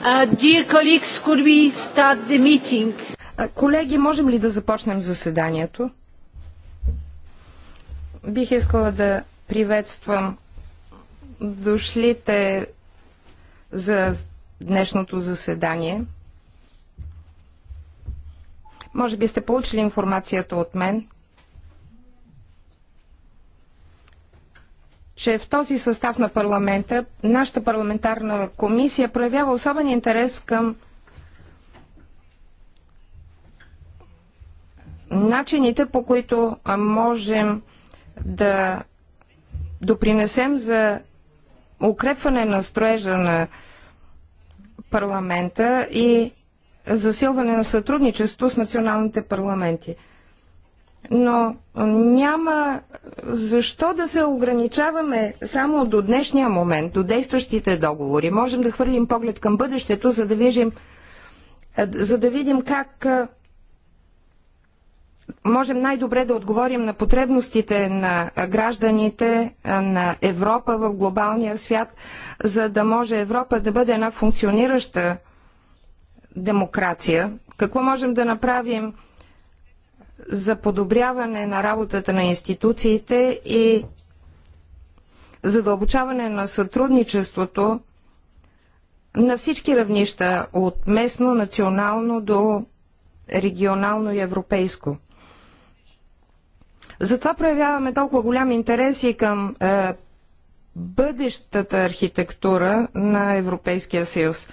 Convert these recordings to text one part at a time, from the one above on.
Uh, колеги, можем ли да започнем заседанието? Бих искала да приветствам дошлите за днешното заседание. Може би сте получили информацията от мен. че в този състав на парламента нашата парламентарна комисия проявява особен интерес към начините по които можем да допринесем за укрепване на строежа на парламента и засилване на сътрудничество с националните парламенти но няма защо да се ограничаваме само до днешния момент, до действащите договори. Можем да хвърлим поглед към бъдещето, за да видим, за да видим как можем най-добре да отговорим на потребностите на гражданите на Европа в глобалния свят, за да може Европа да бъде една функционираща демокрация. Какво можем да направим за подобряване на работата на институциите и задълбочаване на сътрудничеството на всички равнища от местно, национално до регионално и европейско. Затова проявяваме толкова голям интерес и към е, бъдещата архитектура на Европейския съюз.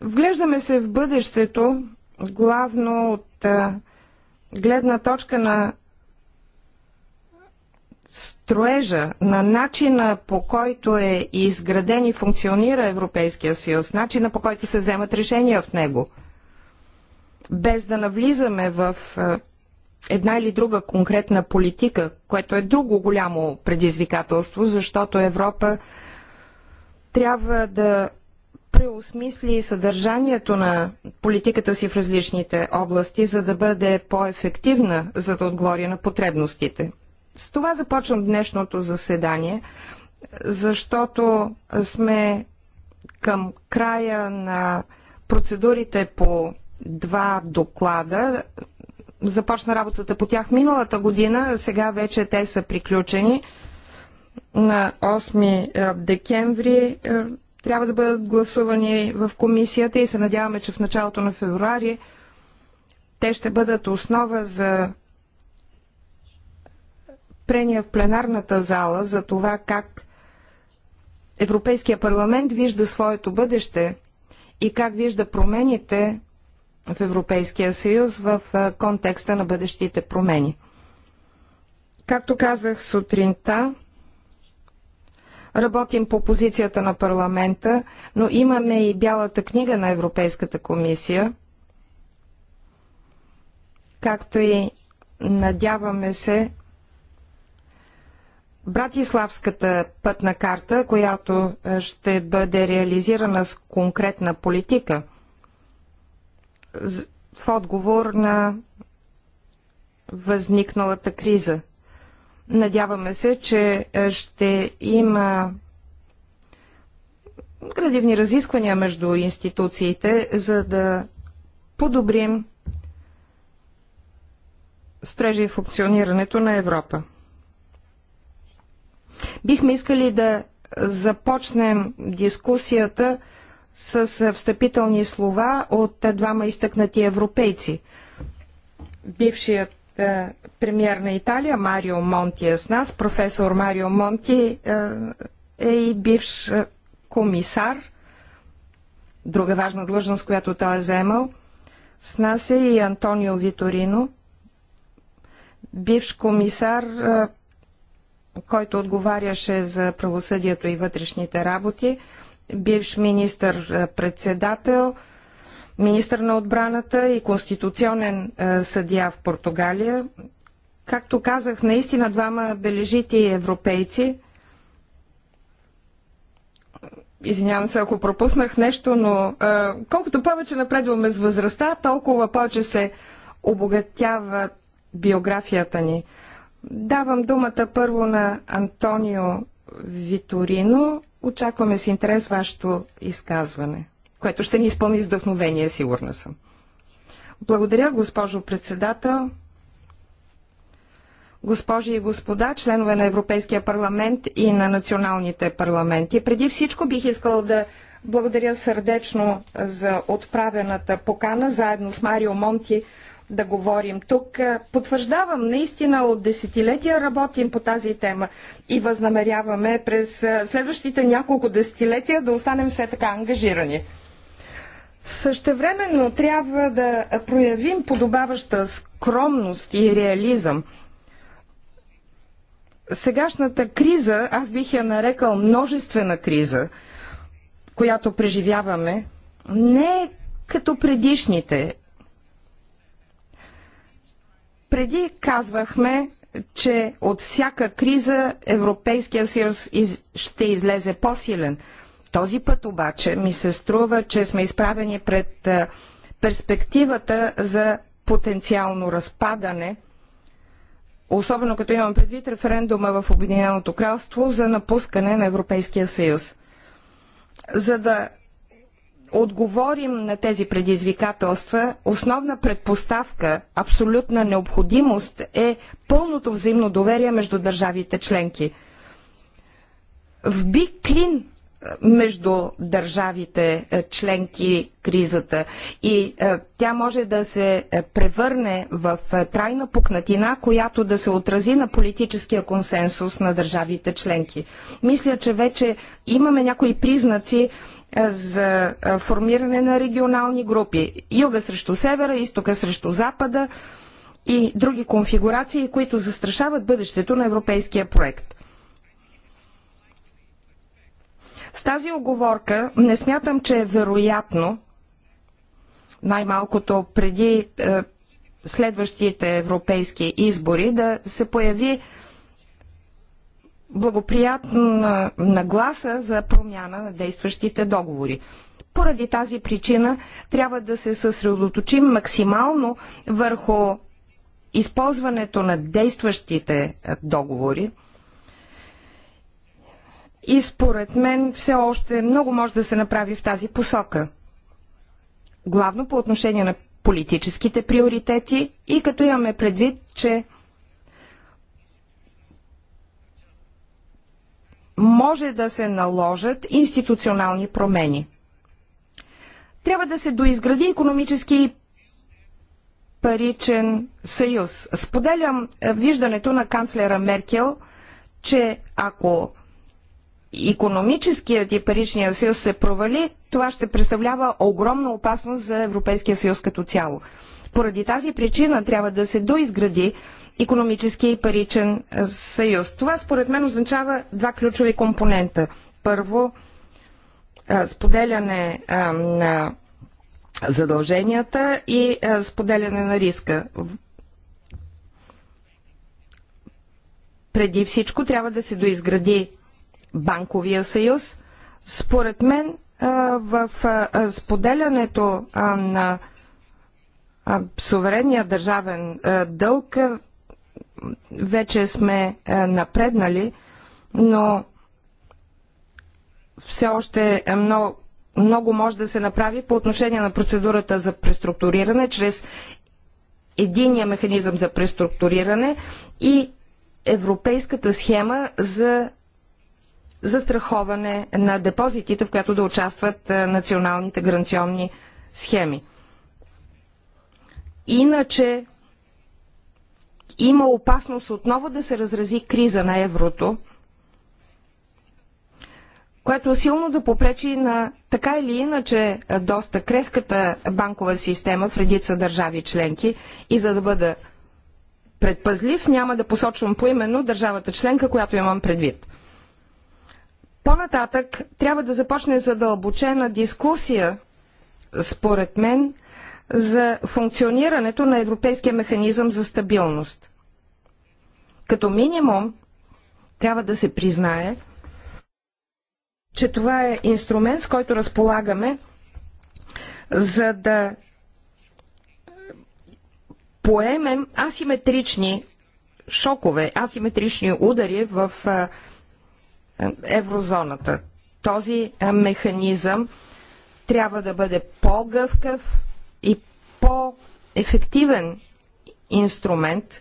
Вглеждаме се в бъдещето главно от е, гледна точка на строежа, на начина по който е изграден и функционира Европейския съюз, начина по който се вземат решения в него, без да навлизаме в е, една или друга конкретна политика, което е друго голямо предизвикателство, защото Европа трябва да преосмисли съдържанието на политиката си в различните области, за да бъде по-ефективна, за да отговори на потребностите. С това започвам днешното заседание, защото сме към края на процедурите по два доклада. Започна работата по тях миналата година, сега вече те са приключени. На 8 декември трябва да бъдат гласувани в комисията и се надяваме, че в началото на февруари те ще бъдат основа за прения в пленарната зала за това как Европейския парламент вижда своето бъдеще и как вижда промените в Европейския съюз в контекста на бъдещите промени. Както казах сутринта, Работим по позицията на парламента, но имаме и бялата книга на Европейската комисия, както и надяваме се Братиславската пътна карта, която е, ще бъде реализирана с конкретна политика в отговор на възникналата криза. Надяваме се, че е, ще има градивни разисквания между институциите, за да подобрим стрежи функционирането на Европа. Бихме искали да започнем дискусията с е, встъпителни слова от е, двама изтъкнати европейци. Бившият премьер на Италия Марио Монти е с нас. Професор Марио Монти е, е и бивш е, комисар, друга важна длъжност, която той е заемал. С нас е и Антонио Виторино, бивш комисар, е, който отговаряше за правосъдието и вътрешните работи, бивш министър-председател, министър на отбраната и конституционен съдия в Португалия, Както казах, наистина двама бележити европейци. Извинявам се, ако пропуснах нещо, но а, колкото повече напредваме с възрастта, толкова повече се обогатява биографията ни. Давам думата първо на Антонио Виторино. Очакваме с интерес вашето изказване, което ще ни изпълни вдъхновение, сигурна съм. Благодаря, госпожо председател госпожи и господа, членове на Европейския парламент и на националните парламенти. Преди всичко бих искала да благодаря сърдечно за отправената покана, заедно с Марио Монти да говорим тук. Потвърждавам, наистина от десетилетия работим по тази тема и възнамеряваме през следващите няколко десетилетия да останем все така ангажирани. Същевременно трябва да проявим подобаваща скромност и реализъм – сегашната криза, аз бих я нарекал множествена криза, която преживяваме, не е като предишните. Преди казвахме, че от всяка криза Европейския съюз ще излезе по-силен. Този път обаче ми се струва, че сме изправени пред перспективата за потенциално разпадане – особено като имам предвид референдума в Обединеното кралство за напускане на Европейския съюз. За да отговорим на тези предизвикателства, основна предпоставка, абсолютна необходимост е пълното взаимно доверие между държавите членки. В Биг Клин между държавите е, членки кризата и е, тя може да се е, превърне в трайна пукнатина, която да се отрази на политическия консенсус на държавите членки. Мисля, че вече имаме някои признаци за формиране на регионални групи. Юга срещу севера, изтока срещу запада и други конфигурации, които застрашават бъдещето на европейския проект. С тази оговорка не смятам, че е вероятно, най-малкото преди е, следващите европейски избори, да се появи благоприятна нагласа за промяна на действащите договори. Поради тази причина трябва да се съсредоточим максимално върху използването на действащите договори, и според мен все още много може да се направи в тази посока. Главно по отношение на политическите приоритети и като имаме предвид, че може да се наложат институционални промени. Трябва да се доизгради економически паричен съюз. Споделям виждането на канцлера Меркел, че ако економическият и паричния съюз се провали, това ще представлява огромна опасност за Европейския съюз като цяло. Поради тази причина трябва да се доизгради економическия и паричен е, съюз. Това според мен означава два ключови компонента. Първо, е, споделяне е, на задълженията и споделяне на риска. Преди всичко трябва да се доизгради банковия съюз. Според мен в споделянето на суверенния държавен дълг вече сме напреднали, но все още много, много може да се направи по отношение на процедурата за преструктуриране чрез единия механизъм за преструктуриране и европейската схема за застраховане на депозитите, в която да участват е, националните гаранционни схеми. Иначе има опасност отново да се разрази криза на еврото, което силно да попречи на така или иначе е, доста крехката банкова система в редица държави членки и за да бъда предпазлив, няма да посочвам поименно държавата членка, която имам предвид. По-нататък трябва да започне задълбочена дискусия, според мен, за функционирането на Европейския механизъм за стабилност. Като минимум, трябва да се признае, че това е инструмент, с който разполагаме, за да поемем асиметрични шокове, асиметрични удари в еврозоната. Този механизъм трябва да бъде по-гъвкав и по-ефективен инструмент,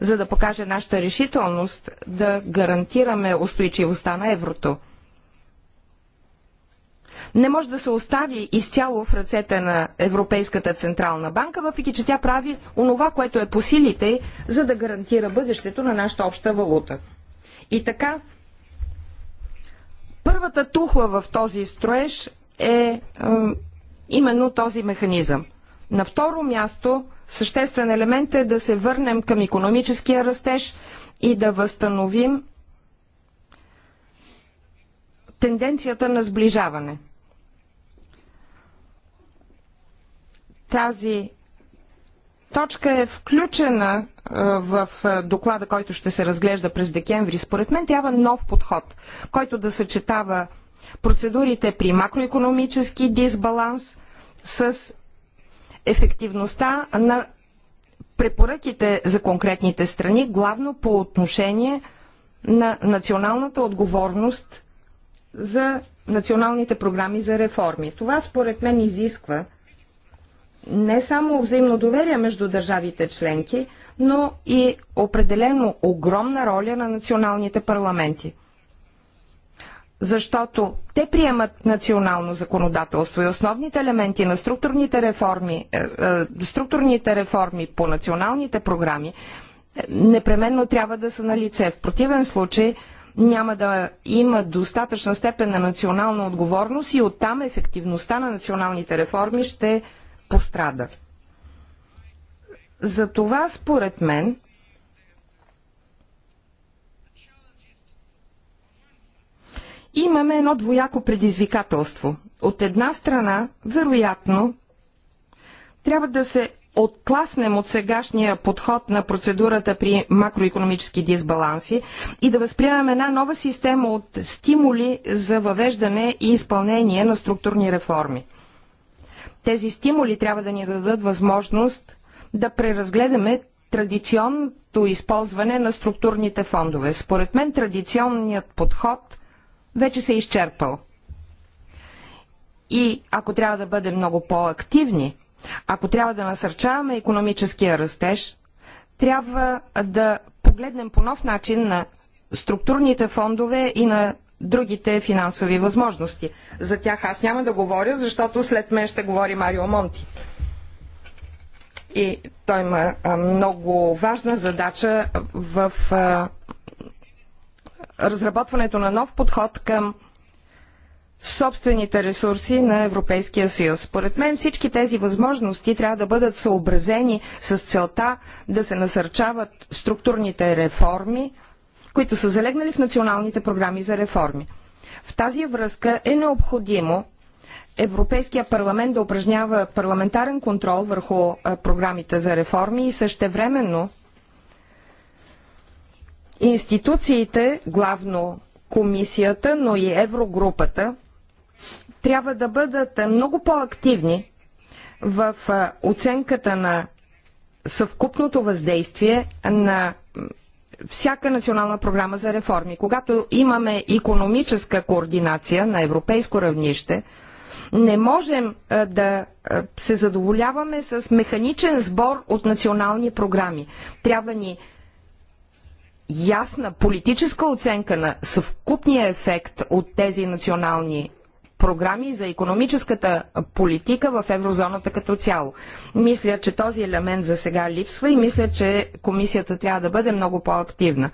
за да покаже нашата решителност да гарантираме устойчивостта на еврото. Не може да се остави изцяло в ръцете на Европейската Централна банка, въпреки че тя прави онова, което е по силите, за да гарантира бъдещето на нашата обща валута. И така, Първата тухла в този строеж е, е, именно този механизъм. На второ място, съществен елемент е да се върнем към економическия растеж и да възстановим тенденцията на сближаване. Тази точка е включена в доклада, който ще се разглежда през декември, според мен трябва нов подход, който да съчетава процедурите при макроекономически дисбаланс с ефективността на препоръките за конкретните страни, главно по отношение на националната отговорност за националните програми за реформи. Това според мен изисква не само взаимно доверие между държавите членки, но и определено огромна роля на националните парламенти. Защото те приемат национално законодателство и основните елементи на структурните реформи, е, е, структурните реформи по националните програми е, непременно трябва да са на лице. В противен случай няма да има достатъчна степен на национална отговорност и оттам ефективността на националните реформи ще пострада. За това, според мен, имаме едно двояко предизвикателство. От една страна, вероятно, трябва да се откласнем от сегашния подход на процедурата при макроекономически дисбаланси и да възприемем една нова система от стимули за въвеждане и изпълнение на структурни реформи. Тези стимули трябва да ни дадат възможност да преразгледаме традиционното използване на структурните фондове. Според мен традиционният подход вече се е изчерпал. И ако трябва да бъдем много по-активни, ако трябва да насърчаваме економическия растеж, трябва да погледнем по нов начин на структурните фондове и на другите финансови възможности. За тях аз няма да говоря, защото след мен ще говори Марио Монти. И той има много важна задача в разработването на нов подход към собствените ресурси на Европейския съюз. Според мен всички тези възможности трябва да бъдат съобразени с целта да се насърчават структурните реформи, които са залегнали в националните програми за реформи. В тази връзка е необходимо Европейския парламент да упражнява парламентарен контрол върху програмите за реформи и същевременно институциите, главно комисията, но и еврогрупата, трябва да бъдат много по-активни в оценката на съвкупното въздействие на всяка национална програма за реформи. Когато имаме икономическа координация на европейско равнище – не можем да се задоволяваме с механичен сбор от национални програми. Трябва ни ясна политическа оценка на съвкупния ефект от тези национални програми за економическата политика в еврозоната като цяло. Мисля, че този елемент за сега липсва и мисля, че комисията трябва да бъде много по-активна.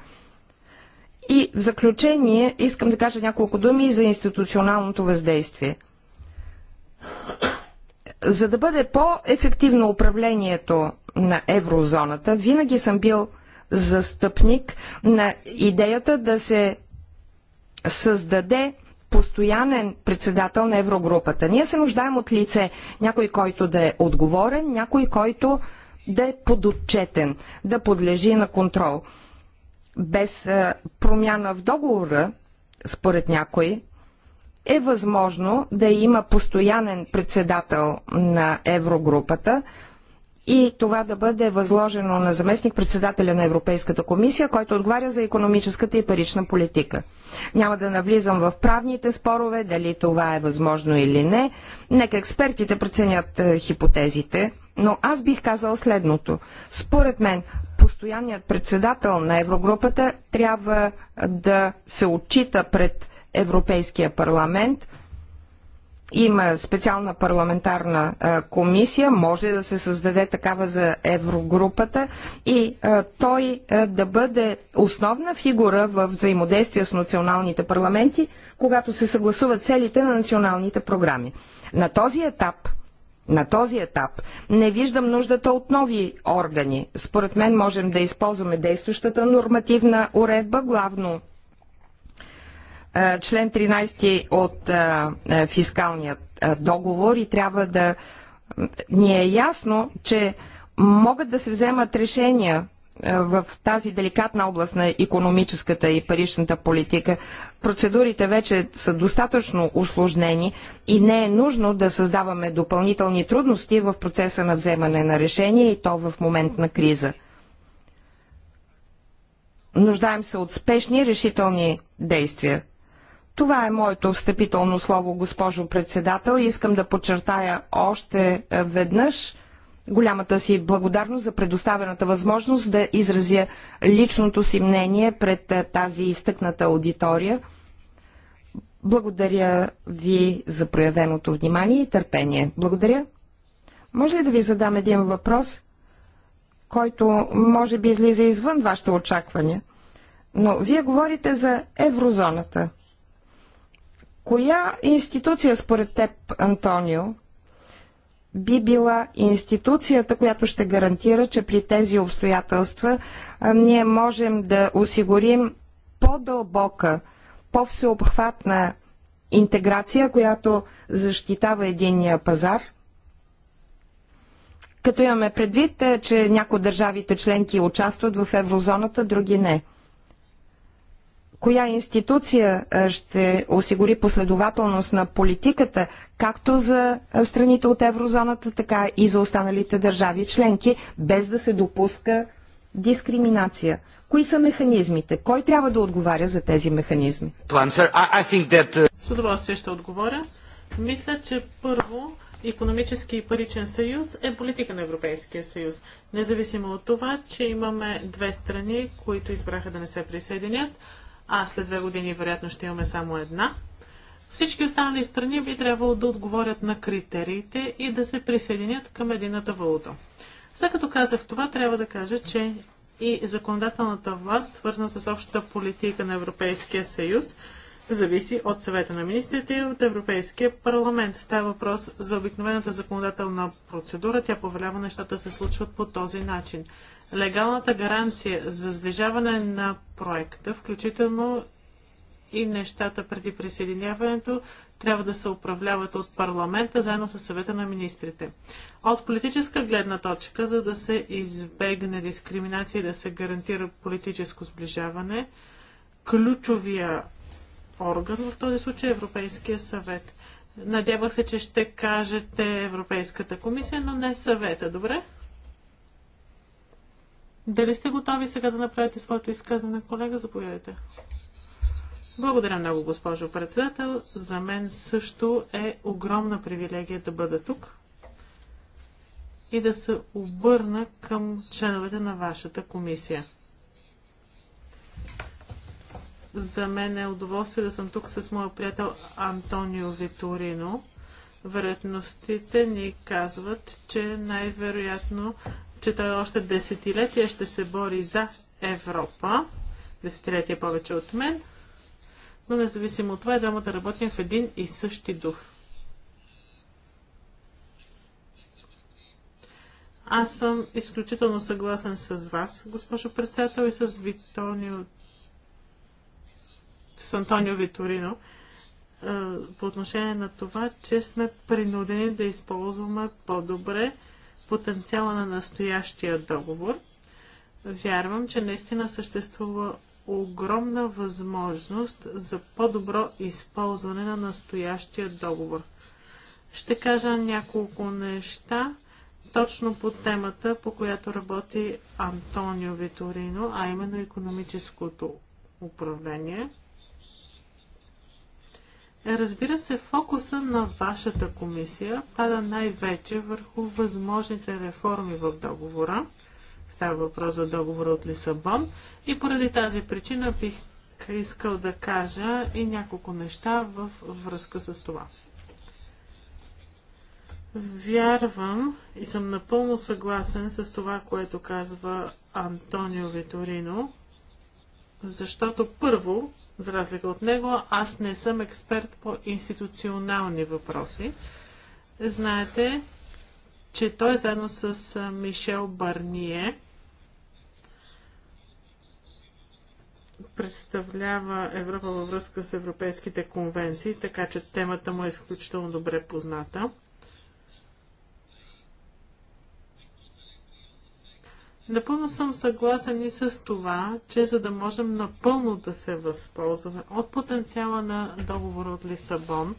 И в заключение искам да кажа няколко думи за институционалното въздействие – за да бъде по-ефективно управлението на еврозоната, винаги съм бил застъпник на идеята да се създаде постоянен председател на Еврогрупата. Ние се нуждаем от лице, някой, който да е отговорен, някой, който да е подотчетен, да подлежи на контрол. Без е, промяна в договора, според някои, е възможно да има постоянен председател на Еврогрупата и това да бъде възложено на заместник председателя на Европейската комисия, който отговаря за економическата и парична политика. Няма да навлизам в правните спорове, дали това е възможно или не. Нека експертите преценят е, хипотезите, но аз бих казал следното. Според мен, постоянният председател на Еврогрупата трябва да се отчита пред Европейския парламент. Има специална парламентарна комисия, може да се създаде такава за еврогрупата и той да бъде основна фигура в взаимодействие с националните парламенти, когато се съгласуват целите на националните програми. На този етап на този етап не виждам нуждата от нови органи. Според мен можем да използваме действащата нормативна уредба, главно е, член 13 от е, е, фискалният договор и трябва да ни е ясно, че могат да се вземат решения в тази деликатна област на економическата и паричната политика. Процедурите вече са достатъчно усложнени и не е нужно да създаваме допълнителни трудности в процеса на вземане на решение и то в момент на криза. Нуждаем се от спешни решителни действия. Това е моето встъпително слово, госпожо председател. Искам да подчертая още е, веднъж голямата си благодарност за предоставената възможност да изразя личното си мнение пред е, тази изтъкната аудитория. Благодаря ви за проявеното внимание и търпение. Благодаря. Може ли да ви задам един въпрос, който може би излиза извън вашите очаквания? Но вие говорите за еврозоната – Коя институция според теб, Антонио, би била институцията, която ще гарантира, че при тези обстоятелства ние можем да осигурим по-дълбока, по-всеобхватна интеграция, която защитава единния пазар? Като имаме предвид, е, че някои държавите членки участват в еврозоната, други не коя институция ще осигури последователност на политиката, както за страните от еврозоната, така и за останалите държави членки, без да се допуска дискриминация. Кои са механизмите? Кой трябва да отговаря за тези механизми? Uh, С удоволствие ще отговоря. Мисля, че първо економически и паричен съюз е политика на Европейския съюз. Независимо от това, че имаме две страни, които избраха да не се присъединят, а след две години вероятно ще имаме само една. Всички останали страни би трябвало да отговорят на критериите и да се присъединят към едината валута. След като казах това, трябва да кажа, че и законодателната власт, свързана с общата политика на Европейския съюз, зависи от съвета на министрите и от Европейския парламент. Става въпрос за обикновената законодателна процедура. Тя повелява нещата да се случват по този начин легалната гаранция за сближаване на проекта, включително и нещата преди присъединяването, трябва да се управляват от парламента, заедно с съвета на министрите. От политическа гледна точка, за да се избегне дискриминация и да се гарантира политическо сближаване, ключовия орган в този случай е Европейския съвет. Надявах се, че ще кажете Европейската комисия, но не съвета. Добре? Дали сте готови сега да направите своето изказване, колега? Заповядайте. Благодаря много, госпожо председател. За мен също е огромна привилегия да бъда тук и да се обърна към членовете на вашата комисия. За мен е удоволствие да съм тук с моя приятел Антонио Виторино. Вероятностите ни казват, че най-вероятно че той още десетилетия ще се бори за Европа, десетилетия повече от мен, но независимо от това, едва да работим в един и същи дух. Аз съм изключително съгласен с вас, госпожо председател, и с Витонио с Антонио Виторино е, по отношение на това, че сме принудени да използваме по-добре потенциала на настоящия договор. Вярвам, че наистина съществува огромна възможност за по-добро използване на настоящия договор. Ще кажа няколко неща точно по темата, по която работи Антонио Виторино, а именно економическото управление. Разбира се, фокуса на вашата комисия пада най-вече върху възможните реформи в договора. Става въпрос за договора от Лисабон. И поради тази причина бих искал да кажа и няколко неща в връзка с това. Вярвам и съм напълно съгласен с това, което казва Антонио Виторино, защото първо за разлика от него, аз не съм експерт по институционални въпроси. Знаете, че той заедно с Мишел Барние представлява Европа във връзка с европейските конвенции, така че темата му е изключително добре позната. Напълно съм съгласен и с това, че за да можем напълно да се възползваме от потенциала на договора от Лисабон,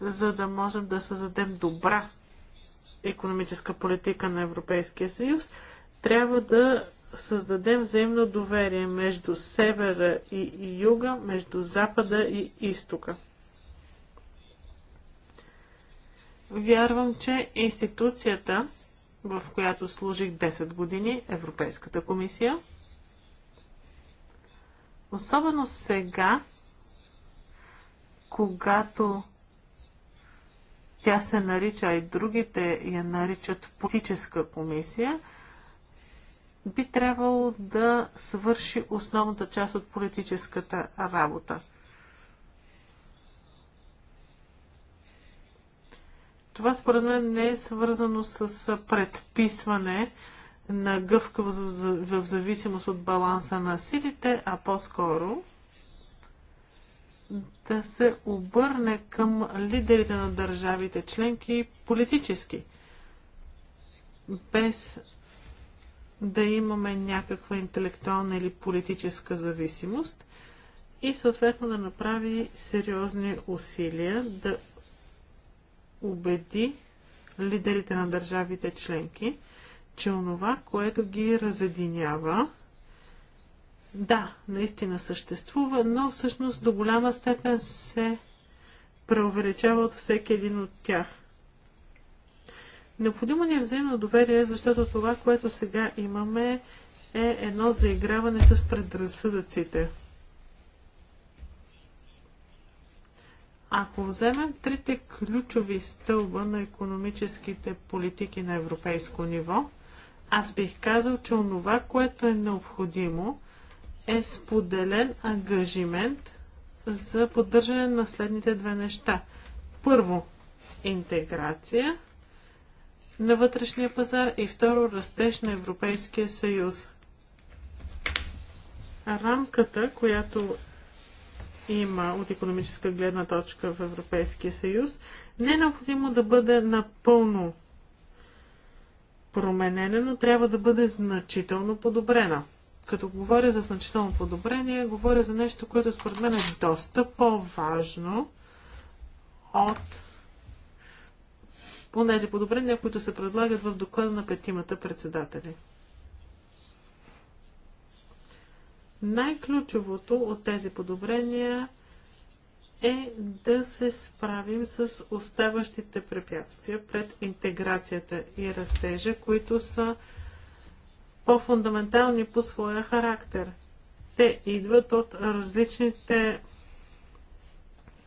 за да можем да създадем добра економическа политика на Европейския съюз, трябва да създадем взаимно доверие между севера и юга, между запада и изтока. Вярвам, че институцията в която служих 10 години, Европейската комисия. Особено сега, когато тя се нарича, и другите я наричат политическа комисия, би трябвало да свърши основната част от политическата работа. Това според мен не е свързано с предписване на гъвкавост в зависимост от баланса на силите, а по-скоро да се обърне към лидерите на държавите членки политически, без да имаме някаква интелектуална или политическа зависимост и съответно да направи сериозни усилия да убеди лидерите на държавите членки, че онова, което ги разединява, да, наистина съществува, но всъщност до голяма степен се преувеличава от всеки един от тях. Необходимо ни е взаимно доверие, защото това, което сега имаме, е едно заиграване с предразсъдъците. Ако вземем трите ключови стълба на економическите политики на европейско ниво, аз бих казал, че онова, което е необходимо, е споделен ангажимент за поддържане на следните две неща. Първо, интеграция на вътрешния пазар и второ, растеж на Европейския съюз. Рамката, която има от економическа гледна точка в Европейския съюз, не е необходимо да бъде напълно променена, но трябва да бъде значително подобрена. Като говоря за значително подобрение, говоря за нещо, което според мен е доста по-важно от тези подобрения, които се предлагат в доклада на петимата председатели. Най-ключовото от тези подобрения е да се справим с оставащите препятствия пред интеграцията и растежа, които са по-фундаментални по своя характер. Те идват от различните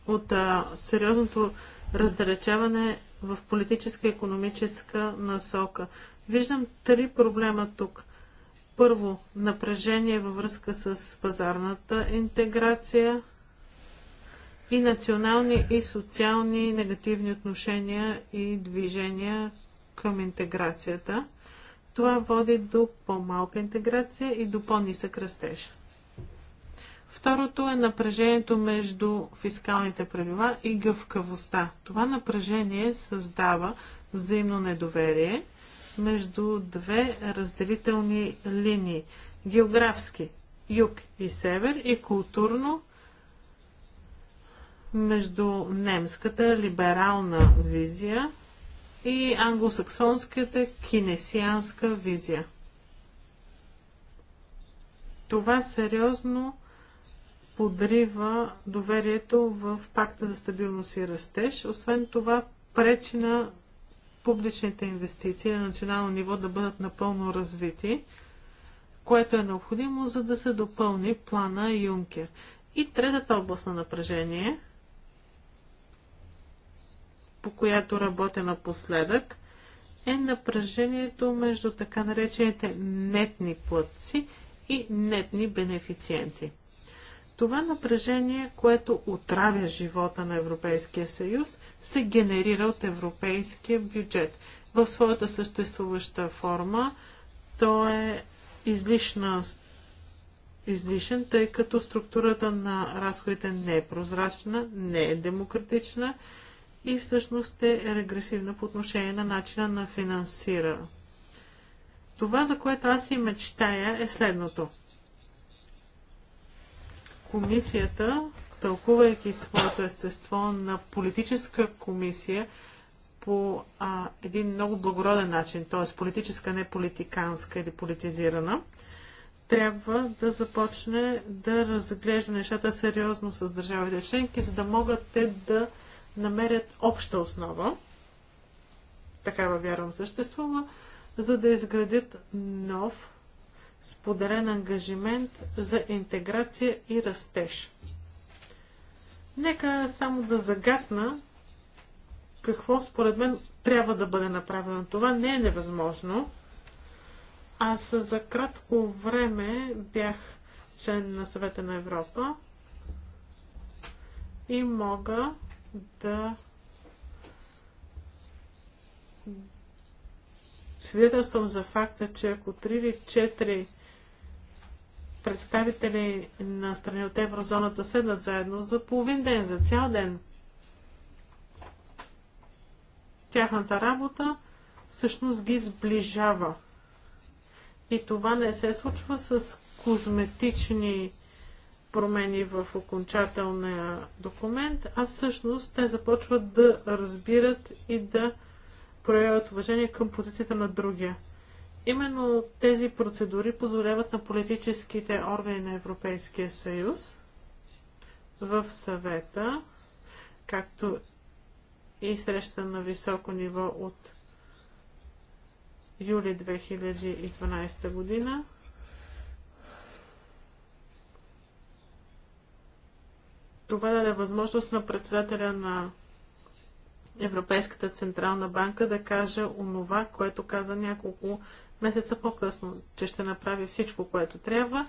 от а, сериозното раздалечаване в политическа и економическа насока. Виждам три проблема тук. Първо, напрежение във връзка с пазарната интеграция и национални и социални негативни отношения и движения към интеграцията. Това води до по-малка интеграция и до по-нисък растеж. Второто е напрежението между фискалните правила и гъвкавостта. Това напрежение създава взаимно недоверие – между две разделителни линии. Географски юг и север и културно между немската либерална визия и англосаксонската кинесианска визия. Това сериозно подрива доверието в пакта за стабилност и растеж. Освен това, пречи на публичните инвестиции на национално ниво да бъдат напълно развити, което е необходимо, за да се допълни плана Юнкер. И третата област на напрежение, по която работя напоследък, е напрежението между така наречените нетни плътци и нетни бенефициенти. Това напрежение, което отравя живота на Европейския съюз, се генерира от европейския бюджет. В своята съществуваща форма то е излишна, излишен, тъй като структурата на разходите не е прозрачна, не е демократична и всъщност е регресивна по отношение на начина на финансира. Това, за което аз и мечтая, е следното – комисията, тълкувайки своето естество на политическа комисия по а, един много благороден начин, т.е. политическа, не политиканска или политизирана, трябва да започне да разглежда нещата сериозно с държавите членки, за да могат те да намерят обща основа, такава вярвам съществува, за да изградят нов споделен ангажимент за интеграция и растеж. Нека само да загадна какво според мен трябва да бъде направено. Това не е невъзможно. Аз за кратко време бях член на съвета на Европа и мога да свидетелствам за факта, че ако 3 или 4 представители на страни от еврозоната седнат заедно за половин ден, за цял ден, тяхната работа всъщност ги сближава. И това не се случва с козметични промени в окончателния документ, а всъщност те започват да разбират и да проявяват уважение към позицията на другия. Именно тези процедури позволяват на политическите органи на Европейския съюз в съвета, както и среща на високо ниво от юли 2012 година, Това даде възможност на председателя на Европейската Централна банка да каже онова, което каза няколко месеца по-късно, че ще направи всичко, което трябва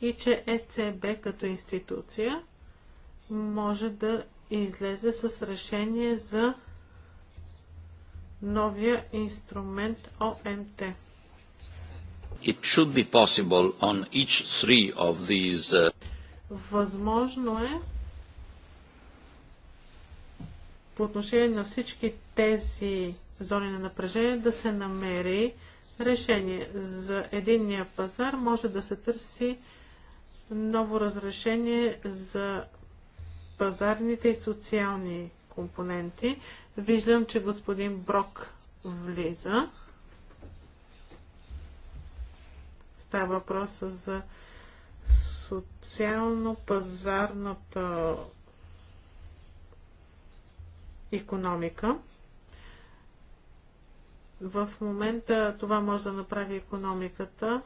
и че ЕЦБ като институция може да излезе с решение за новия инструмент ОМТ. It should be possible on each three of these. Uh, Възможно е по отношение на всички тези зони на напрежение да се намери решение. За единния пазар може да се търси ново разрешение за пазарните и социални компоненти. Виждам, че господин Брок влиза. Става въпроса за социално-пазарната економика. В момента това може да направи економиката.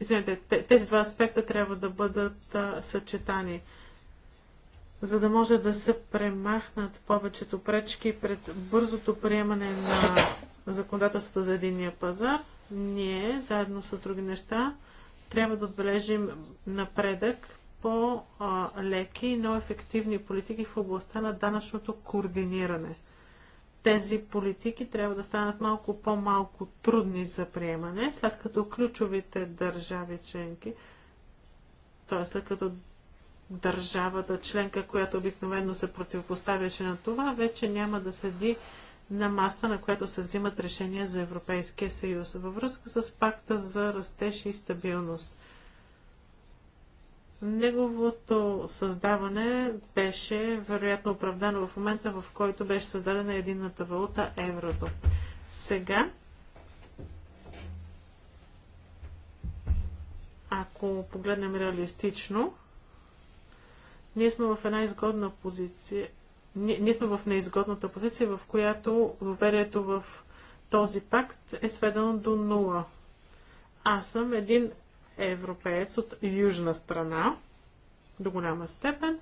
Извинете, тези два аспекта трябва да бъдат съчетани, за да може да се премахнат повечето пречки пред бързото приемане на законодателството за единния пазар. Ние, заедно с други неща, трябва да отбележим напредък по-леки, но ефективни политики в областта на данъчното координиране. Тези политики трябва да станат малко по-малко трудни за приемане, след като ключовите държави членки, т.е. след като държавата членка, която обикновено се противопоставяше на това, вече няма да седи на маста, на която се взимат решения за Европейския съюз. Във връзка с пакта за растеж и стабилност. Неговото създаване беше вероятно оправдано в момента, в който беше създадена единната валута еврото. Сега, ако погледнем реалистично, ние сме в една изгодна позиция. Ние, ние сме в неизгодната позиция, в която доверието в този пакт е сведено до нула. Аз съм един европеец от южна страна до голяма степен,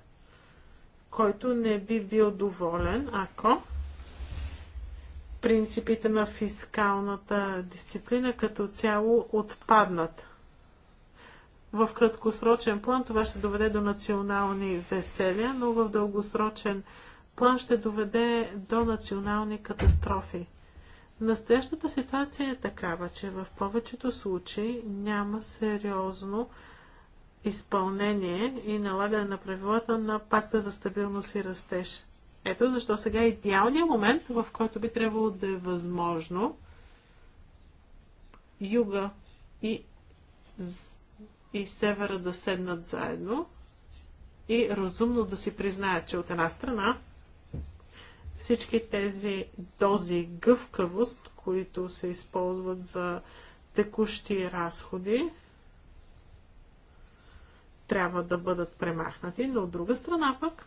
който не би бил доволен, ако принципите на фискалната дисциплина като цяло отпаднат. В краткосрочен план това ще доведе до национални веселия, но в дългосрочен план ще доведе до национални катастрофи. Настоящата ситуация е такава, че в повечето случаи няма сериозно изпълнение и налагане на правилата на пакта за стабилност и растеж. Ето защо сега е идеалният момент, в който би трябвало да е възможно юга и, и севера да седнат заедно и разумно да си признаят, че от една страна всички тези дози гъвкавост, които се използват за текущи разходи, трябва да бъдат премахнати, но от друга страна пък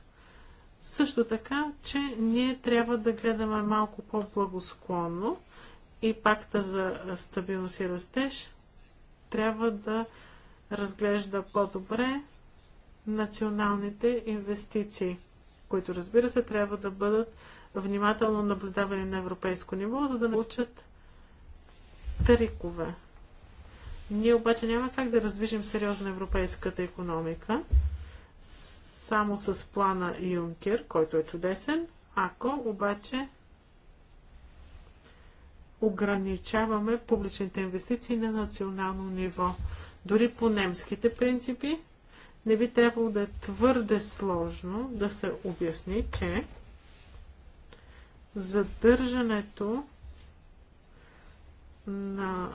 също така, че ние трябва да гледаме малко по-благосклонно и пакта за стабилност и растеж трябва да разглежда по-добре националните инвестиции, които разбира се трябва да бъдат внимателно наблюдаване на европейско ниво, за да научат трикове. Ние обаче няма как да раздвижим сериозно европейската економика само с плана Юнкер, който е чудесен, ако обаче ограничаваме публичните инвестиции на национално ниво. Дори по немските принципи не би трябвало да е твърде сложно да се обясни, че задържането на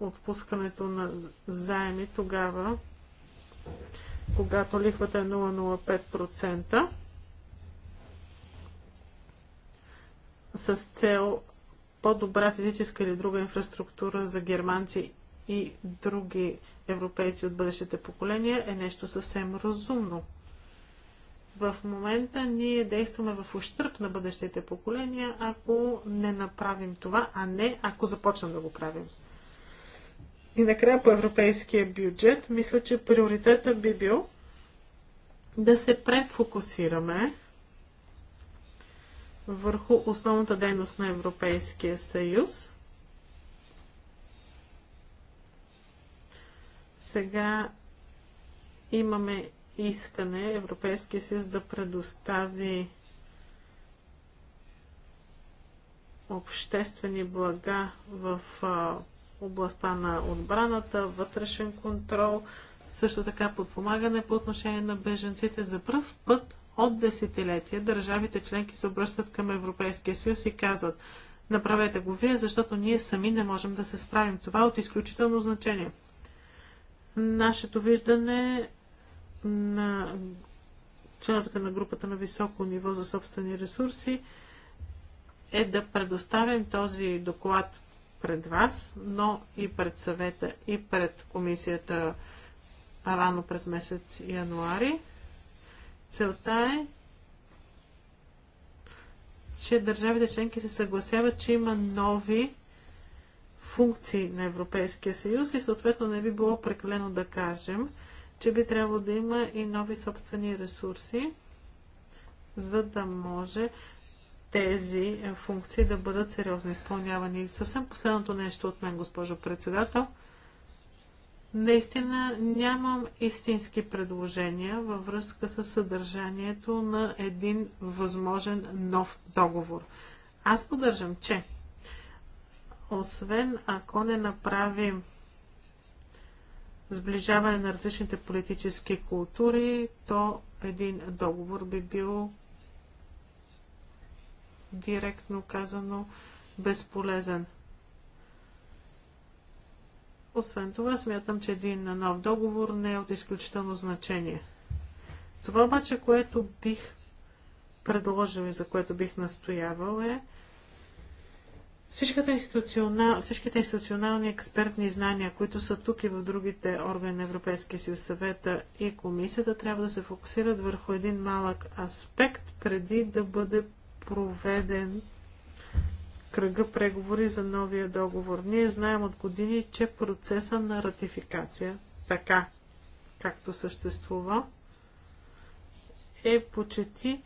отпускането на заеми тогава, когато лихвата е 0,05% с цел по-добра физическа или друга инфраструктура за германци и други европейци от бъдещите поколения е нещо съвсем разумно. В момента ние действаме в ущърп на бъдещите поколения, ако не направим това, а не ако започнем да го правим. И накрая по европейския бюджет, мисля, че приоритета би бил да се префокусираме върху основната дейност на Европейския съюз. Сега имаме искане Европейския съюз да предостави обществени блага в а, областта на отбраната, вътрешен контрол, също така подпомагане по отношение на беженците. За първ път от десетилетия държавите членки се обръщат към Европейския съюз и казват направете го вие, защото ние сами не можем да се справим. Това е от изключително значение. Нашето виждане на членовете на групата на високо ниво за собствени ресурси е да предоставим този доклад пред вас, но и пред съвета и пред комисията рано през месец януари. Целта е, че държавите членки се съгласяват, че има нови функции на Европейския съюз и съответно не би било прекалено да кажем, че би трябвало да има и нови собствени ресурси, за да може тези е, функции да бъдат сериозно изпълнявани. Съвсем последното нещо от мен, госпожо председател. Наистина нямам истински предложения във връзка с съдържанието на един възможен нов договор. Аз поддържам, че освен ако не направим сближаване на различните политически култури, то един договор би бил директно казано безполезен. Освен това, смятам, че един нов договор не е от изключително значение. Това обаче, което бих предложил и за което бих настоявал е Всичките, институционал, всичките институционални експертни знания, които са тук и в другите органи на Европейския съюз, съвета и комисията, трябва да се фокусират върху един малък аспект, преди да бъде проведен кръга преговори за новия договор. Ние знаем от години, че процеса на ратификация, така както съществува, е почти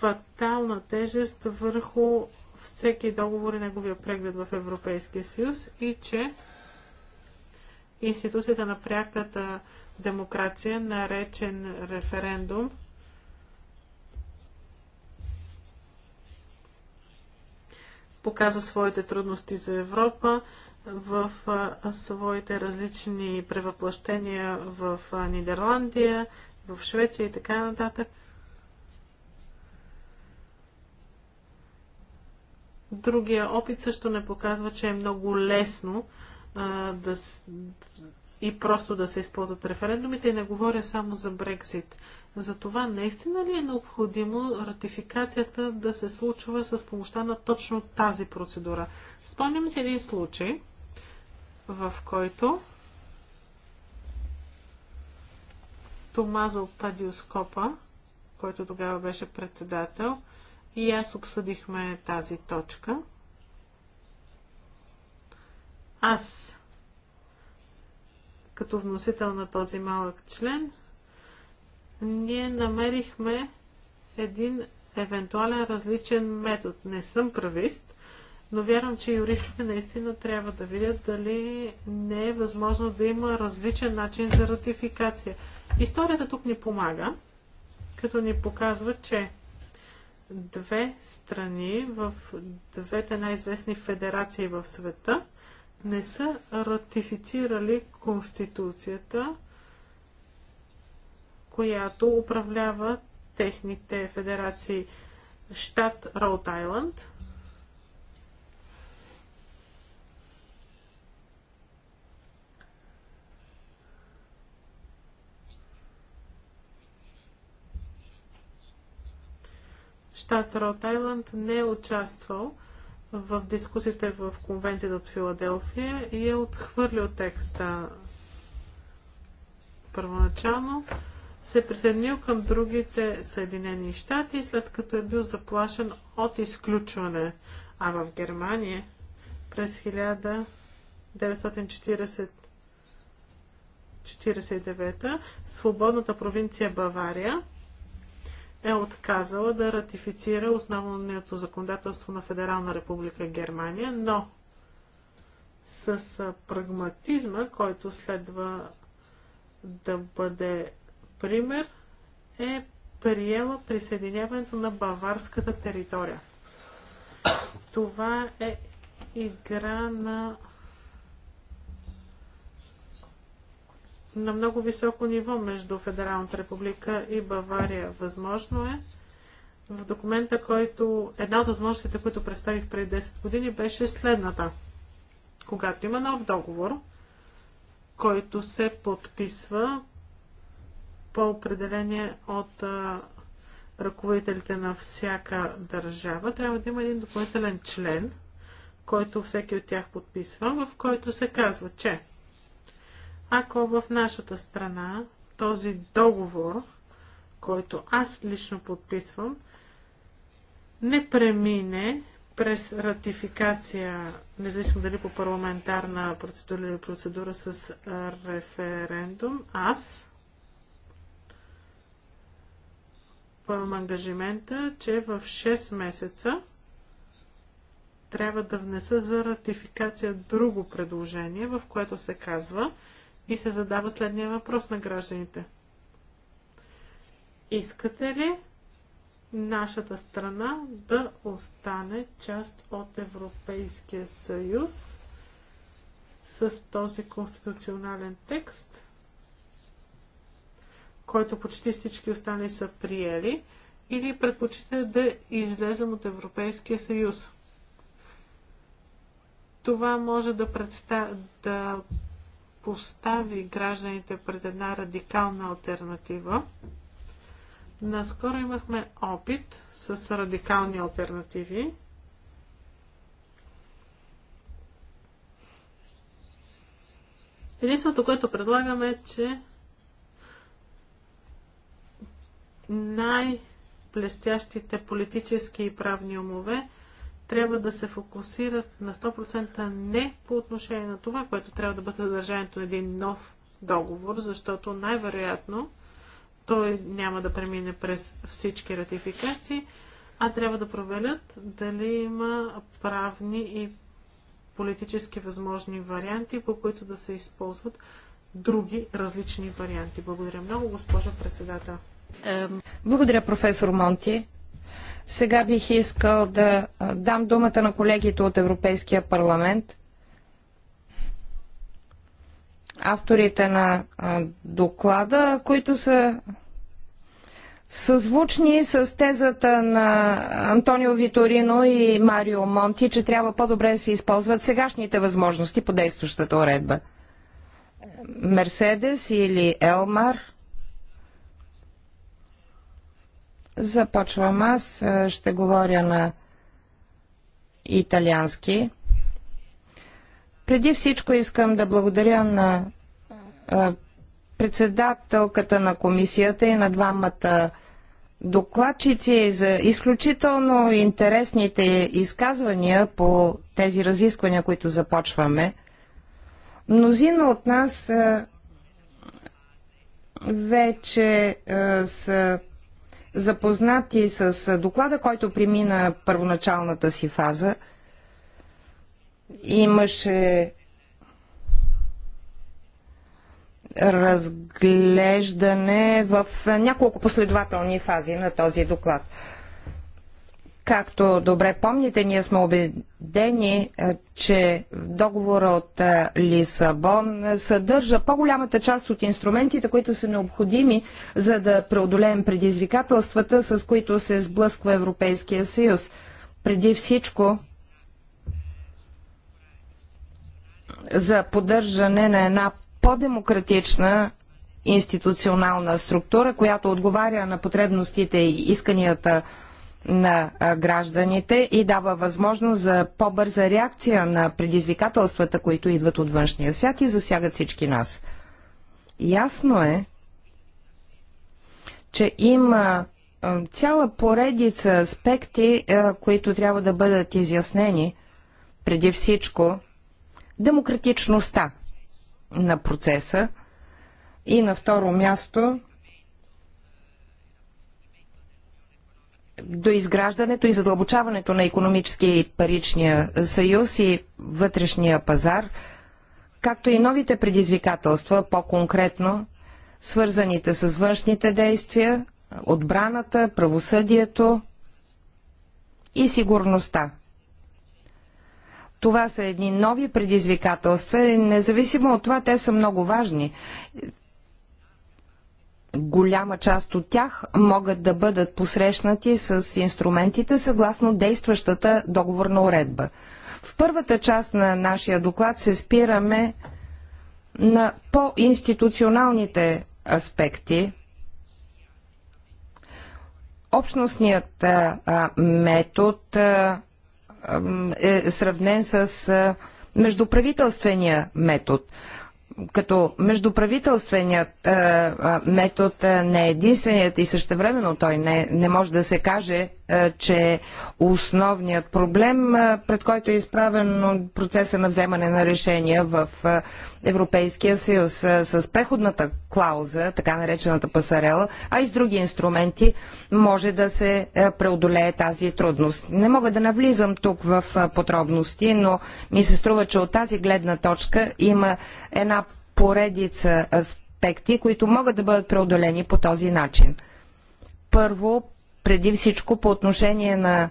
фатална тежест върху всеки договор и неговия преглед в Европейския съюз и че институцията на пряката демокрация, наречен референдум, показа своите трудности за Европа в своите различни превъплъщения в Нидерландия, в Швеция и така нататък. Другия опит също не показва, че е много лесно а, да, и просто да се използват референдумите и не говоря само за Брексит. За това наистина ли е необходимо ратификацията да се случва с помощта на точно тази процедура? Спомням си един случай, в който Томазо Падиоскопа, който тогава беше председател, и аз обсъдихме тази точка. Аз, като вносител на този малък член, ние намерихме един евентуален различен метод. Не съм правист, но вярвам, че юристите наистина трябва да видят дали не е възможно да има различен начин за ратификация. Историята тук ни помага, като ни показва, че две страни в двете най-известни федерации в света не са ратифицирали Конституцията, която управлява техните федерации щат Роуд Айланд Штат Род Айланд не е участвал в дискусиите в конвенцията от Филаделфия и е отхвърлил текста първоначално. Се присъединил към другите Съединени щати, след като е бил заплашен от изключване. А в Германия през 1949 свободната провинция Бавария е отказала да ратифицира основното законодателство на Федерална република Германия, но с прагматизма, който следва да бъде пример, е приела присъединяването на баварската територия. Това е игра на на много високо ниво между Федералната република и Бавария. Възможно е. В документа, който една от възможностите, които представих преди 10 години, беше следната. Когато има нов договор, който се подписва по определение от а, ръководителите на всяка държава, трябва да има един допълнителен член, който всеки от тях подписва, в който се казва, че ако в нашата страна този договор, който аз лично подписвам, не премине през ратификация, независимо дали по парламентарна процедура или процедура с референдум, аз поемам ангажимента, че в 6 месеца трябва да внеса за ратификация друго предложение, в което се казва, и се задава следния въпрос на гражданите. Искате ли нашата страна да остане част от Европейския съюз с този конституционален текст, който почти всички останали са приели, или предпочитате да излезем от Европейския съюз? Това може да, представ... да постави гражданите пред една радикална альтернатива. Наскоро имахме опит с радикални альтернативи. Единственото, което предлагаме е, че най-блестящите политически и правни умове – трябва да се фокусират на 100% не по отношение на това, което трябва да бъде съдържанието на един нов договор, защото най-вероятно той няма да премине през всички ратификации, а трябва да проверят дали има правни и политически възможни варианти, по които да се използват други различни варианти. Благодаря много, госпожо председател. Благодаря, професор Монти. Сега бих искал да дам думата на колегите от Европейския парламент, авторите на доклада, които са съзвучни с тезата на Антонио Виторино и Марио Монти, че трябва по-добре да се използват сегашните възможности по действащата уредба. Мерседес или Елмар – Започвам аз. Е, ще говоря на италиански. Преди всичко искам да благодаря на е, председателката на комисията и на двамата докладчици за изключително интересните изказвания по тези разисквания, които започваме. Мнозина от нас е, вече са запознати с доклада, който премина първоначалната си фаза. Имаше разглеждане в няколко последователни фази на този доклад. Както добре помните, ние сме убедени, е, че договора от е, Лисабон е, съдържа по-голямата част от инструментите, които са необходими, за да преодолеем предизвикателствата, с които се сблъсква Европейския съюз. Преди всичко за поддържане на една по-демократична институционална структура, която отговаря на потребностите и исканията на гражданите и дава възможност за по-бърза реакция на предизвикателствата, които идват от външния свят и засягат всички нас. Ясно е, че има цяла поредица аспекти, които трябва да бъдат изяснени. Преди всичко, демократичността на процеса и на второ място – до изграждането и задълбочаването на економически и паричния съюз и вътрешния пазар, както и новите предизвикателства, по-конкретно свързаните с външните действия, отбраната, правосъдието и сигурността. Това са едни нови предизвикателства и независимо от това те са много важни голяма част от тях могат да бъдат посрещнати с инструментите съгласно действащата договорна уредба. В първата част на нашия доклад се спираме на по-институционалните аспекти. Общностният а, метод а, е сравнен с а, междуправителствения метод като междуправителственият е, метод е, не е единственият и същевременно той не, не може да се каже, е, че основният проблем, пред който е изправен процеса на вземане на решения в Европейския съюз с преходната клауза, така наречената пасарела, а и с други инструменти, може да се преодолее тази трудност. Не мога да навлизам тук в подробности, но ми се струва, че от тази гледна точка има една поредица аспекти, които могат да бъдат преодолени по този начин. Първо, преди всичко по отношение на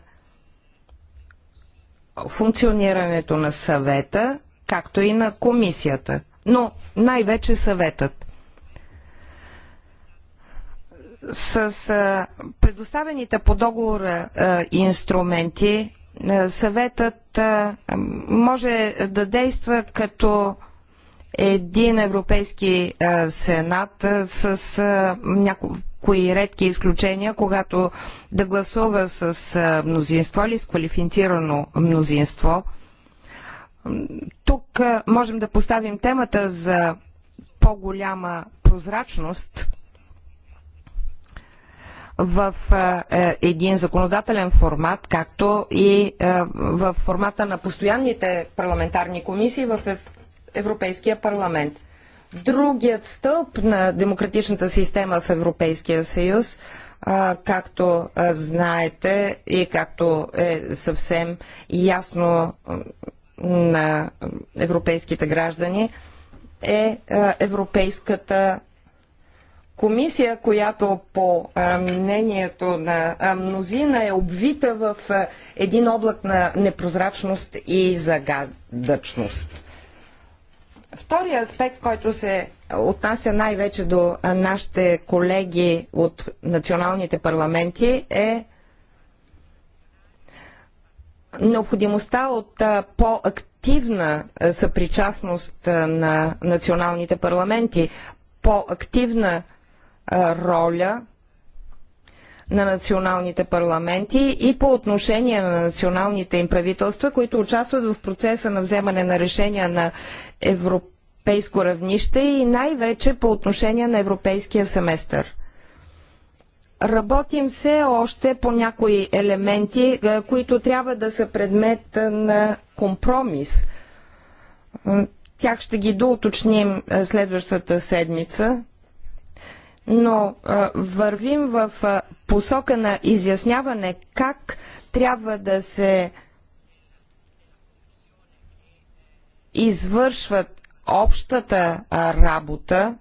функционирането на съвета, както и на комисията, но най-вече съветът. С предоставените по договора инструменти, съветът може да действа като един европейски е, сенат е, с е, някои редки изключения, когато да гласува с мнозинство или с квалифицирано мнозинство. Тук можем да поставим темата за по-голяма прозрачност в един законодателен формат, както и в формата на постоянните парламентарни комисии в Европейския парламент. Другият стълб на демократичната система в Европейския съюз, както знаете и както е съвсем ясно на европейските граждани, е Европейската комисия, която по мнението на мнозина е обвита в един облак на непрозрачност и загадъчност. Втория аспект, който се отнася най-вече до нашите колеги от националните парламенти е необходимостта от по-активна съпричастност на националните парламенти, по-активна роля на националните парламенти и по отношение на националните им правителства, които участват в процеса на вземане на решения на европейско равнище и най-вече по отношение на европейския семестър. Работим все още по някои елементи, които трябва да са предмет на компромис. Тях ще ги доуточним следващата седмица но вървим в посока на изясняване как трябва да се извършват общата работа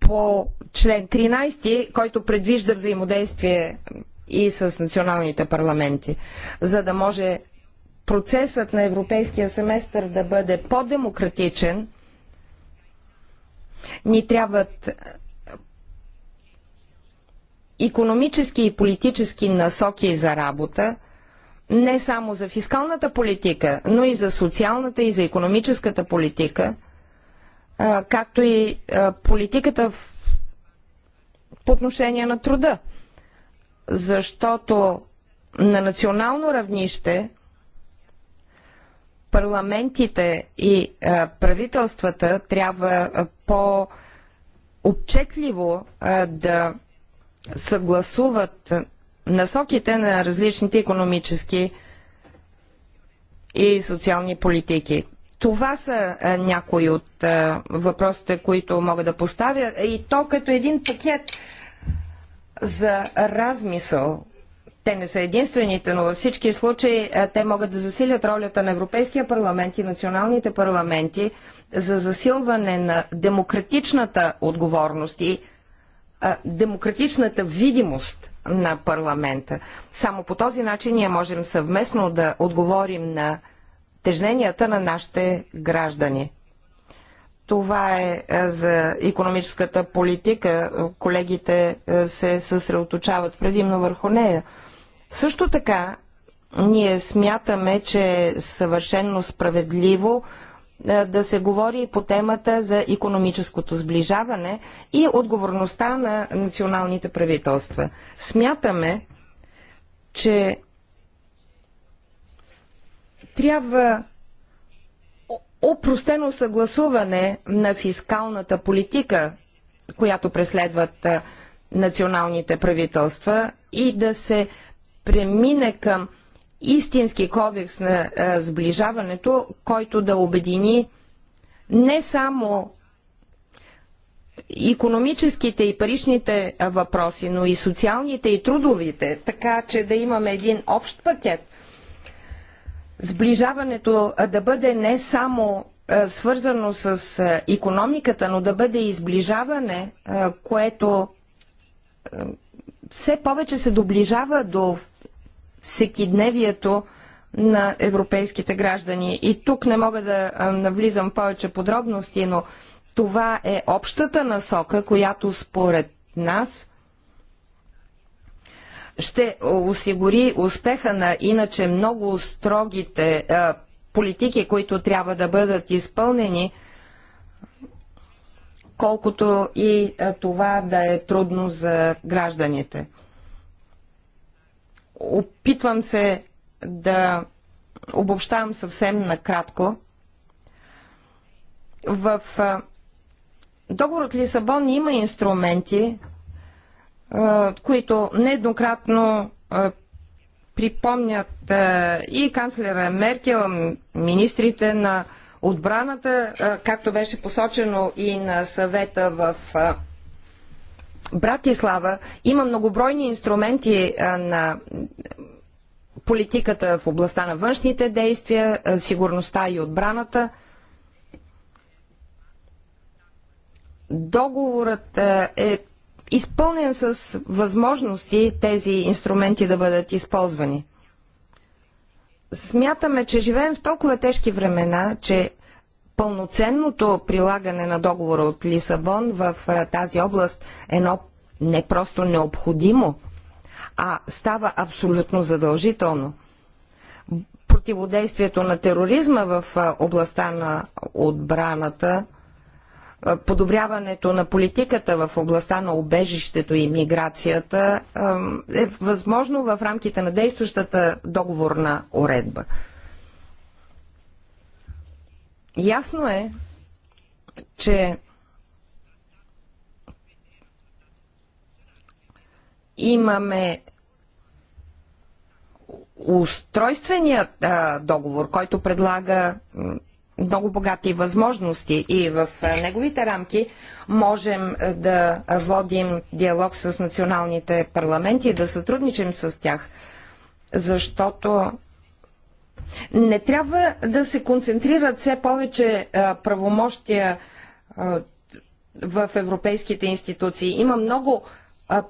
по член 13, който предвижда взаимодействие и с националните парламенти, за да може процесът на европейския семестър да бъде по-демократичен, ни трябват економически и политически насоки за работа, не само за фискалната политика, но и за социалната и за економическата политика, както и политиката в... по отношение на труда. Защото на национално равнище парламентите и правителствата трябва по-отчетливо да съгласуват насоките на различните економически и социални политики. Това са някои от въпросите, които мога да поставя. И то като един пакет за размисъл. Те не са единствените, но във всички случаи те могат да засилят ролята на Европейския парламент и националните парламенти за засилване на демократичната отговорност и демократичната видимост на парламента. Само по този начин ние можем съвместно да отговорим на тежненията на нашите граждани. Това е за економическата политика. Колегите се съсредоточават предимно върху нея. Също така, ние смятаме, че е съвършенно справедливо е, да се говори и по темата за економическото сближаване и отговорността на националните правителства. Смятаме, че трябва опростено съгласуване на фискалната политика, която преследват е, националните правителства и да се премине към истински кодекс на а, сближаването, който да обедини не само економическите и паричните въпроси, но и социалните и трудовите, така че да имаме един общ пакет. Сближаването да бъде не само свързано с економиката, но да бъде и сближаване, което все повече се доближава до всекидневието на европейските граждани. И тук не мога да навлизам повече подробности, но това е общата насока, която според нас ще осигури успеха на иначе много строгите е, политики, които трябва да бъдат изпълнени, колкото и е, това да е трудно за гражданите. Опитвам се да обобщавам съвсем накратко. В договор от Лисабон има инструменти, които нееднократно припомнят и канцлера Меркел, министрите на отбраната, както беше посочено и на съвета в Братислава има многобройни инструменти на политиката в областта на външните действия, сигурността и отбраната. Договорът е изпълнен с възможности тези инструменти да бъдат използвани. Смятаме, че живеем в толкова тежки времена, че пълноценното прилагане на договора от Лисабон в тази област е едно не просто необходимо, а става абсолютно задължително. Противодействието на тероризма в областта на отбраната, подобряването на политиката в областта на обежището и миграцията е възможно в рамките на действащата договорна уредба. Ясно е, че имаме устройственият а, договор, който предлага много богати възможности и в неговите рамки можем да водим диалог с националните парламенти и да сътрудничим с тях, защото не трябва да се концентрират все повече правомощия в европейските институции. Има много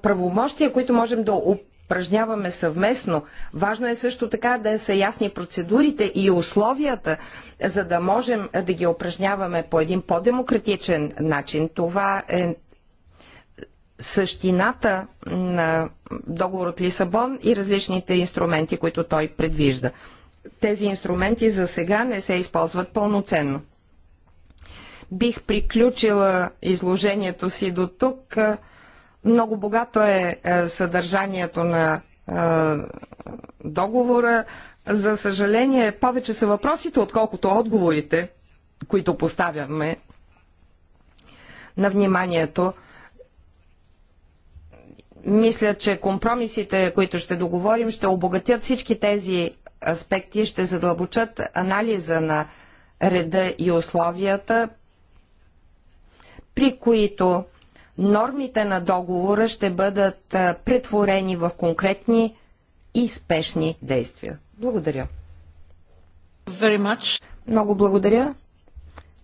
правомощия, които можем да упражняваме съвместно. Важно е също така да са ясни процедурите и условията, за да можем да ги упражняваме по един по-демократичен начин. Това е същината на договор от Лисабон и различните инструменти, които той предвижда тези инструменти за сега не се използват пълноценно. Бих приключила изложението си до тук. Много богато е, е съдържанието на е, договора. За съжаление, повече са въпросите, отколкото отговорите, които поставяме на вниманието. Мисля, че компромисите, които ще договорим, ще обогатят всички тези е, аспекти ще задълбочат анализа на реда и условията, при които нормите на договора ще бъдат претворени в конкретни и спешни действия. Благодаря. Very much. Много благодаря.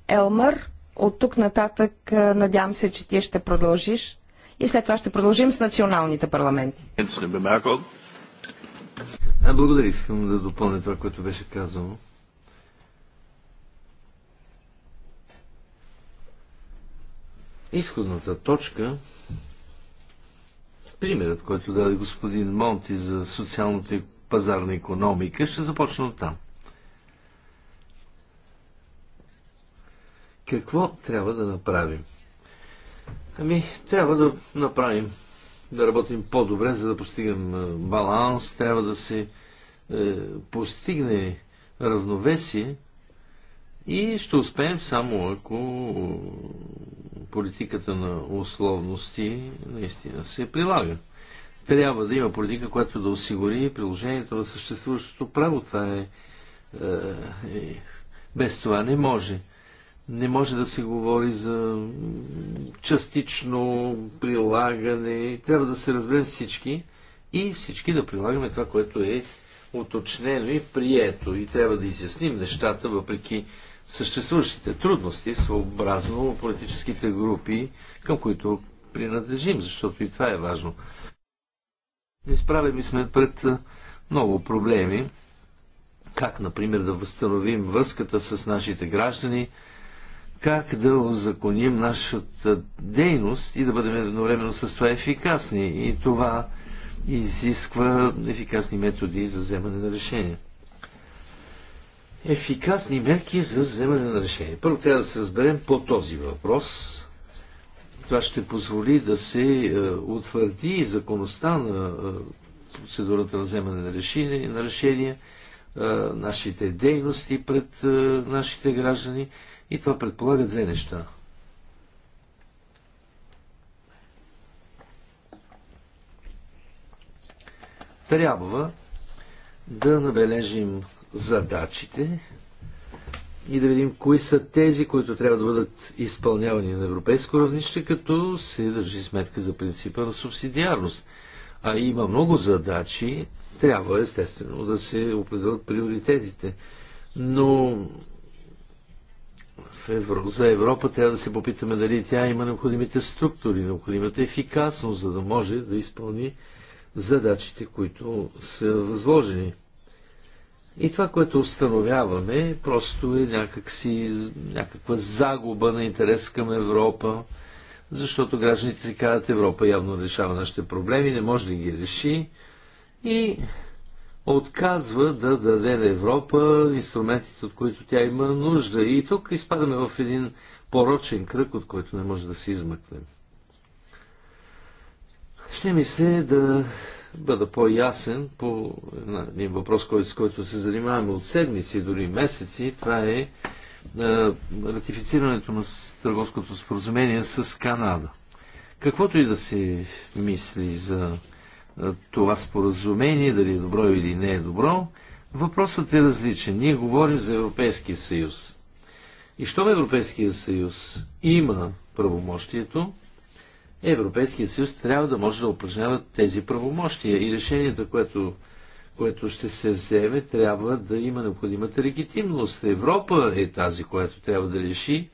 Елмър, от тук нататък надявам се, че ти ще продължиш и след това ще продължим с националните парламенти. А, благодаря, искам да допълня това, което беше казано. Изходната точка, примерът, който даде господин Монти за социалната и пазарна економика, ще започна от там. Какво трябва да направим? Ами, трябва да направим да работим по-добре, за да постигнем е, баланс, трябва да се е, постигне равновесие и ще успеем само ако е, политиката на условности наистина се прилага. Трябва да има политика, която да осигури приложението на съществуващото право. Това е, е, е без това не може. Не може да се говори за частично прилагане. Трябва да се разберем всички и всички да прилагаме това, което е уточнено и прието. И трябва да изясним нещата, въпреки съществуващите трудности, съобразно политическите групи, към които принадлежим, защото и това е важно. Изправени сме пред много проблеми, как, например, да възстановим връзката с нашите граждани, как да озаконим нашата дейност и да бъдем едновременно с това ефикасни. И това изисква ефикасни методи за вземане на решение. Ефикасни мерки за вземане на решение. Първо трябва да се разберем по този въпрос. Това ще позволи да се е, утвърди законността на е, процедурата на вземане на решение, на решение нашите дейности пред е, нашите граждани и това предполага две неща. Трябва да набележим задачите и да видим кои са тези, които трябва да бъдат изпълнявани на европейско равнище, като се държи сметка за принципа на субсидиарност. А има много задачи, трябва естествено да се определят приоритетите. Но в Евро, за Европа, трябва да се попитаме дали тя има необходимите структури, необходимата ефикасност, за да може да изпълни задачите, които са възложени. И това, което установяваме, просто е някакси, някаква загуба на интерес към Европа, защото гражданите си казват, Европа явно решава нашите проблеми, не може да ги реши и отказва да даде на Европа инструментите, от които тя има нужда. И тук изпадаме в един порочен кръг, от който не може да се измъкнем. Ще ми се да бъда по-ясен по един въпрос, който, с който се занимаваме от седмици, дори месеци. Това е а, ратифицирането на търговското споразумение с Канада. Каквото и да се мисли за това споразумение, дали е добро или не е добро, въпросът е различен. Ние говорим за Европейския съюз. И щом Европейския съюз има правомощието, Европейския съюз трябва да може да упражнява тези правомощия. И решението, което, което ще се вземе, трябва да има необходимата легитимност. Европа е тази, която трябва да реши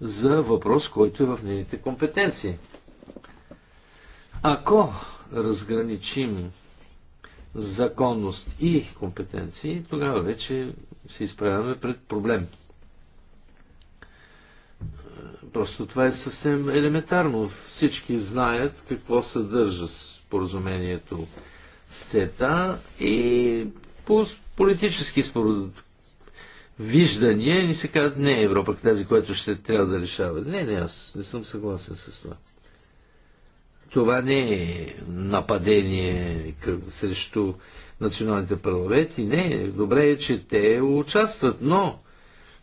за въпрос, който е в нейните компетенции. Ако разграничим законност и компетенции, тогава вече се изправяме пред проблем. Просто това е съвсем елементарно. Всички знаят какво съдържа споразумението СЕТА и по политически виждания ни се казват, не Европа, тази, която ще трябва да решава. Не, не, аз не съм съгласен с това това не е нападение срещу националните парламенти. Не, добре е, че те участват, но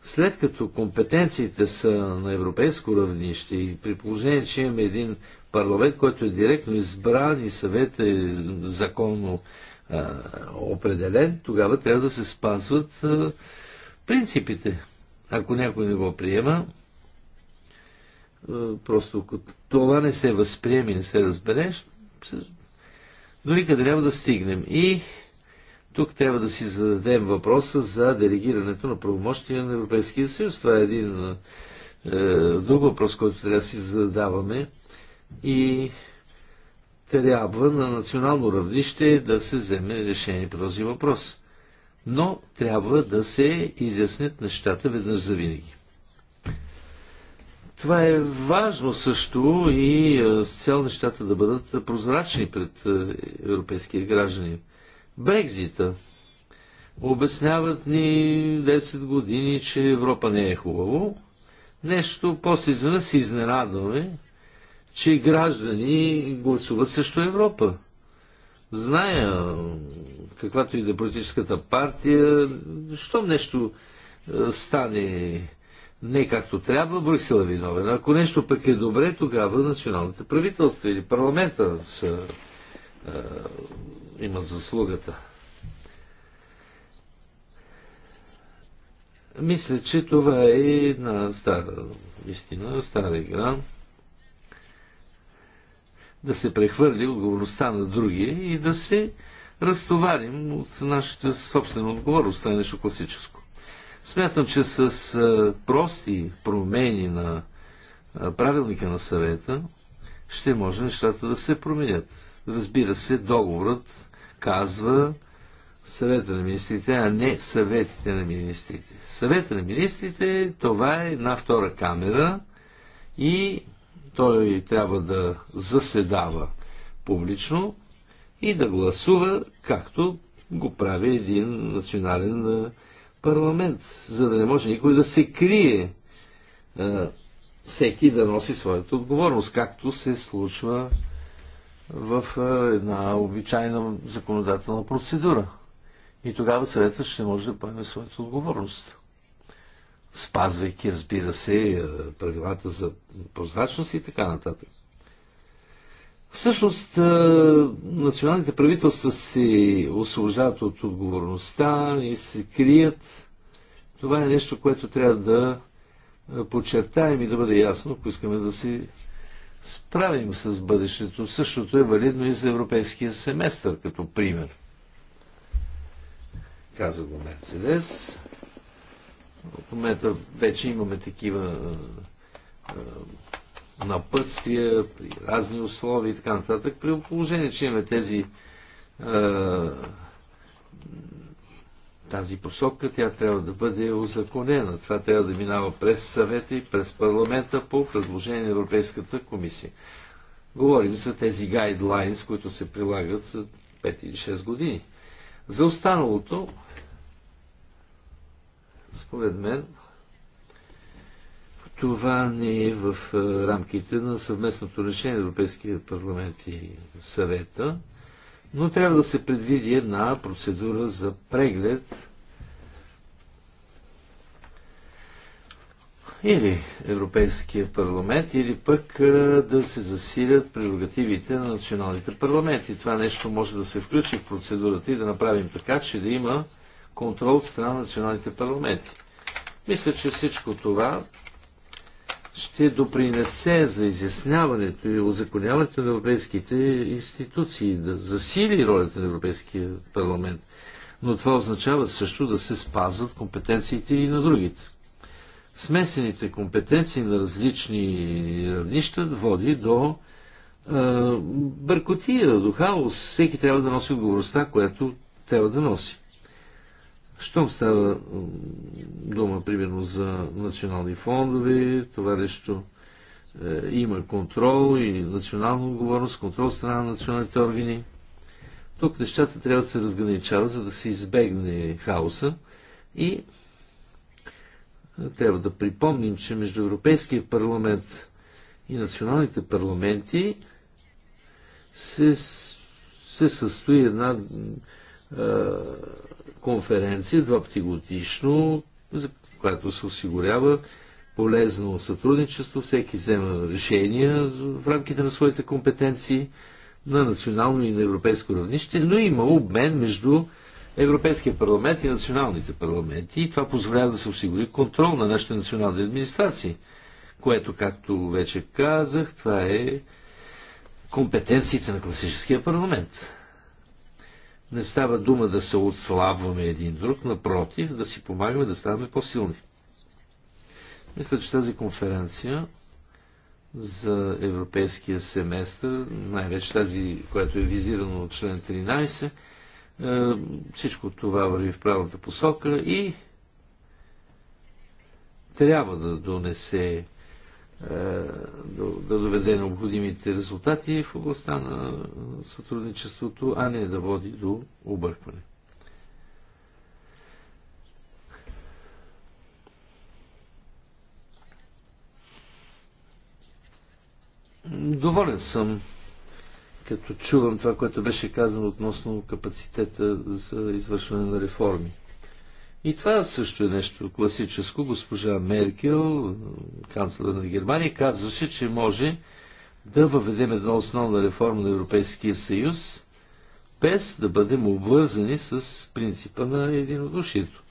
след като компетенциите са на европейско равнище и при положение, че имаме един парламент, който е директно избран и съвет е законно а, определен, тогава трябва да се спазват а, принципите. Ако някой не го приема, е, просто ако това не се възприеме, не се разбере, до никъде няма да стигнем. И тук трябва да си зададем въпроса за делегирането на правомощия на Европейския съюз. Това е един е, друг въпрос, който трябва да си задаваме. И трябва на национално равнище да се вземе решение по този въпрос. Но трябва да се изяснят нещата веднъж за винаги. Това е важно също и с цел нещата да бъдат прозрачни пред европейския граждани. Брекзита. Обясняват ни 10 години, че Европа не е хубаво. Нещо, после изведнъж се изненадваме, че граждани гласуват срещу Европа. Зная каквато и да е политическата партия, щом нещо стане не както трябва, Брюксел е виновен. Ако нещо пък е добре, тогава националните правителства или парламента са, е, имат заслугата. Мисля, че това е една стара истина, стара игра. Да се прехвърли отговорността на други и да се разтоварим от нашата собствена отговорност. Това е нещо класическо. Смятам, че с прости промени на правилника на съвета ще може нещата да се променят. Разбира се, договорът казва съвета на министрите, а не съветите на министрите. Съвета на министрите това е една втора камера и той трябва да заседава публично и да гласува, както го прави един национален парламент, за да не може никой да се крие. Всеки да носи своята отговорност, както се случва в една обичайна законодателна процедура. И тогава съветът ще може да поеме своята отговорност. Спазвайки, разбира се, правилата за прозрачност и така нататък. Всъщност, е, националните правителства се освобождават от отговорността и се крият. Това е нещо, което трябва да е, подчертаем и да бъде ясно, ако искаме да се справим с бъдещето. Същото е валидно и за европейския семестър, като пример. Каза го Мерцедес. В момента вече имаме такива е, напътствия, при разни условия и така нататък. При положение, че имаме тези тази посока, тя трябва да бъде озаконена. Това трябва да минава през съвета и през парламента по предложение на Европейската комисия. Говорим за тези гайдлайнс, които се прилагат за 5 или 6 години. За останалото, според мен, това не е в е, рамките на съвместното решение на Европейския парламент и съвета, но трябва да се предвиди една процедура за преглед или Европейския парламент, или пък е, да се засилят прерогативите на националните парламенти. Това нещо може да се включи в процедурата и да направим така, че да има контрол от страна на националните парламенти. Мисля, че всичко това ще допринесе за изясняването и озаконяването на европейските институции, да засили ролята на Европейския парламент. Но това означава също да се спазват компетенциите и на другите. Смесените компетенции на различни равнища води до е, бъркотия, до хаос. Всеки трябва да носи отговорността, която трябва да носи. Щом става дума, примерно, за национални фондове, това нещо е, има контрол и национална отговорност, контрол от страна на националните органи. Тук нещата трябва да се разграничават, за да се избегне хаоса и е, трябва да припомним, че между Европейския парламент и националните парламенти се, се състои една е, конференция два пъти годишно, за която се осигурява полезно сътрудничество, всеки взема решения в рамките на своите компетенции на национално и на европейско равнище, но има обмен между Европейския парламент и националните парламенти и това позволява да се осигури контрол на нашите национални администрации, което, както вече казах, това е компетенциите на класическия парламент. Не става дума да се отслабваме един друг, напротив, да си помагаме да ставаме по-силни. Мисля, че тази конференция за европейския семестър, най-вече тази, която е визирана от член 13, е, всичко това върви в правилната посока и трябва да донесе е, да, да доведе необходимите резултати в областта на сътрудничеството, а не да води до объркване. Доволен съм, като чувам това, което беше казано относно капацитета за извършване на реформи. И това също е нещо класическо. Госпожа Меркел, канцлер на Германия, казваше, че може да въведем една основна реформа на Европейския съюз, без да бъдем обвързани с принципа на единодушието.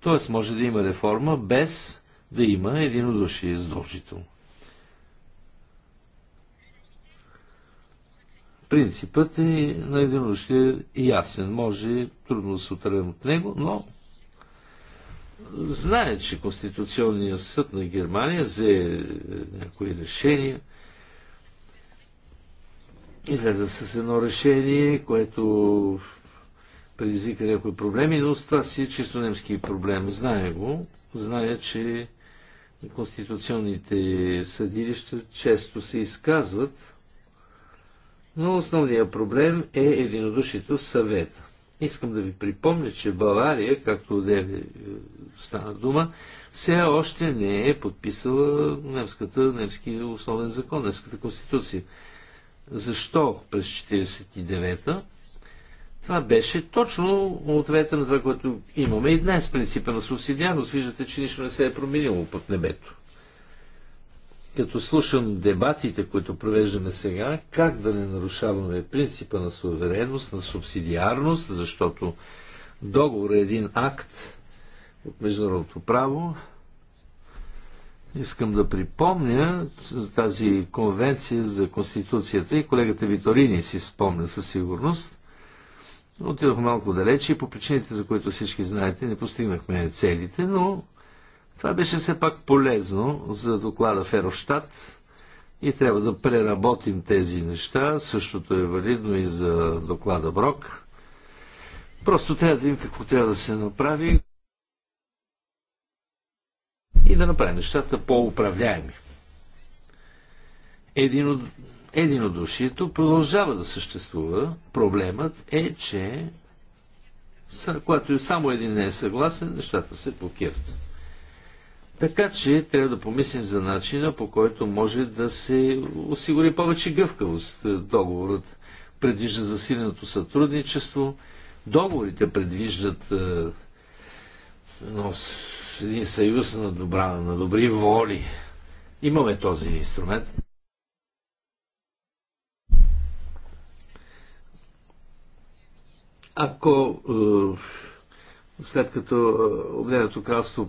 Тоест може да има реформа без да има единодушие задължително. Принципът е на единодушие ясен, може трудно да се отървем от него, но знае, че Конституционният съд на Германия взе е, някои решения. Излезе с едно решение, което предизвика някои проблеми, но това си е чисто немски проблем. Знае го. Знае, че конституционните съдилища често се изказват, но основният проблем е единодушието в съвета. Искам да ви припомня, че Бавария, както деве стана дума, все още не е подписала немската, немски основен закон, немската конституция. Защо през 49-та? Това беше точно ответа на това, което имаме и днес, принципа на субсидиарност. Виждате, че нищо не се е променило под небето като слушам дебатите, които провеждаме сега, как да не нарушаваме принципа на суверенност, на субсидиарност, защото договор е един акт от международното право. Искам да припомня за тази конвенция за Конституцията и колегата Виторини си спомня със сигурност. Отидох малко далече и по причините, за които всички знаете, не постигнахме целите, но това беше все пак полезно за доклада Ферощат и трябва да преработим тези неща. Същото е валидно и за доклада Брок. Просто трябва да видим какво трябва да се направи и да направим нещата по-управляеми. Едино, единодушието продължава да съществува. Проблемът е, че когато е само един не е съгласен, нещата се блокират. Така че трябва да помислим за начина, по който може да се осигури повече гъвкавост. Договорът предвижда засиленото сътрудничество, договорите предвиждат е, но един съюз на, добра, на добри воли. Имаме този инструмент. Ако е, след като е, Обединеното кралство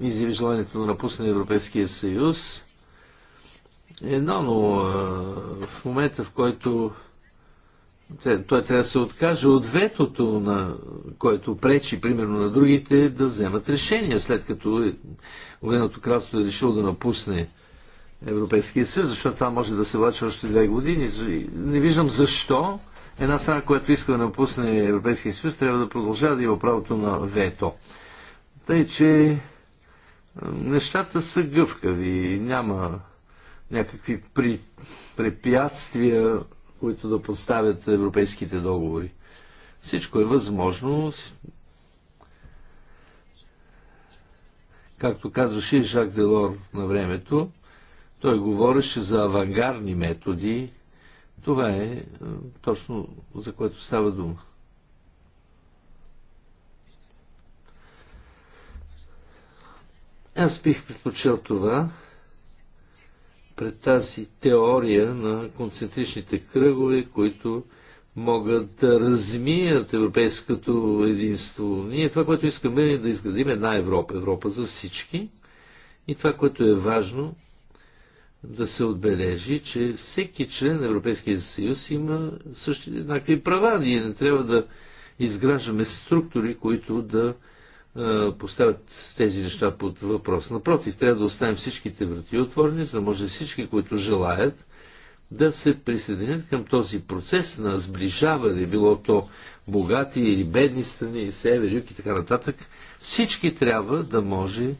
изяви желанието на напусне на Европейския съюз. Едно, но в момента, в който той трябва да се откаже от ветото, на което пречи, примерно, на другите да вземат решение, след като е, Обединеното кралство е решило да напусне Европейския съюз, защото това може да се влачи още две години. Не виждам защо една страна, която иска да напусне Европейския съюз, трябва да продължава да има правото на вето. Тъй, е, че нещата са гъвкави, няма някакви при, препятствия, които да поставят европейските договори. Всичко е възможно. Както казваше и Жак Делор на времето, той говореше за авангарни методи. Това е точно за което става дума. Аз бих предпочел това пред тази теория на концентричните кръгове, които могат да размият европейското единство. Ние това, което искаме е да изградим една Европа. Европа за всички. И това, което е важно да се отбележи, че всеки член на Европейския съюз има същите еднакви права. Ние не трябва да изграждаме структури, които да е, поставят тези неща под въпрос. Напротив, трябва да оставим всичките врати отворени, за да може всички, които желаят, да се присъединят към този процес на сближаване, било то богати или бедни страни, север, юг и така нататък. Всички трябва да може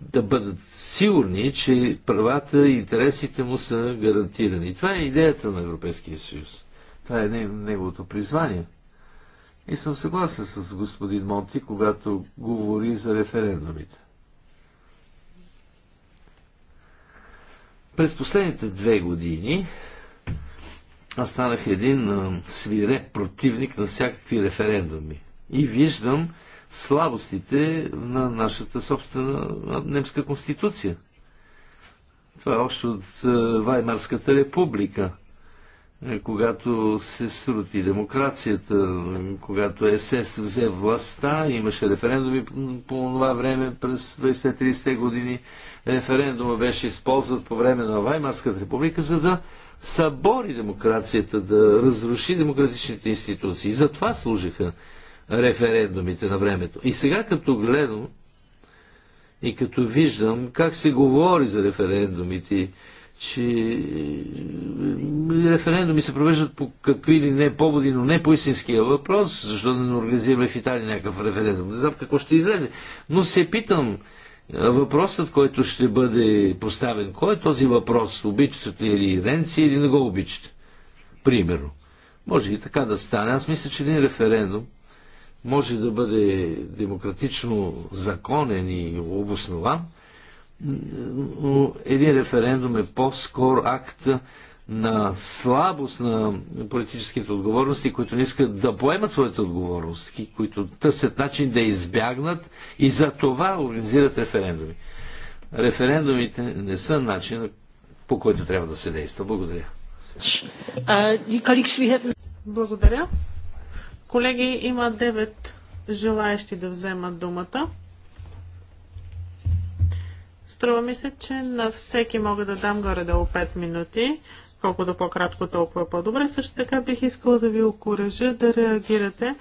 да бъдат сигурни, че правата и интересите му са гарантирани. Това е идеята на Европейския съюз. Това е неговото призвание. И съм съгласен с господин Монти, когато говори за референдумите. През последните две години аз станах един свире противник на всякакви референдуми. И виждам слабостите на нашата собствена немска конституция. Това е още от Ваймарската република. Е, когато се срути демокрацията, когато СС взе властта, имаше референдуми по това време през 20-30 години. Референдума беше използват по време на Ваймарската република, за да събори демокрацията, да разруши демократичните институции. за това служиха референдумите на времето. И сега като гледам и като виждам как се говори за референдумите, че е, референдуми се провеждат по какви или не поводи, но не по истинския въпрос, защо да не организираме в Италия някакъв референдум. Не знам какво ще излезе. Но се питам, е, въпросът, който ще бъде поставен, кой е този въпрос? Обичате ли Ренци или не го обичате? Примерно. Може и така да стане. Аз мисля, че един референдум може да бъде демократично законен и обоснован, един референдум е по-скоро акт на слабост на политическите отговорности, които не искат да поемат своите отговорности, които търсят начин да избягнат и за това организират референдуми. Референдумите не са начин по който трябва да се действа. Благодаря. Uh, Благодаря. Колеги, има 9 желаящи да вземат думата. Струва ми се, че на всеки мога да дам горе-долу 5 минути. Колкото по-кратко, толкова по-добре. Също така бих искала да ви окоръжа да реагирате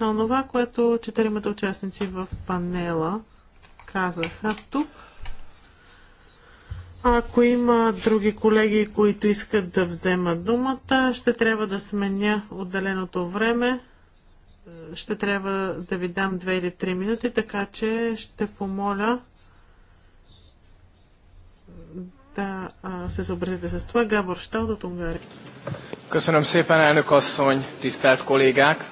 на това, което четиримата участници в панела казаха тук. Ако има други колеги, които искат да вземат думата, ще трябва да сменя отделеното време. Ще трябва да ви дам 2 или 3 минути, така че ще помоля да се съобразите с това. Габор Шталд от Унгария. Köszönöm szépen, elnök asszony, tisztelt kollégák!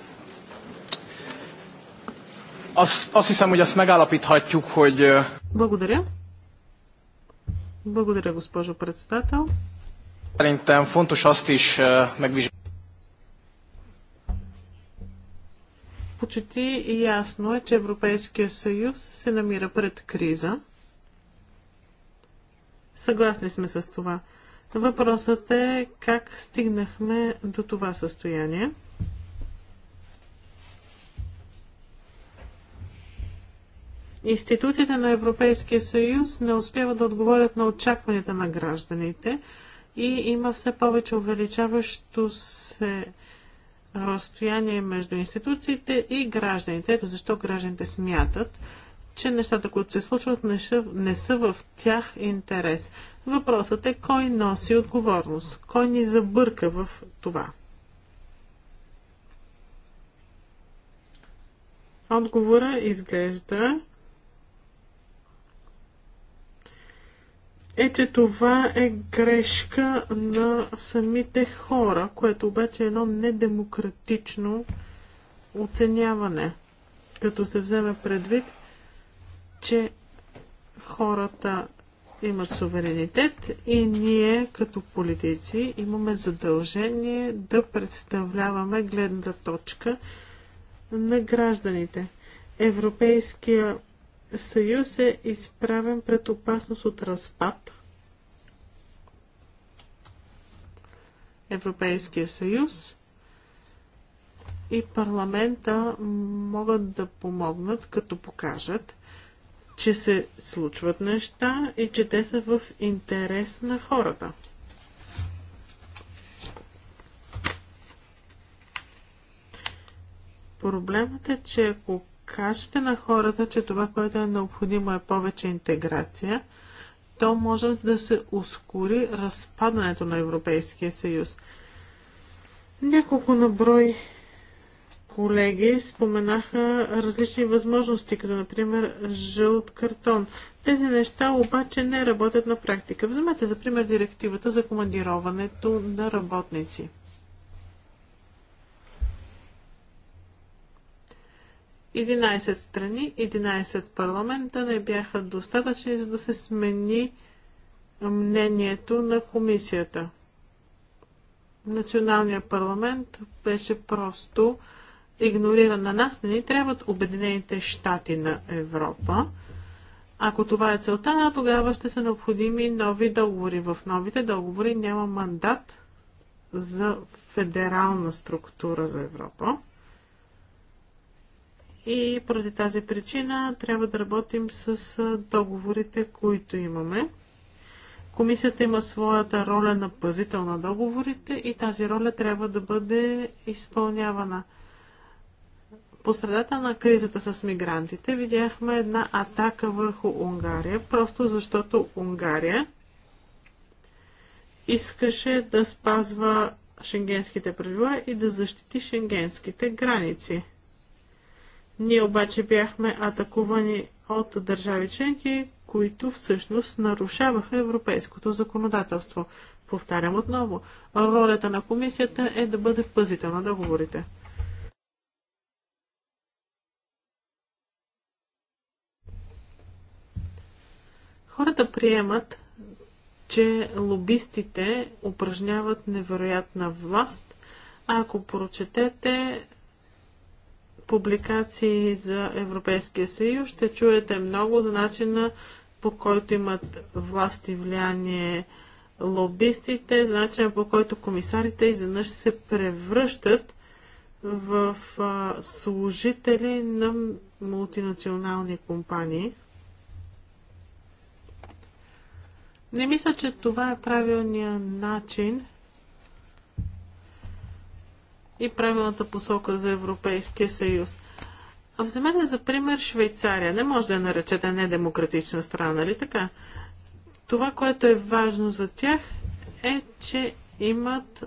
Azt, azt hiszem, hogy azt megállapíthatjuk, hogy... Благодаря. Благодаря, госпожо председател. Szerintem fontos azt is megvizsgálni. Почти ясно е, че Европейския съюз се намира пред криза. Съгласни сме с това. Въпросът е как стигнахме до това състояние. Институциите на Европейския съюз не успяват да отговорят на очакванията на гражданите и има все повече увеличаващо се разстояние между институциите и гражданите. Ето защо гражданите смятат, че нещата, които се случват, не са, не са в тях интерес. Въпросът е кой носи отговорност, кой ни забърка в това. Отговора изглежда е, че това е грешка на самите хора, което обаче е едно недемократично оценяване. Като се вземе предвид, че хората имат суверенитет и ние като политици имаме задължение да представляваме гледната точка на гражданите. Европейския съюз е изправен пред опасност от разпад. Европейския съюз и парламента могат да помогнат, като покажат, че се случват неща и че те са в интерес на хората. Проблемът е, че ако кажете на хората, че това, което е необходимо е повече интеграция, то може да се ускори разпадането на Европейския съюз. Няколко наброй колеги споменаха различни възможности, като например жълт картон. Тези неща обаче не работят на практика. Вземете за пример директивата за командироването на работници. Единайсет страни, 11 парламента не бяха достатъчни, за да се смени мнението на комисията. Националният парламент беше просто Игнорира на нас, не ни трябват Обединените щати на Европа. Ако това е целта, тогава ще са необходими нови договори. В новите договори няма мандат за федерална структура за Европа. И поради тази причина трябва да работим с договорите, които имаме. Комисията има своята роля на пазител на договорите и тази роля трябва да бъде изпълнявана. По средата на кризата с мигрантите видяхме една атака върху Унгария, просто защото Унгария искаше да спазва шенгенските правила и да защити шенгенските граници. Ние обаче бяхме атакувани от държави членки, които всъщност нарушаваха европейското законодателство. Повтарям отново, ролята на комисията е да бъде пазител на договорите. Хората приемат, че лобистите упражняват невероятна власт. А ако прочетете публикации за Европейския съюз, ще чуете много за начина по който имат власт и влияние лобистите, за начина по който комисарите изведнъж се превръщат в служители на мултинационални компании. Не мисля, че това е правилният начин и правилната посока за Европейския съюз. А вземете за пример Швейцария. Не може да я наречете недемократична страна, нали така? Това, което е важно за тях е, че имат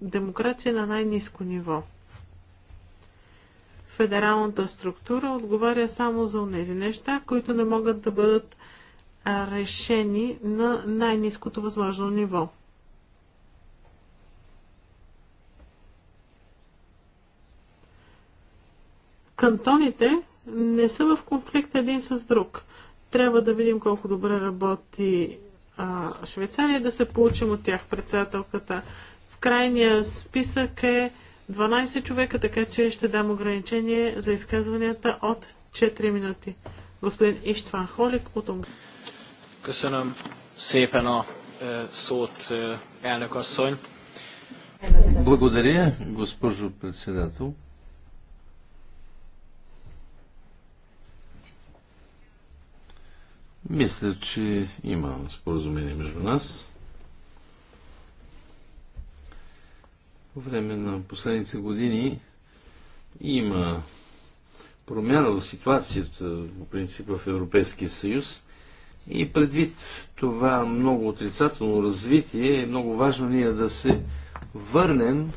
демокрация на най-низко ниво. Федералната структура отговаря само за тези неща, които не могат да бъдат решени на най-низкото възможно ниво. Кантоните не са в конфликт един с друг. Трябва да видим колко добре работи а, Швейцария, да се получим от тях председателката. В крайния списък е 12 човека, така че ще дам ограничение за изказванията от 4 минути. Господин Иштван Холик от Унгария. Köszönöm szépen a szót, elnök asszony. Благодаря, госпожо председател. Мисля, че има споразумение между нас. По време на последните години има промяна в ситуацията, по принцип, в Европейския съюз – и предвид това много отрицателно развитие, е много важно ние да се върнем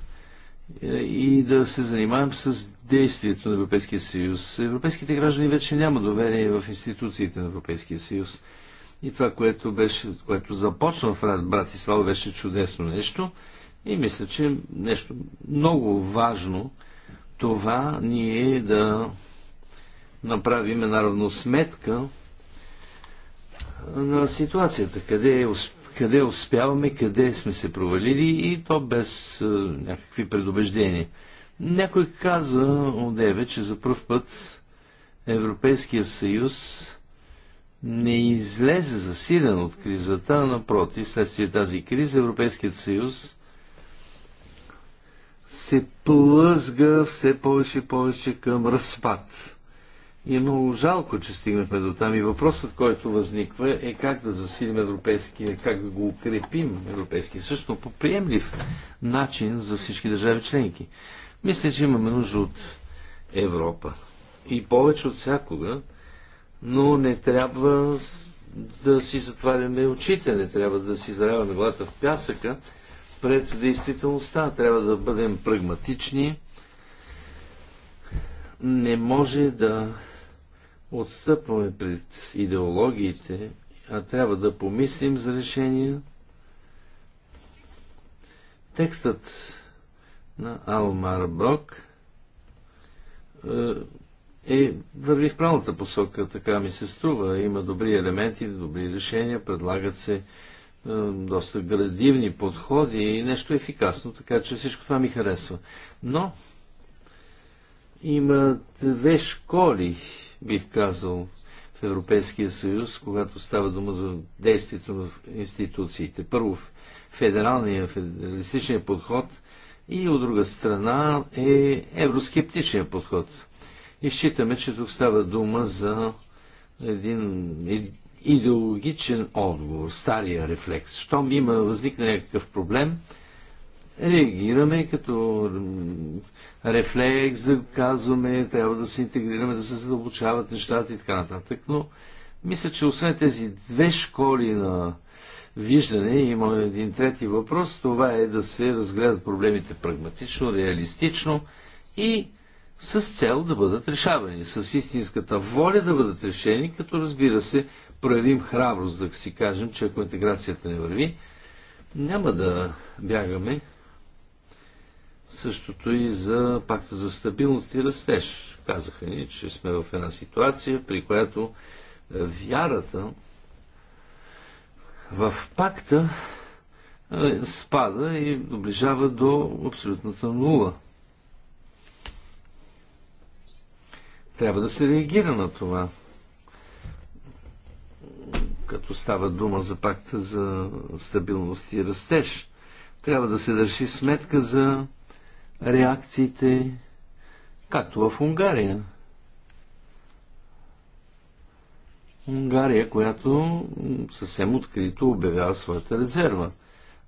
е, и да се занимаем с действието на Европейския съюз. Европейските граждани вече няма доверие в институциите на Европейския съюз. И това, което, беше, което започна в Братислава, беше чудесно нещо. И мисля, че нещо много важно това ние да направим една равносметка на ситуацията, къде, къде успяваме, къде сме се провалили и то без е, някакви предубеждения. Някой каза одеве, че за първ път Европейския съюз не излезе засилен от кризата, а напротив, следствие тази криза Европейският съюз се плъзга все повече и повече към разпад. И е много жалко, че стигнахме до там. И въпросът, който възниква е как да засилим европейския, как да го укрепим европейския, също по приемлив начин за всички държави членки. Мисля, че имаме нужда от Европа. И повече от всякога, но не трябва да си затваряме очите, не трябва да си заряваме главата в пясъка пред действителността. Трябва да бъдем прагматични. Не може да отстъпваме пред идеологиите, а трябва да помислим за решения. Текстът на Алмар Брок е, е, върви в правилната посока, така ми се струва. Има добри елементи, добри решения, предлагат се е, доста градивни подходи и нещо ефикасно, така че всичко това ми харесва. Но има две школи бих казал, в Европейския съюз, когато става дума за действието в институциите. Първо, федералния, федералистичния подход и от друга страна е евроскептичния подход. И считаме, че тук става дума за един идеологичен отговор, стария рефлекс. Щом има, възникне някакъв проблем, реагираме като рефлекс, да казваме, трябва да се интегрираме, да се задълбочават нещата и така нататък. Но мисля, че освен тези две школи на виждане, има един трети въпрос, това е да се разгледат проблемите прагматично, реалистично и с цел да бъдат решавани, с истинската воля да бъдат решени, като разбира се, проявим храброст да си кажем, че ако интеграцията не върви, няма да бягаме Същото и за пакта за стабилност и растеж. Казаха ни, че сме в една ситуация, при която е, вярата в пакта е, спада и доближава до абсолютната нула. Трябва да се реагира на това. Като става дума за пакта за стабилност и растеж, трябва да се държи сметка за реакциите, както в Унгария. Унгария, която съвсем открито обявява своята резерва,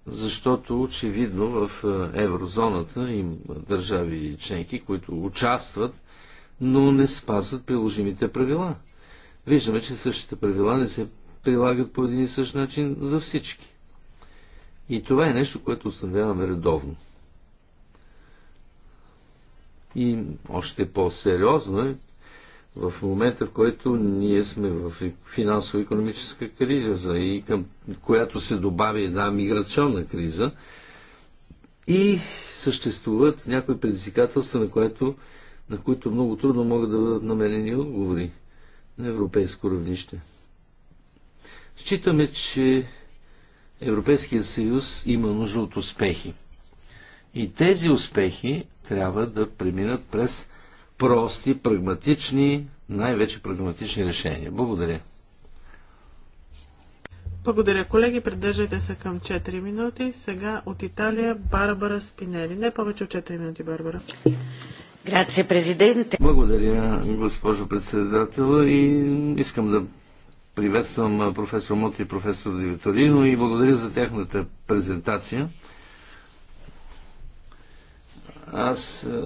защото очевидно в е, еврозоната има държави и членки, които участват, но не спазват приложимите правила. Виждаме, че същите правила не се прилагат по един и същ начин за всички. И това е нещо, което установяваме редовно. И още по-сериозно е в момента, в който ние сме в финансово-економическа криза и към която се добави една миграционна криза и съществуват някои предизвикателства, на, което, на които много трудно могат да бъдат намерени отговори на европейско равнище. Считаме, че Европейския съюз има нужда от успехи. И тези успехи трябва да преминат през прости, прагматични, най-вече прагматични решения. Благодаря. Благодаря, колеги. Придържайте се към 4 минути. Сега от Италия Барбара Спинели. Не повече от 4 минути, Барбара. Грация, президенте. Благодаря, госпожо председател. И искам да приветствам професор Моти и професор Дивиторино и благодаря за тяхната презентация. Аз е,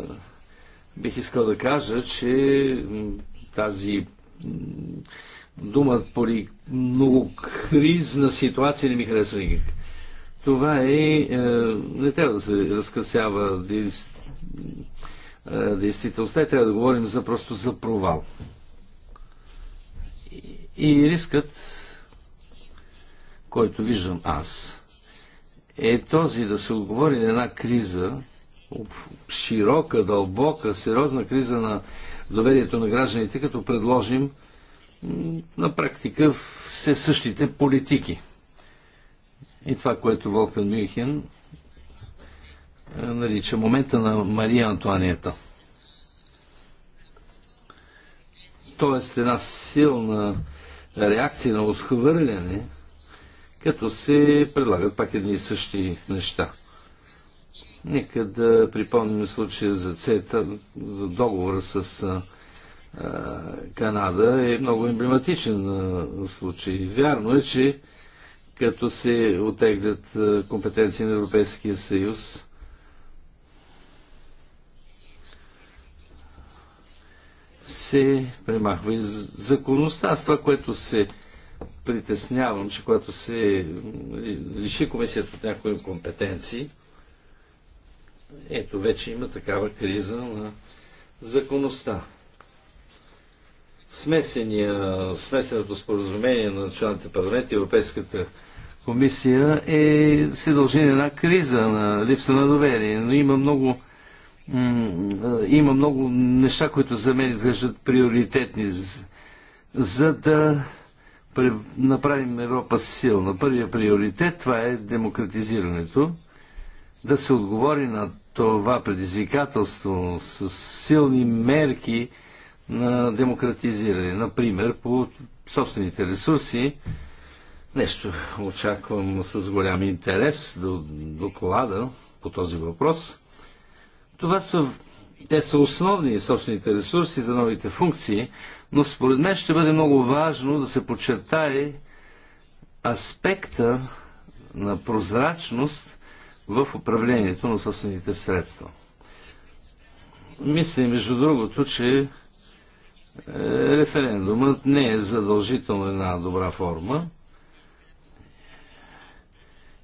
бих искал да кажа, че тази дума пори многокризна ситуация не ми харесва никак. Това е, е не трябва да се разкъсява е, действителността е, трябва да говорим за просто за провал. и рискът, който виждам аз, е този да се отговори на една криза, широка, дълбока, сериозна криза на доверието на гражданите, като предложим на практика все същите политики. И това, което Волкан Мюнхен е, нарича момента на Мария Антуанията. Тоест една силна реакция на отхвърляне, като се предлагат пак едни и същи неща. Нека да припомним случая за ЦЕТА, за договора с а, Канада е много емблематичен а, случай. Вярно е, че като се отеглят а, компетенции на Европейския съюз, се премахва и законността. С това, което се притеснявам, че когато се лиши комисията от някои компетенции, ето, вече има такава криза на законността. Смесения, смесеното споразумение на националните парламенти и Европейската комисия е, се дължи на една криза, на липса на доверие, но има много има много неща, които за мен изглеждат приоритетни, за да направим Европа силна. Първия приоритет това е демократизирането, да се отговори на това предизвикателство с силни мерки на демократизиране. Например, по собствените ресурси, нещо очаквам с голям интерес до доклада по този въпрос. Това са, те са основни собствените ресурси за новите функции, но според мен ще бъде много важно да се подчертае аспекта на прозрачност – в управлението на собствените средства. Мисля, между другото, че е, референдумът не е задължително една добра форма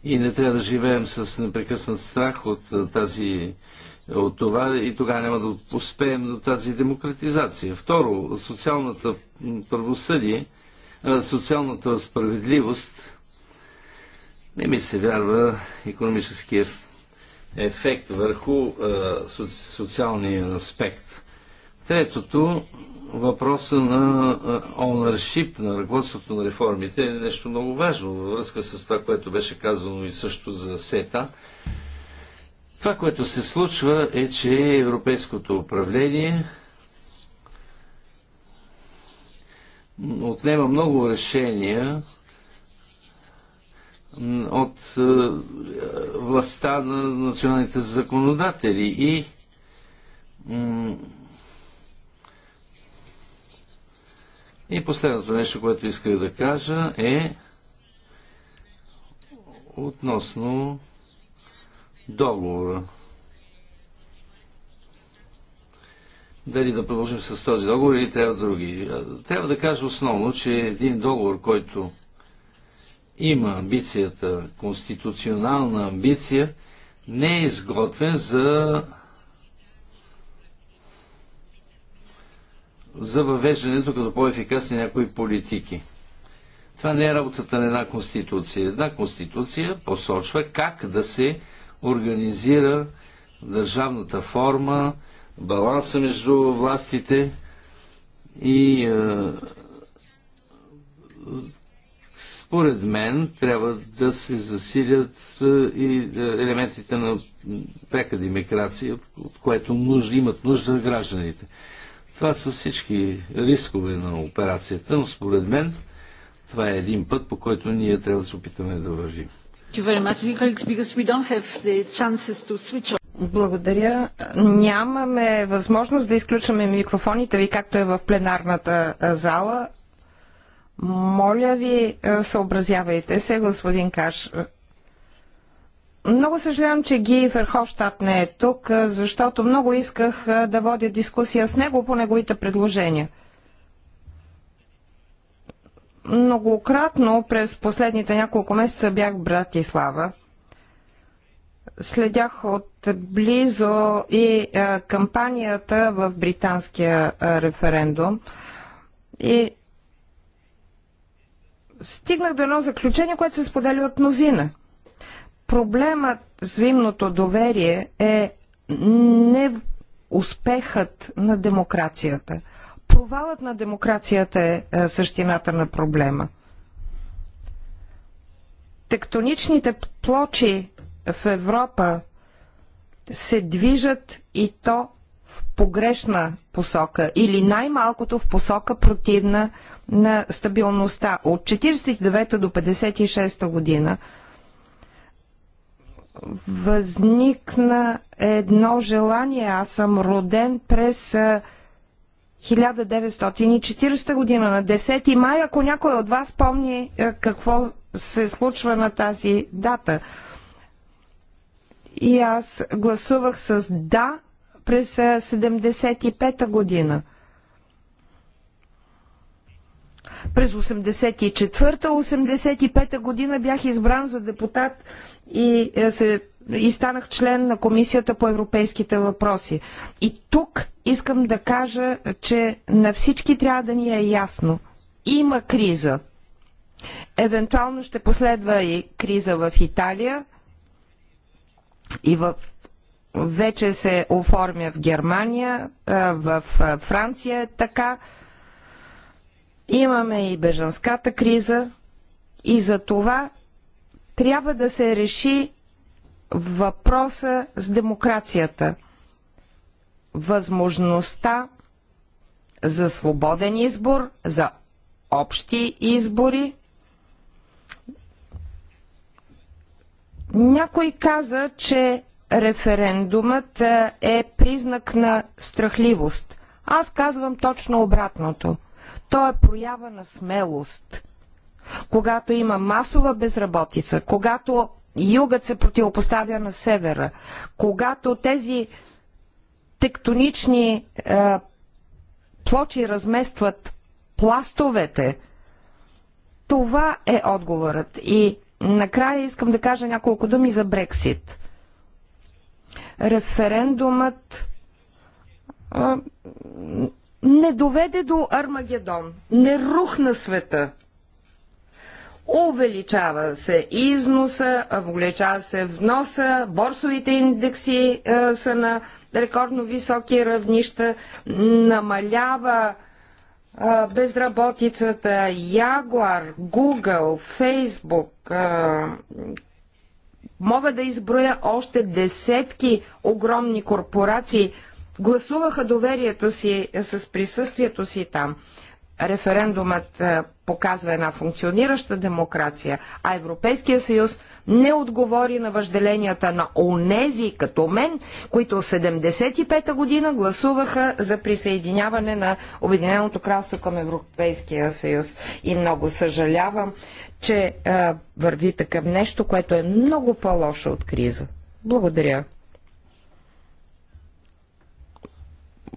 и не трябва да живеем с непрекъснат страх от, е, тази, от това и тогава няма да успеем до тази демократизация. Второ, социалната правосъдие, е, социалната справедливост не ми се вярва економическия ефект върху е, социалния аспект. Третото, въпроса на ownership, на ръководството на реформите е нещо много важно във връзка с това, което беше казано и също за СЕТА. Това, което се случва е, че европейското управление отнема много решения от е, властта на националните законодатели и и последното нещо, което исках да кажа е относно договора. Дали да продължим с този договор или трябва други. Е, трябва да кажа основно, че един договор, който има амбицията, конституционална амбиция, не е изготвен за за въвеждането като по-ефикасни някои политики. Това не е работата на една конституция. Една конституция посочва как да се организира държавната форма, баланса между властите и е, според мен трябва да се засилят е, и е, елементите на пряка демикрация, от което нужда, имат нужда гражданите. Това са всички рискове на операцията, но според мен това е един път, по който ние трябва да се опитаме да вървим. Благодаря. Нямаме възможност да изключваме микрофоните ви, както е в пленарната зала. Моля ви, е, съобразявайте се, господин Каш. Много съжалявам, че Ги Ферховщат не е тук, е, защото много исках е, да водя дискусия с него по неговите предложения. Многократно през последните няколко месеца бях в Братислава. Следях от близо и кампанията в британския референдум. И стигнах до едно заключение, което се споделя от мнозина. Проблемът взаимното доверие е не успехът на демокрацията. Провалът на демокрацията е, е същината на проблема. Тектоничните плочи в Европа се движат и то в погрешна посока или най-малкото в посока противна на стабилността. От 49 до 56 година възникна едно желание. Аз съм роден през 1940 година, на 10 май, ако някой от вас помни какво се случва на тази дата. И аз гласувах с да през 75-та година. През 1984-1985 година бях избран за депутат и, е, се, и станах член на Комисията по европейските въпроси. И тук искам да кажа, че на всички трябва да ни е ясно. Има криза. Евентуално ще последва и криза в Италия и в вече се оформя в Германия, е, в е, Франция е така. Имаме и бежанската криза и за това трябва да се реши въпроса с демокрацията. Възможността за свободен избор, за общи избори. Някой каза, че референдумът е, е признак на страхливост. Аз казвам точно обратното – то е проява на смелост. Когато има масова безработица, когато югът се противопоставя на севера, когато тези тектонични е, плочи разместват пластовете, това е отговорът. И накрая искам да кажа няколко думи за Брексит. Референдумът е, не доведе до Армагедон, не рухна света. Увеличава се износа, увеличава се вноса, борсовите индекси а, е, са на рекордно високи равнища, намалява а, е, безработицата, Ягуар, Google, Facebook, А, мога да изброя още десетки огромни корпорации – гласуваха доверието си е, с присъствието си там. Референдумът е, показва една функционираща демокрация, а Европейския съюз не отговори на въжделенията на онези, като мен, които 75-та година гласуваха за присъединяване на Обединеното кралство към Европейския съюз. И много съжалявам, че е, върви такъв нещо, което е много по-лошо от криза. Благодаря.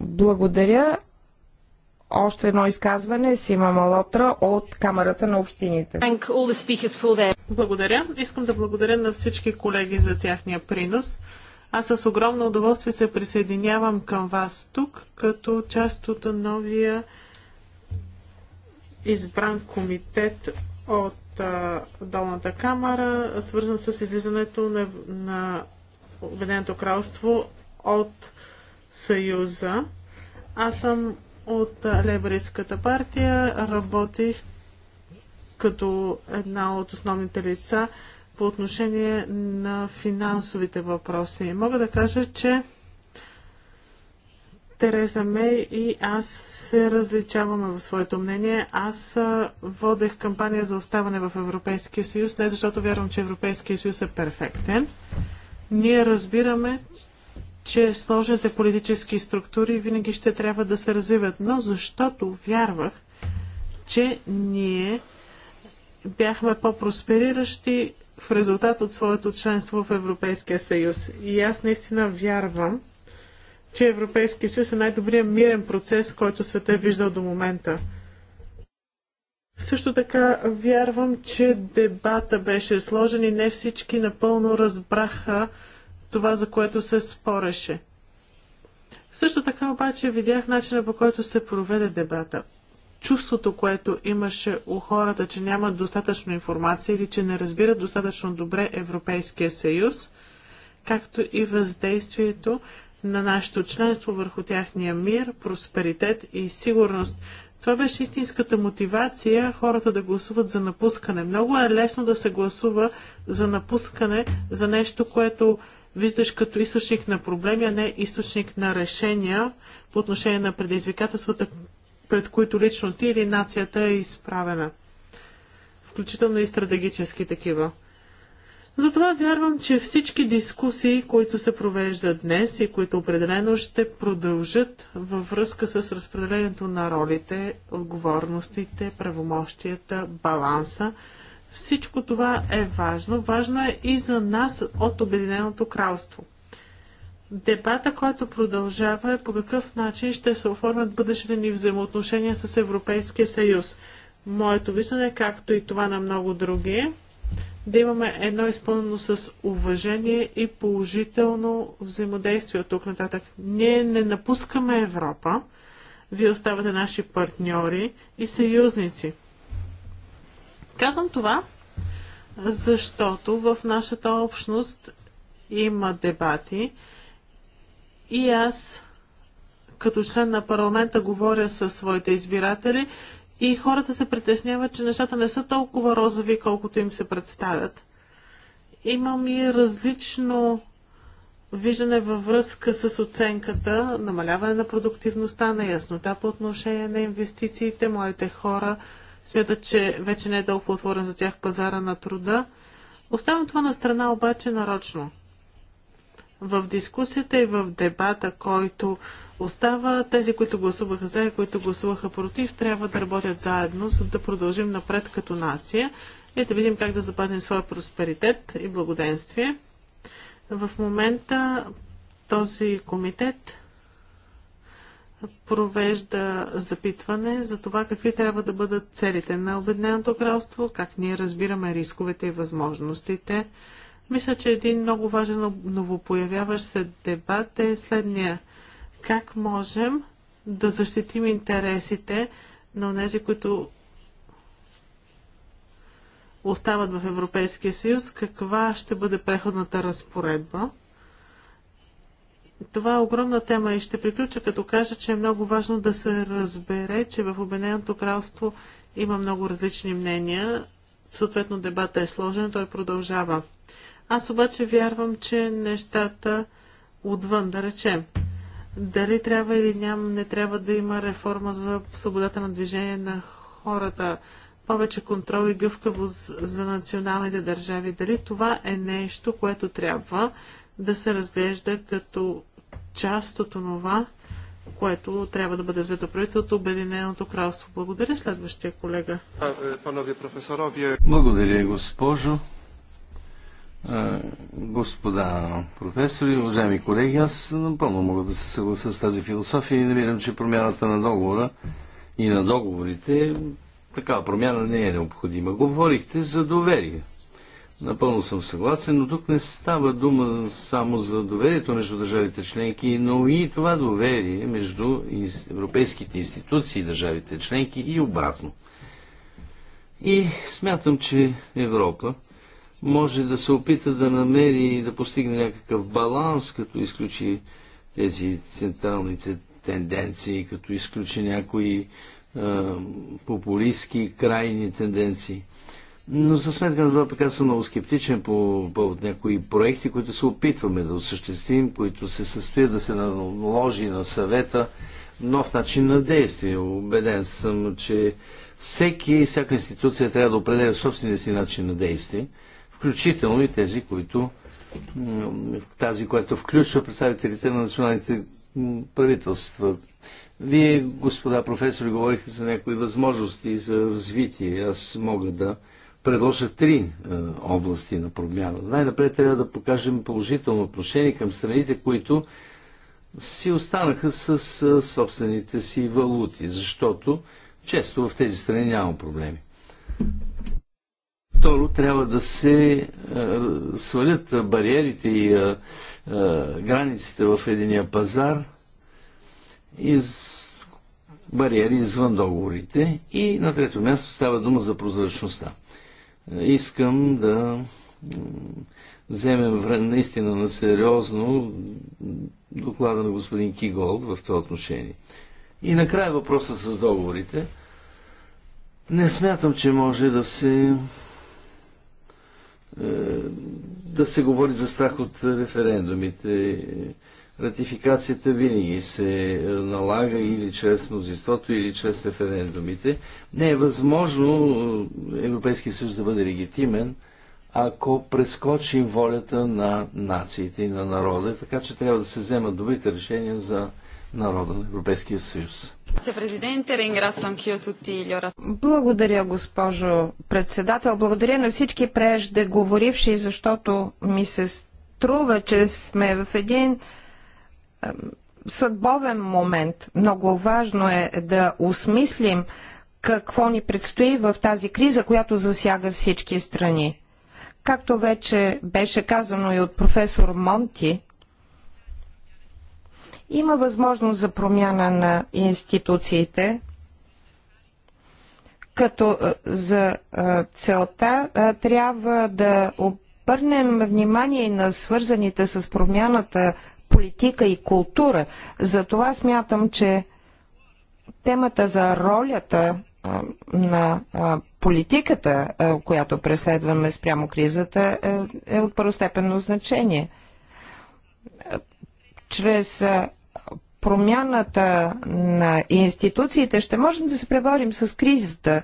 Благодаря. Още едно изказване Сима Малотра от Камерата на общините. Благодаря. Искам да благодаря на всички колеги за тяхния принос. Аз с огромно удоволствие се присъединявам към вас тук, като част от новия избран комитет от долната камара, свързан с излизането на, на Обединеното кралство от Съюза. Аз съм от Лебрийската партия, работих като една от основните лица по отношение на финансовите въпроси. Мога да кажа, че Тереза Мей и аз се различаваме в своето мнение. Аз водех кампания за оставане в Европейския съюз, не защото вярвам, че Европейския съюз е перфектен. Ние разбираме, че сложните политически структури винаги ще трябва да се развиват, но защото вярвах, че ние бяхме по-проспериращи в резултат от своето членство в Европейския съюз. И аз наистина вярвам, че Европейския съюз е най-добрият мирен процес, който света е виждал до момента. Също така вярвам, че дебата беше сложен и не всички напълно разбраха това, за което се спореше. Също така обаче видях начина по който се проведе дебата. Чувството, което имаше у хората, че нямат достатъчно информация или че не разбират достатъчно добре Европейския съюз, както и въздействието на нашето членство върху тяхния мир, просперитет и сигурност. Това беше истинската мотивация хората да гласуват за напускане. Много е лесно да се гласува за напускане за нещо, което виждаш като източник на проблеми, а не източник на решения по отношение на предизвикателствата, пред които лично ти или нацията е изправена. Включително и стратегически такива. Затова вярвам, че всички дискусии, които се провеждат днес и които определено ще продължат във връзка с разпределението на ролите, отговорностите, правомощията, баланса, всичко това е важно. Важно е и за нас от Обединеното кралство. Дебата, който продължава е по какъв начин ще се оформят бъдещите ни взаимоотношения с Европейския съюз. Моето виждане, както и това на много други, е да имаме едно изпълнено с уважение и положително взаимодействие от тук нататък. Ние не напускаме Европа, вие оставате наши партньори и съюзници. Казвам това, защото в нашата общност има дебати и аз като член на парламента говоря със своите избиратели и хората се притесняват, че нещата не са толкова розови, колкото им се представят. Имам и различно виждане във връзка с оценката, намаляване на продуктивността, на яснота по отношение на инвестициите, младите хора – смятат, че вече не е толкова отворен за тях пазара на труда. Оставям това на страна обаче нарочно. В дискусията и в дебата, който остава, тези, които гласуваха за и които гласуваха против, трябва да работят заедно, за да продължим напред като нация и да видим как да запазим своя просперитет и благоденствие. В момента този комитет провежда запитване за това какви трябва да бъдат целите на Обединеното кралство, как ние разбираме рисковете и възможностите. Мисля, че един много важен новопоявяващ се дебат е следния. Как можем да защитим интересите на тези, които остават в Европейския съюз, каква ще бъде преходната разпоредба? Това е огромна тема и ще приключа като кажа, че е много важно да се разбере, че в Обединеното кралство има много различни мнения. Съответно, дебата е сложен, той продължава. Аз обаче вярвам, че нещата отвън, да речем, дали трябва или няма, не трябва да има реформа за свободата на движение на хората, повече контрол и гъвкавост за националните държави. Дали това е нещо, което трябва да се разглежда като част от това, което трябва да бъде взето предвид от Обединеното кралство. Благодаря следващия колега. Е, Благодаря, госпожо. Господа професори, уважаеми колеги, аз напълно мога да се съглася с тази философия и намирам, че промяната на договора и на договорите, такава промяна не е необходима. Говорихте за доверие. Напълно съм съгласен, но тук не става дума само за доверието между държавите членки, но и това доверие между европейските институции и държавите членки и обратно. И смятам, че Европа може да се опита да намери и да постигне някакъв баланс, като изключи тези централните тенденции, като изключи някои е, популистски крайни тенденции но за сметка на това пък аз съм много скептичен по повод някои проекти, които се опитваме да осъществим, които се състоят да се наложи на съвета нов начин на действие. Обеден съм, че всеки, всяка институция трябва да определя собствения си начин на действие, включително и тези, които тази, която включва представителите на националните правителства. Вие, господа професори, говорихте за някои възможности за развитие. Аз мога да предложа три е, области на промяна. Най-напред трябва да покажем положително отношение към страните, които си останаха с, с е, собствените си валути, защото често в тези страни няма проблеми. Второ, трябва да се е, свалят бариерите и е, е границите в единия пазар и бариери извън договорите. И на трето място става дума за прозрачността. Искам да вземем наистина на сериозно доклада на господин Киголд в това отношение. И накрая въпроса с договорите. Не смятам, че може да се е, да се говори за страх от референдумите. Ратификацията винаги се е, налага или чрез мнозинството, или чрез референдумите. Не е възможно е, Европейския съюз да бъде легитимен, ако прескочим волята на нациите и на народа, така че трябва да се вземат добрите решения за народа на Европейския съюз. Благодаря, госпожо председател. Благодаря на всички преждеговоривши, защото ми се струва, че сме в един съдбовен момент. Много важно е да осмислим какво ни предстои в тази криза, която засяга всички страни. Както вече беше казано и от професор Монти, има възможност за промяна на институциите, като за целта трябва да обърнем внимание на свързаните с промяната политика и култура. Затова смятам, че темата за ролята на политиката, която преследваме спрямо кризата, е, е от първостепенно значение. Чрез промяната на институциите ще можем да се преборим с кризата.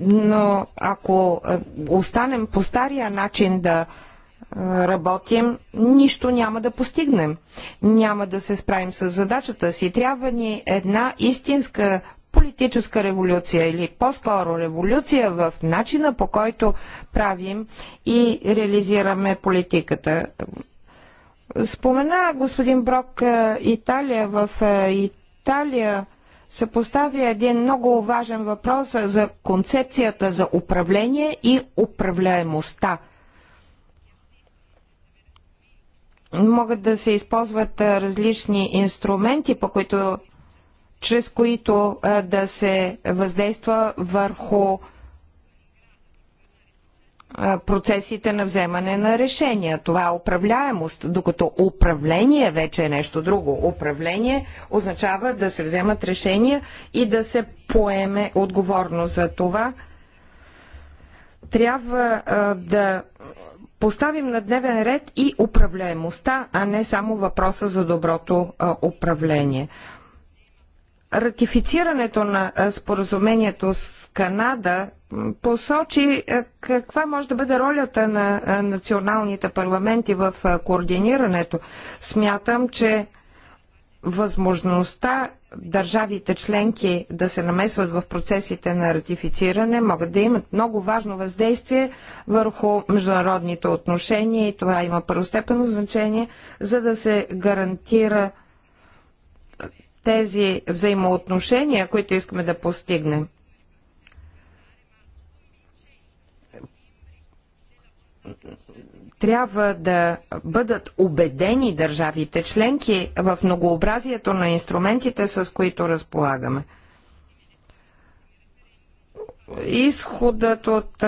но ако останем по стария начин да работим, нищо няма да постигнем. Няма да се справим с задачата си. Трябва ни една истинска политическа революция или по-скоро революция в начина по който правим и реализираме политиката. Спомена господин Брок е, Италия. В е, Италия се постави един много важен въпрос за концепцията за управление и управляемостта – могат да се използват различни инструменти, по които, чрез които да се въздейства върху процесите на вземане на решения. Това е управляемост, докато управление вече е нещо друго. Управление означава да се вземат решения и да се поеме отговорност за това. Трябва да поставим на дневен ред и управляемостта, а не само въпроса за доброто управление. Ратифицирането на споразумението с Канада посочи каква може да бъде ролята на националните парламенти в координирането. Смятам, че възможността държавите членки да се намесват в процесите на ратифициране могат да имат много важно въздействие върху международните отношения и това има първостепенно значение, за да се гарантира тези взаимоотношения, които искаме да постигнем трябва да бъдат убедени държавите членки в многообразието на инструментите, с които разполагаме. Изходът от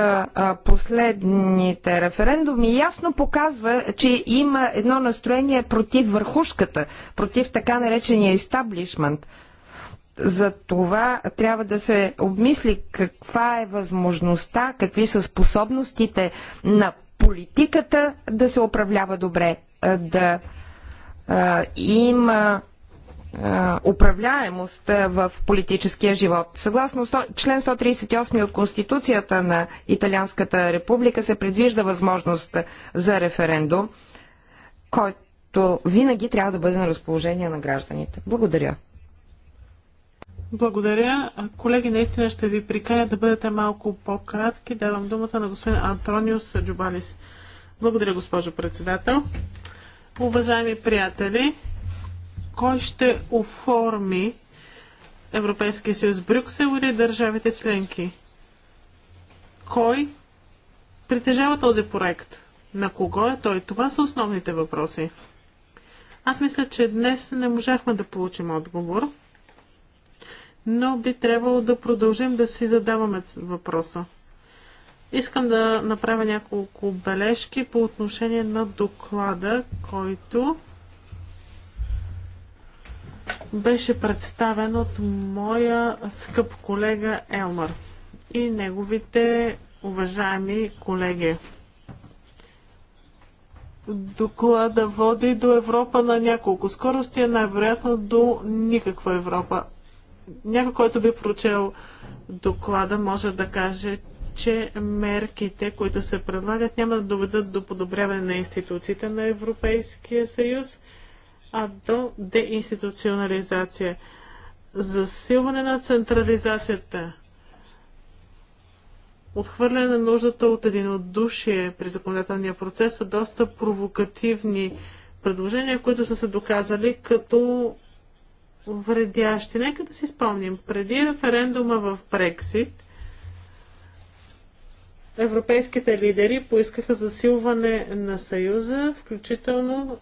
последните референдуми ясно показва, че има едно настроение против върхушката, против така наречения естаблишмент. За това трябва да се обмисли каква е възможността, какви са способностите на политиката да се управлява добре, да има управляемост в политическия живот. Съгласно член 138 от Конституцията на Италианската република се предвижда възможност за референдум, който винаги трябва да бъде на разположение на гражданите. Благодаря. Благодаря. Колеги, наистина ще ви приканя да бъдете малко по-кратки. Давам думата на господин Антониус Джубалис. Благодаря, госпожо председател. Уважаеми приятели, кой ще оформи Европейския съюз Брюксел или държавите членки? Кой притежава този проект? На кого е той? Това са основните въпроси. Аз мисля, че днес не можахме да получим отговор но би трябвало да продължим да си задаваме въпроса. Искам да направя няколко бележки по отношение на доклада, който беше представен от моя скъп колега Елмар и неговите уважаеми колеги. Доклада води до Европа на няколко скорости, а най-вероятно до никаква Европа някой, който би прочел доклада, може да каже, че мерките, които се предлагат, няма да доведат до подобряване на институциите на Европейския съюз, а до деинституционализация. Засилване на централизацията, отхвърляне на нуждата от единодушие при законодателния процес са доста провокативни предложения, които са се доказали като вредящи. Нека да си спомним, преди референдума в Брексит, европейските лидери поискаха засилване на Съюза, включително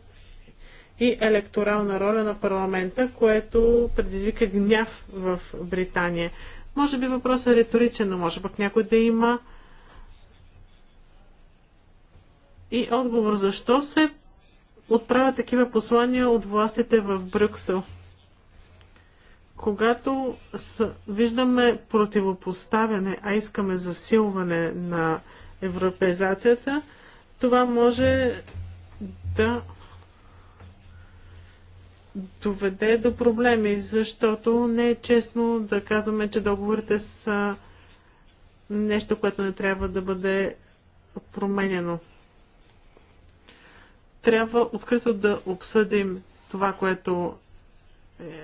и електорална роля на парламента, което предизвика гняв в Британия. Може би въпросът е риторичен, но може пък някой да има и отговор защо се отправят такива послания от властите в Брюксел. Когато виждаме противопоставяне, а искаме засилване на европеизацията, това може да доведе до проблеми, защото не е честно да казваме, че договорите са нещо, което не трябва да бъде променено. Трябва открито да обсъдим това, което е,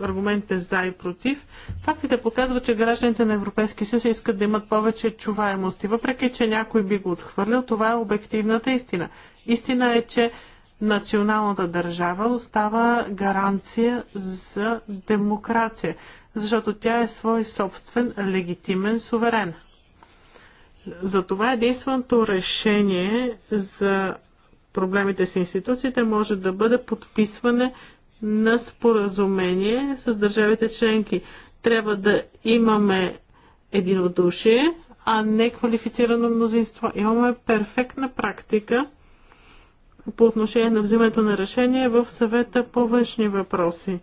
аргументите за и против, фактите показват, че гражданите на Европейския съюз искат да имат повече чуваемост. И въпреки, че някой би го отхвърлил, това е обективната истина. Истина е, че националната държава остава гаранция за демокрация, защото тя е свой собствен легитимен суверен. Затова единственото решение за проблемите с институциите може да бъде подписване на споразумение с държавите членки. Трябва да имаме единодушие, а не квалифицирано мнозинство. Имаме перфектна практика по отношение на взимането на решение в съвета по външни въпроси.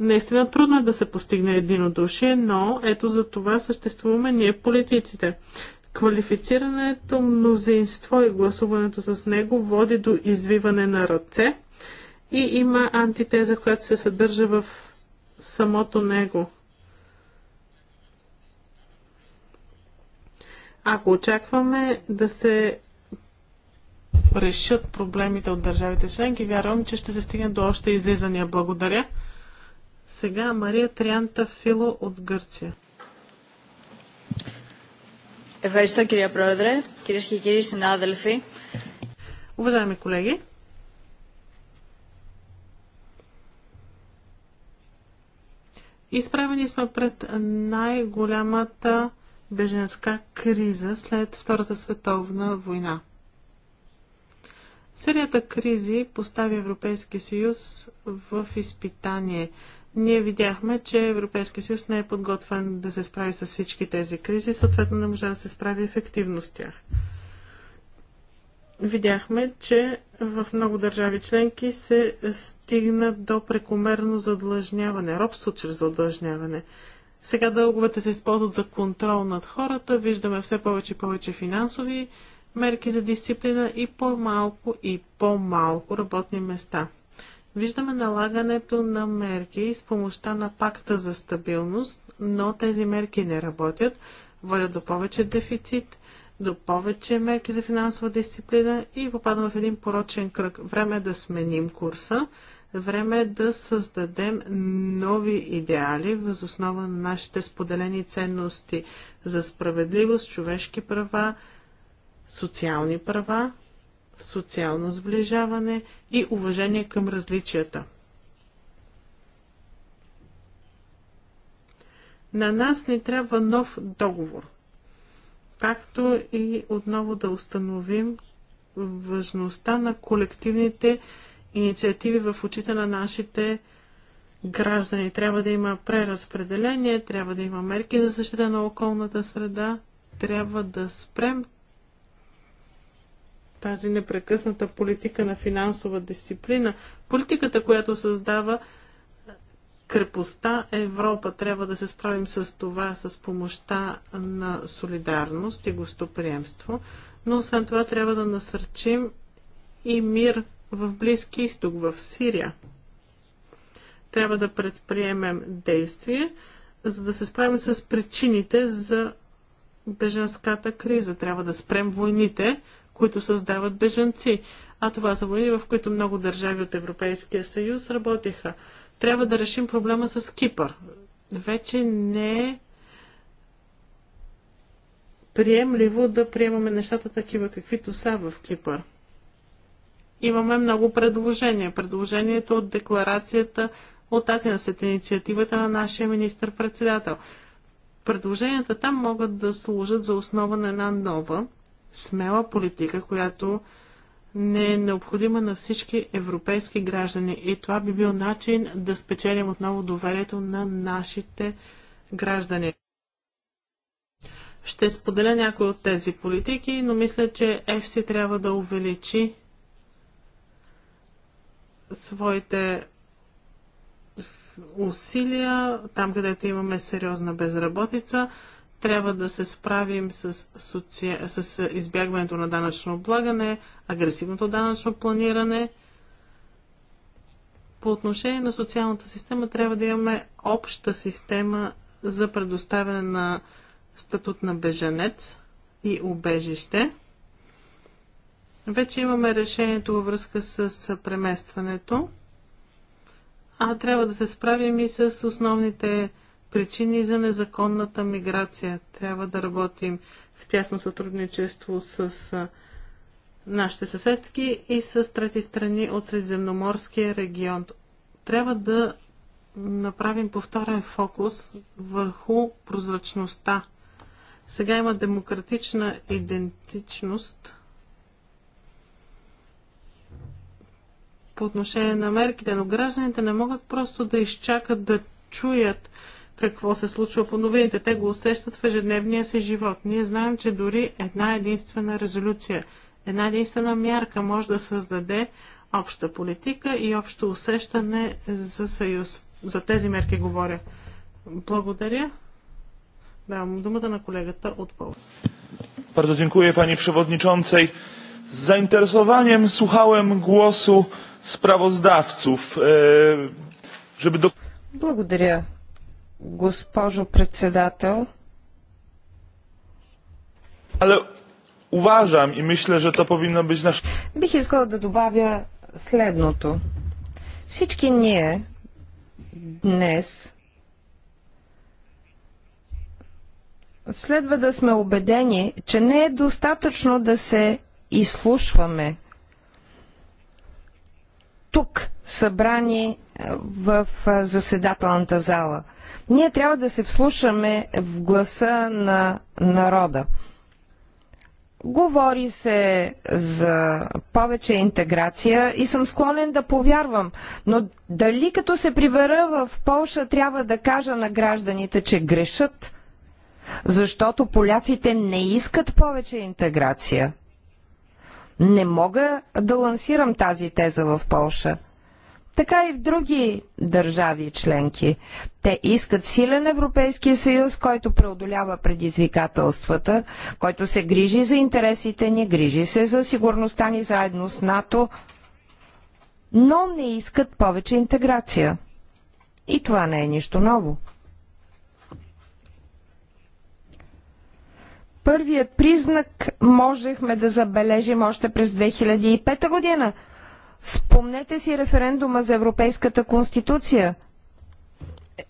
Наистина трудно е да се постигне единодушие, но ето за това съществуваме ние политиците. Квалифицирането мнозинство и гласуването с него води до извиване на ръце и има антитеза, която се съдържа в самото него. Ако очакваме да се решат проблемите от държавите членки, вярвам, че ще се стигне до още излизания. Благодаря. Сега Мария Трианта Фило от Гърция. Ευχαριστώ κυρία Πρόεδρε, κυρίες και κύριοι συνάδελφοι. Уважаеми колеги, Изправени сме пред най-голямата беженска криза след Втората световна война. Серията кризи постави Европейския съюз в изпитание. Ние видяхме, че Европейския съюз не е подготвен да се справи с всички тези кризи, съответно не може да се справи ефективно с тях видяхме, че в много държави членки се стигна до прекомерно задлъжняване, робство чрез задлъжняване. Сега дълговете се използват за контрол над хората, виждаме все повече и повече финансови мерки за дисциплина и по-малко и по-малко работни места. Виждаме налагането на мерки с помощта на пакта за стабилност, но тези мерки не работят, водят до повече дефицит, до повече мерки за финансова дисциплина и попадам в един порочен кръг. Време е да сменим курса, време е да създадем нови идеали въз основа на нашите споделени ценности за справедливост, човешки права, социални права, социално сближаване и уважение към различията. На нас ни трябва нов договор – както и отново да установим важността на колективните инициативи в очите на нашите граждани. Трябва да има преразпределение, трябва да има мерки за защита на околната среда, трябва да спрем тази непрекъсната политика на финансова дисциплина, политиката, която създава крепостта Европа. Трябва да се справим с това с помощта на солидарност и гостоприемство, но освен това трябва да насърчим и мир в Близки изток, в Сирия. Трябва да предприемем действие, за да се справим с причините за беженската криза. Трябва да спрем войните, които създават беженци. А това са войни, в които много държави от Европейския съюз работиха – трябва да решим проблема с Кипър. Вече не е приемливо да приемаме нещата такива, каквито са в Кипър. Имаме много предложения. Предложението от декларацията от Атина след инициативата на нашия министр-председател. Предложенията там могат да служат за основа на една нова, смела политика, която не е необходима на всички европейски граждани. И това би бил начин да спечелим отново доверието на нашите граждани. Ще споделя някои от тези политики, но мисля, че EFSI трябва да увеличи своите усилия, там където имаме сериозна безработица, трябва да се справим с, соци... с избягването на данъчно облагане, агресивното данъчно планиране. По отношение на социалната система трябва да имаме обща система за предоставяне на статут на беженец и убежище. Вече имаме решението във връзка с преместването, а трябва да се справим и с основните причини за незаконната миграция. Трябва да работим в тясно сътрудничество с нашите съседки и с трети страни от Средиземноморския регион. Трябва да направим повторен фокус върху прозрачността. Сега има демократична идентичност по отношение на мерките, но гражданите не могат просто да изчакат да чуят какво се случва по новините. Те го усещат в ежедневния си живот. Ние знаем, че дори една единствена резолюция, една единствена мярка може да създаде обща политика и общо усещане за съюз. За тези мерки говоря. Благодаря. Давам думата на колегата от Пол. Bardzo dziękuję Pani Przewodniczącej. Z zainteresowaniem słuchałem głosu sprawozdawców, e, żeby do... Благодаря, госпожо председател. Але уважам и мисля, че то повинно би наш... Бих искала да добавя следното. Всички ние днес следва да сме убедени, че не е достатъчно да се изслушваме тук, събрани в заседателната зала – ние трябва да се вслушаме в гласа на народа. Говори се за повече интеграция и съм склонен да повярвам, но дали като се прибера в Полша трябва да кажа на гражданите, че грешат, защото поляците не искат повече интеграция. Не мога да лансирам тази теза в Полша така и в други държави членки. Те искат силен Европейски съюз, който преодолява предизвикателствата, който се грижи за интересите ни, грижи се за сигурността ни заедно с НАТО, но не искат повече интеграция. И това не е нищо ново. Първият признак можехме да забележим още през 2005 година – Спомнете си референдума за Европейската конституция.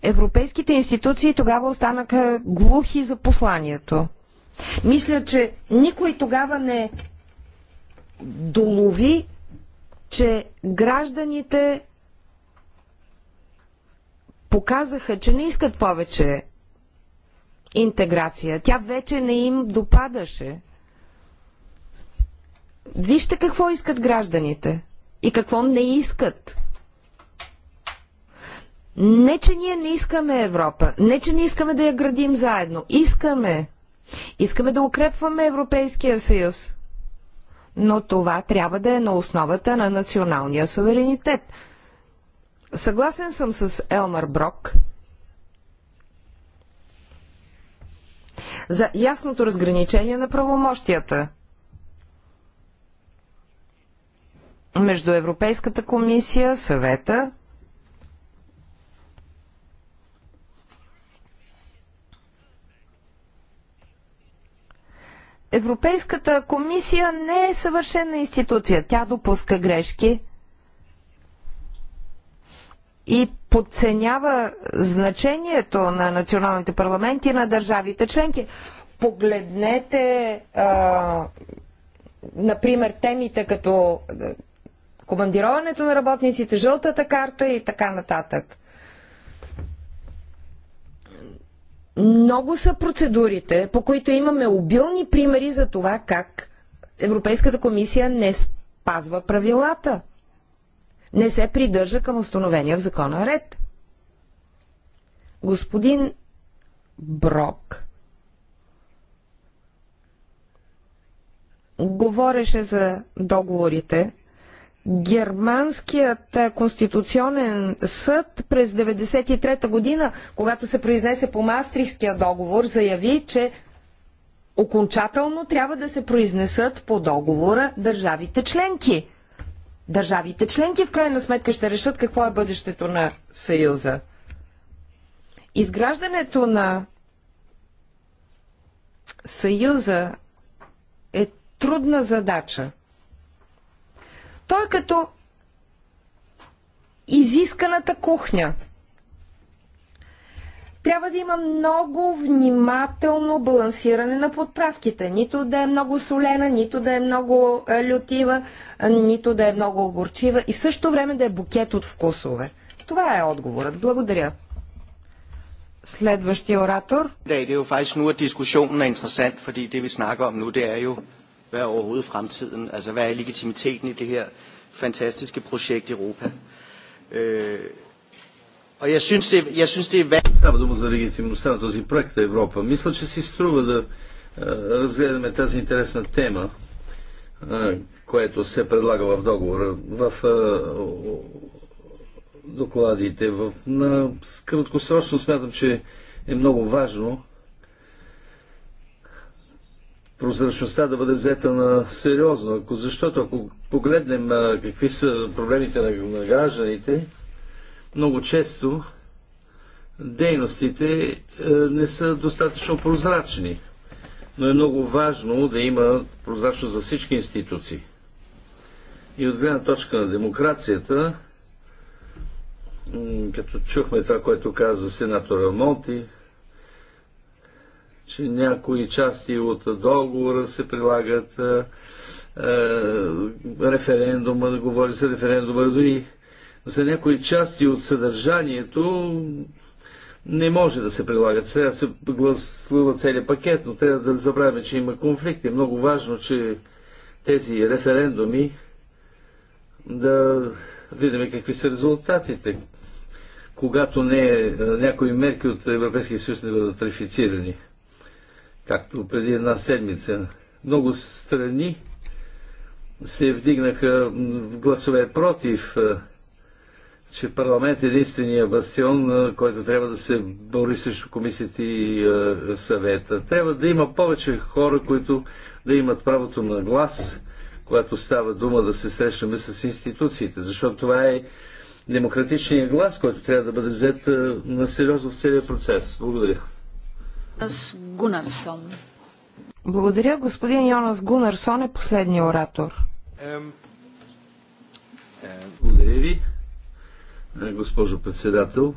Европейските институции тогава останаха глухи за посланието. Мисля, че никой тогава не долови, че гражданите показаха, че не искат повече интеграция. Тя вече не им допадаше. Вижте какво искат гражданите и какво не искат. Не, че ние не искаме Европа, не, че не искаме да я градим заедно. Искаме. Искаме да укрепваме Европейския съюз. Но това трябва да е на основата на националния суверенитет. Съгласен съм с Елмар Брок за ясното разграничение на правомощията между Европейската комисия, съвета Европейската комисия не е съвършена институция. Тя допуска грешки и подценява значението на националните парламенти на държавите членки. Погледнете, а, например, темите като командироването на работниците, жълтата карта и така нататък. Много са процедурите, по които имаме обилни примери за това как Европейската комисия не спазва правилата. Не се придържа към установения в закона ред. Господин Брок говореше за договорите Германският е, конституционен съд през 1993 година, когато се произнесе по Мастрихския договор, заяви, че окончателно трябва да се произнесат по договора държавите членки. Държавите членки в крайна сметка ще решат какво е бъдещето на Съюза. Изграждането на Съюза е трудна задача – той е като изисканата кухня. Трябва да има много внимателно балансиране на подправките. Нито да е много солена, нито да е много е, лютива, нито да е много огорчива и в същото време да е букет от вкусове. Това е отговорът. Благодаря. Следващия оратор. Hvad er overhovedet fremtiden? Altså, hvad er legitimiteten i det her fantastiske projekt Europa? Øh, og jeg synes, det, jeg synes, det er værd... Става дума за легитимността на този проект Европа. Мисля, че си струва да е, разгледаме тази интересна тема, е, което се предлага в договора. В е, докладите. В, на краткосрочно смятам, че е много важно прозрачността да бъде взета на сериозно. Ако, защото ако погледнем а, какви са проблемите на, на гражданите, много често дейностите а, не са достатъчно прозрачни. Но е много важно да има прозрачност за всички институции. И от гледна точка на демокрацията, като чухме това, което каза сенатора Монти, че някои части от договора се прилагат е, е референдума, да говори за референдума, дори за някои части от съдържанието не може да се прилагат. Сега се гласува целият пакет, но трябва да забравяме, че има конфликт. Е много важно, че тези референдуми да видим какви са резултатите, когато не, е, някои мерки от Европейския съюз не бъдат рефицирани както преди една седмица. Много страни се вдигнаха гласове против, е, че парламент е единствения бастион, е, който трябва да се бори срещу комисията и е, съвета. Трябва да има повече хора, които да имат правото на глас, когато става дума да се срещаме с институциите, защото това е демократичният глас, който трябва да бъде взет на сериозно в целия процес. Благодаря. Гунарсон. Благодаря. Господин Йонас Гунарсон е последния оратор. Е, благодаря ви, е, госпожо председател.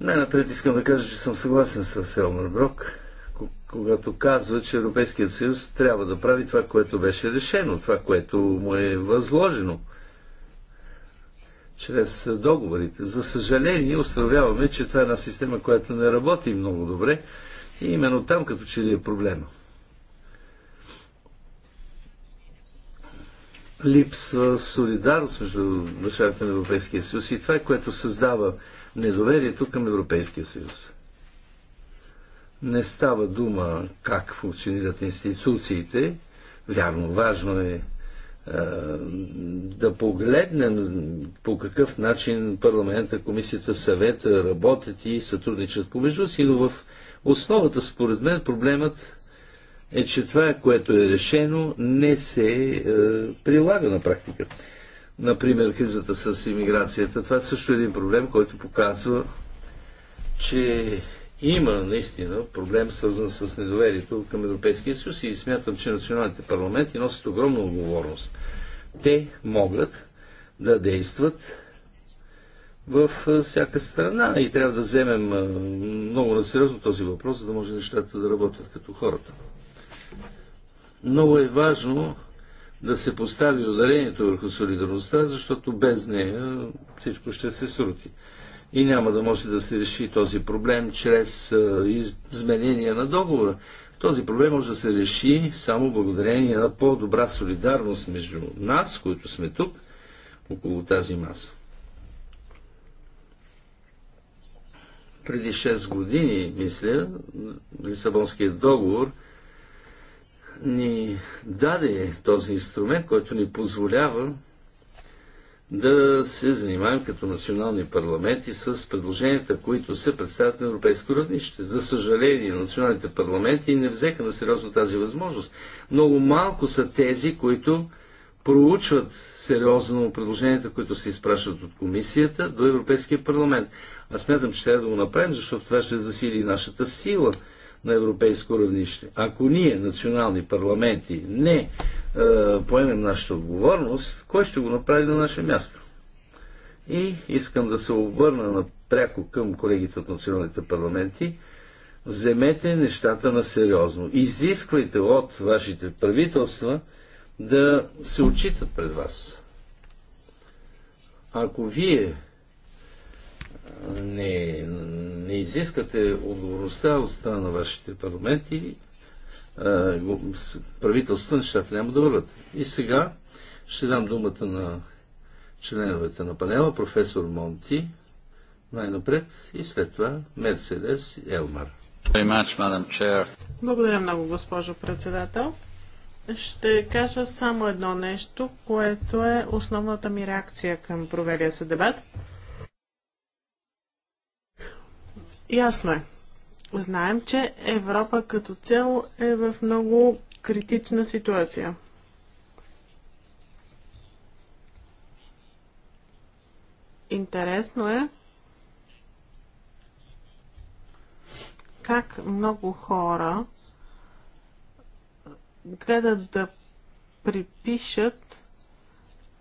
Най-напред искам да кажа, че съм съгласен с Елмар Брок, когато казва, че Европейският съюз трябва да прави това, което беше решено, това, което му е възложено чрез договорите. За съжаление, установяваме, че това е една система, която не работи много добре и именно там като че ли е проблема. Липсва солидарност между държавите на Европейския съюз и това е което създава недоверието към Европейския съюз. Не става дума как функционират институциите. Вярно, важно е е, да погледнем по какъв начин парламента, комисията, съвета работят и сътрудничат помежду си, но в основата, според мен, проблемът е, че това, което е решено, не се е, прилага на практика. Например, кризата с иммиграцията. Това е също е един проблем, който показва, че има наистина проблем, свързан с недоверието към Европейския съюз и смятам, че националните парламенти носят огромна отговорност те могат да действат в всяка страна и трябва да вземем много на сериозно този въпрос, за да може нещата да работят като хората. Много е важно да се постави ударението върху солидарността, защото без нея всичко ще се срути. И няма да може да се реши този проблем чрез изменение на договора. Този проблем може да се реши само благодарение на по-добра солидарност между нас, които сме тук, около тази маса. Преди 6 години, мисля, Лисабонският договор ни даде този инструмент, който ни позволява да се занимаем като национални парламенти с предложенията, които се представят на европейско равнище. За съжаление, националните парламенти не взеха на сериозно тази възможност. Много малко са тези, които проучват сериозно предложенията, които се изпращат от комисията до Европейския парламент. Аз смятам, че трябва да го направим, защото това ще засили нашата сила на европейско равнище. Ако ние, национални парламенти, не е, поемем нашата отговорност, кой ще го направи на наше място? И искам да се обърна напряко към колегите от националните парламенти. Вземете нещата на сериозно. Изисквайте от вашите правителства да се отчитат пред вас. Ако вие не, не изискате отговорността от страна на вашите парламенти, е, правителствата нещата няма да върват. И сега ще дам думата на членовете на панела, професор Монти, най-напред и след това Мерседес Елмар. Благодаря много, госпожо председател. Ще кажа само едно нещо, което е основната ми реакция към провелия се дебат. Ясно е. Знаем, че Европа като цяло е в много критична ситуация. Интересно е как много хора гледат да припишат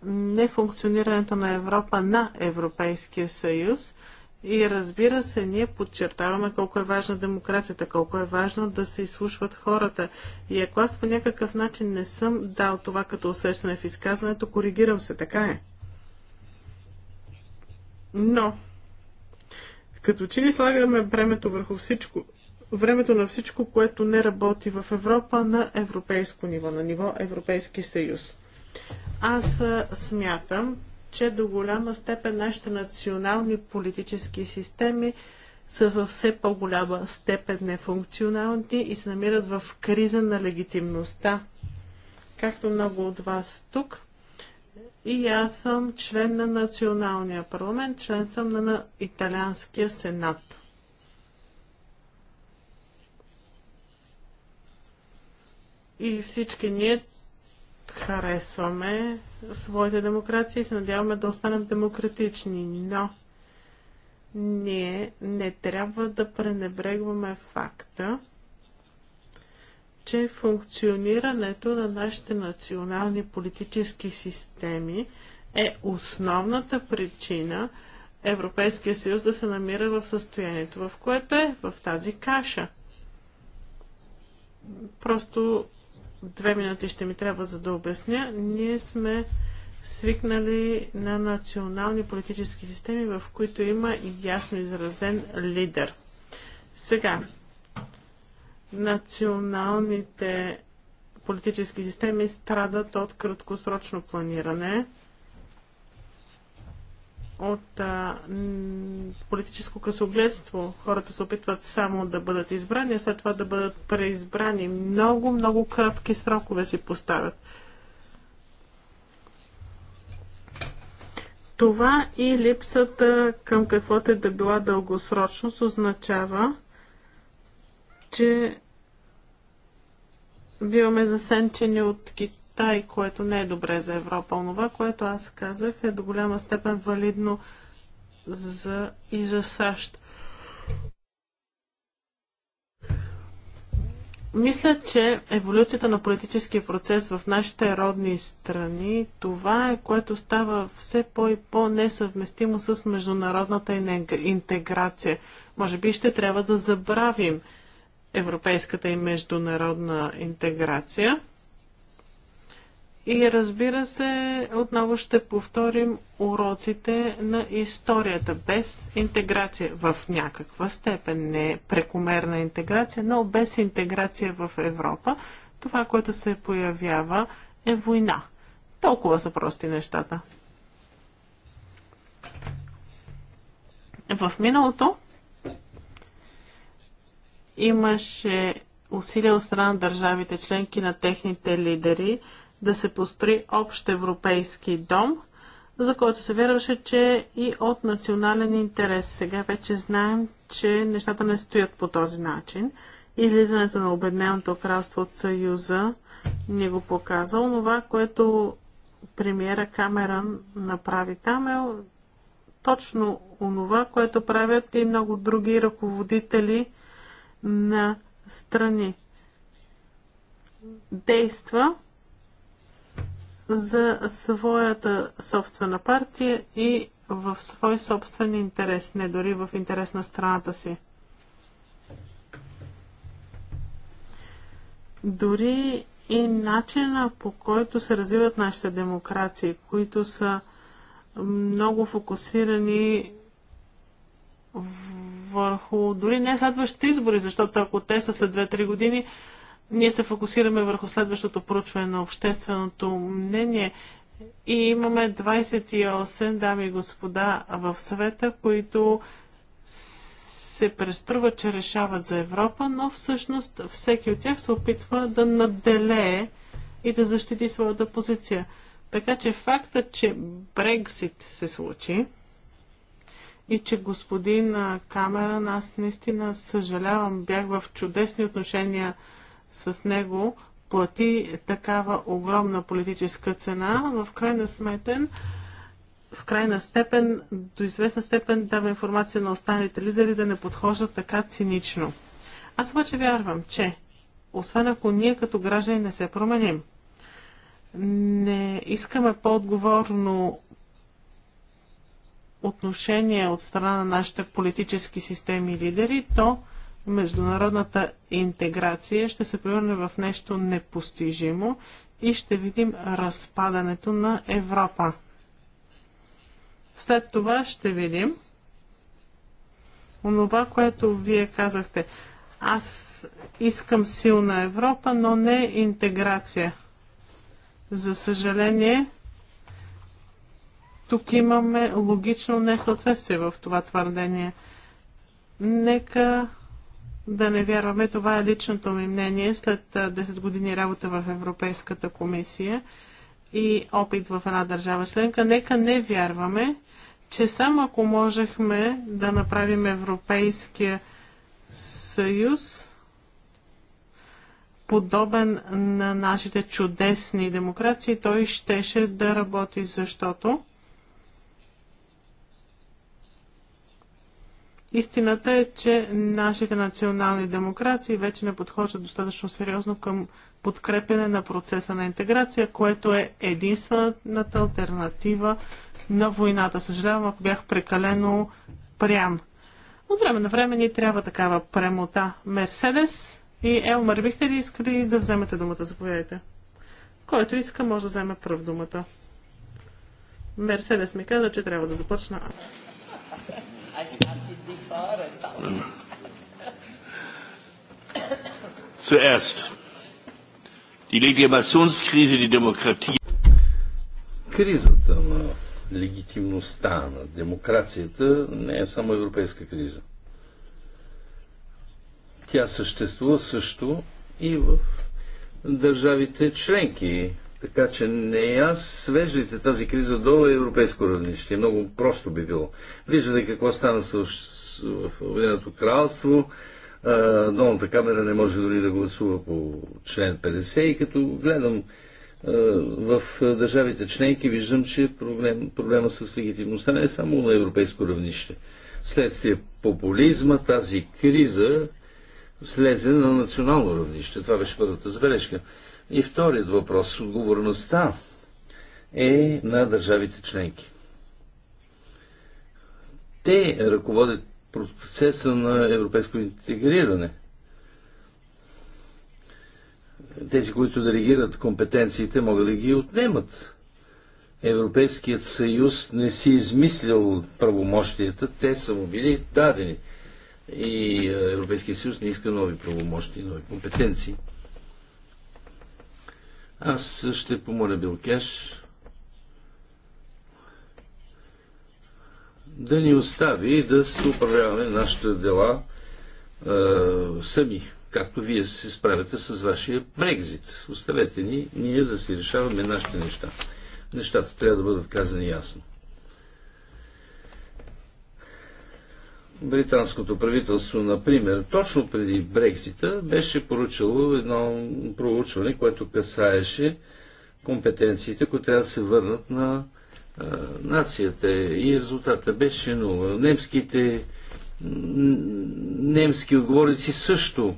нефункционирането на Европа на Европейския съюз – и разбира се, ние подчертаваме колко е важна демокрацията, колко е важно да се изслушват хората. И ако аз по някакъв начин не съм дал това като усещане в изказването, коригирам се, така е. Но, като че ли слагаме времето върху всичко, времето на всичко, което не работи в Европа на европейско ниво, на ниво Европейски съюз. Аз смятам, че до голяма степен нашите национални политически системи са във все по-голяма степен нефункционални и се намират в криза на легитимността. Както много от вас тук, и аз съм член на националния парламент, член съм на италианския сенат. И всички ние харесваме своите демокрации и се надяваме да останем демократични, но ние не трябва да пренебрегваме факта, че функционирането на нашите национални политически системи е основната причина Европейския съюз да се намира в състоянието, в което е, в тази каша. Просто две минути ще ми трябва за да обясня. Ние сме свикнали на национални политически системи, в които има и ясно изразен лидер. Сега, националните политически системи страдат от краткосрочно планиране, от а, политическо късогледство. Хората се опитват само да бъдат избрани, а след това да бъдат преизбрани. Много, много кратки срокове си поставят. Това и липсата към каквото е да била дългосрочност означава, че биваме засенчени от Китай, което не е добре за Европа. Онова, което аз казах, е до голяма степен валидно за, и за САЩ. Мисля, че еволюцията на политическия процес в нашите родни страни, това е което става все по- и по-несъвместимо с международната интеграция. Може би ще трябва да забравим европейската и международна интеграция. И разбира се, отново ще повторим уроците на историята без интеграция в някаква степен, не е прекомерна интеграция, но без интеграция в Европа. Това, което се появява е война. Толкова са прости нещата. В миналото имаше усилия от страна на държавите членки на техните лидери да се построи общ европейски дом, за който се вярваше, че е и от национален интерес. Сега вече знаем, че нещата не стоят по този начин. Излизането на Обедненото кралство от Съюза ни го показа. Онова, което премиера Камерън направи там е точно онова, което правят и много други ръководители на страни. Действа за своята собствена партия и в свой собствен интерес, не дори в интерес на страната си. Дори и начина по който се развиват нашите демокрации, които са много фокусирани върху дори не следващите избори, защото ако те са след 2-3 години, ние се фокусираме върху следващото проучване на общественото мнение и имаме 28 дами и господа в съвета, които се преструват, че решават за Европа, но всъщност всеки от тях се опитва да наделее и да защити своята позиция. Така че факта, че Брексит се случи и че господин Камера, аз наистина съжалявам, бях в чудесни отношения с него плати такава огромна политическа цена, в крайна сметен в крайна степен, до известна степен дава информация на останалите лидери да не подхождат така цинично. Аз обаче вярвам, че освен ако ние като граждани не се променим, не искаме по-отговорно отношение от страна на нашите политически системи и лидери, то международната интеграция ще се превърне в нещо непостижимо и ще видим разпадането на Европа. След това ще видим онова, което вие казахте. Аз искам силна Европа, но не интеграция. За съжаление, тук имаме логично несъответствие в това твърдение. Нека да не вярваме. Това е личното ми мнение след 10 години работа в Европейската комисия и опит в една държава членка. Нека не вярваме, че само ако можехме да направим Европейския съюз подобен на нашите чудесни демокрации, той щеше да работи, защото Истината е, че нашите национални демокрации вече не подхождат достатъчно сериозно към подкрепене на процеса на интеграция, което е единствената альтернатива на войната. Съжалявам, ако бях прекалено прям. От време на време ни трябва такава премота. Мерседес и Елмар, бихте ли искали да вземете думата? Заповядайте. Който иска, може да вземе прав думата. Мерседес ми каза, че трябва да започна. Hm. Zuerst die Legitimationskrise, die Demokratie. Кризата на легитимността на демокрацията не е само европейска криза. Тя съществува също и в държавите членки. Така че не аз свеждайте тази криза до европейско равнище. Много просто би било. Виждате какво стана с в Обединеното кралство. Долната камера не може дори да гласува по член 50 и като гледам в държавите членки виждам, че проблем, проблема с легитимността не е само на европейско равнище. Следствие популизма, тази криза слезе на национално равнище. Това беше първата забележка. И вторият въпрос, отговорността е на държавите членки. Те ръководят процеса на европейско интегриране. Тези, които делегират компетенциите, могат да ги отнемат. Европейският съюз не си измислил правомощията, те са му били дадени. И е, Европейският съюз не иска нови правомощи, нови компетенции. Аз ще помоля Билкеш да ни остави да се управляваме нашите дела е, сами, както вие се справяте с вашия Брекзит. Оставете ни, ние да си решаваме нашите неща. Нещата трябва да бъдат казани ясно. британското правителство, например, точно преди Брексита беше поручило едно проучване, което касаеше компетенциите, които трябва да се върнат на нацията и резултата беше нула. Немските немски отговорници също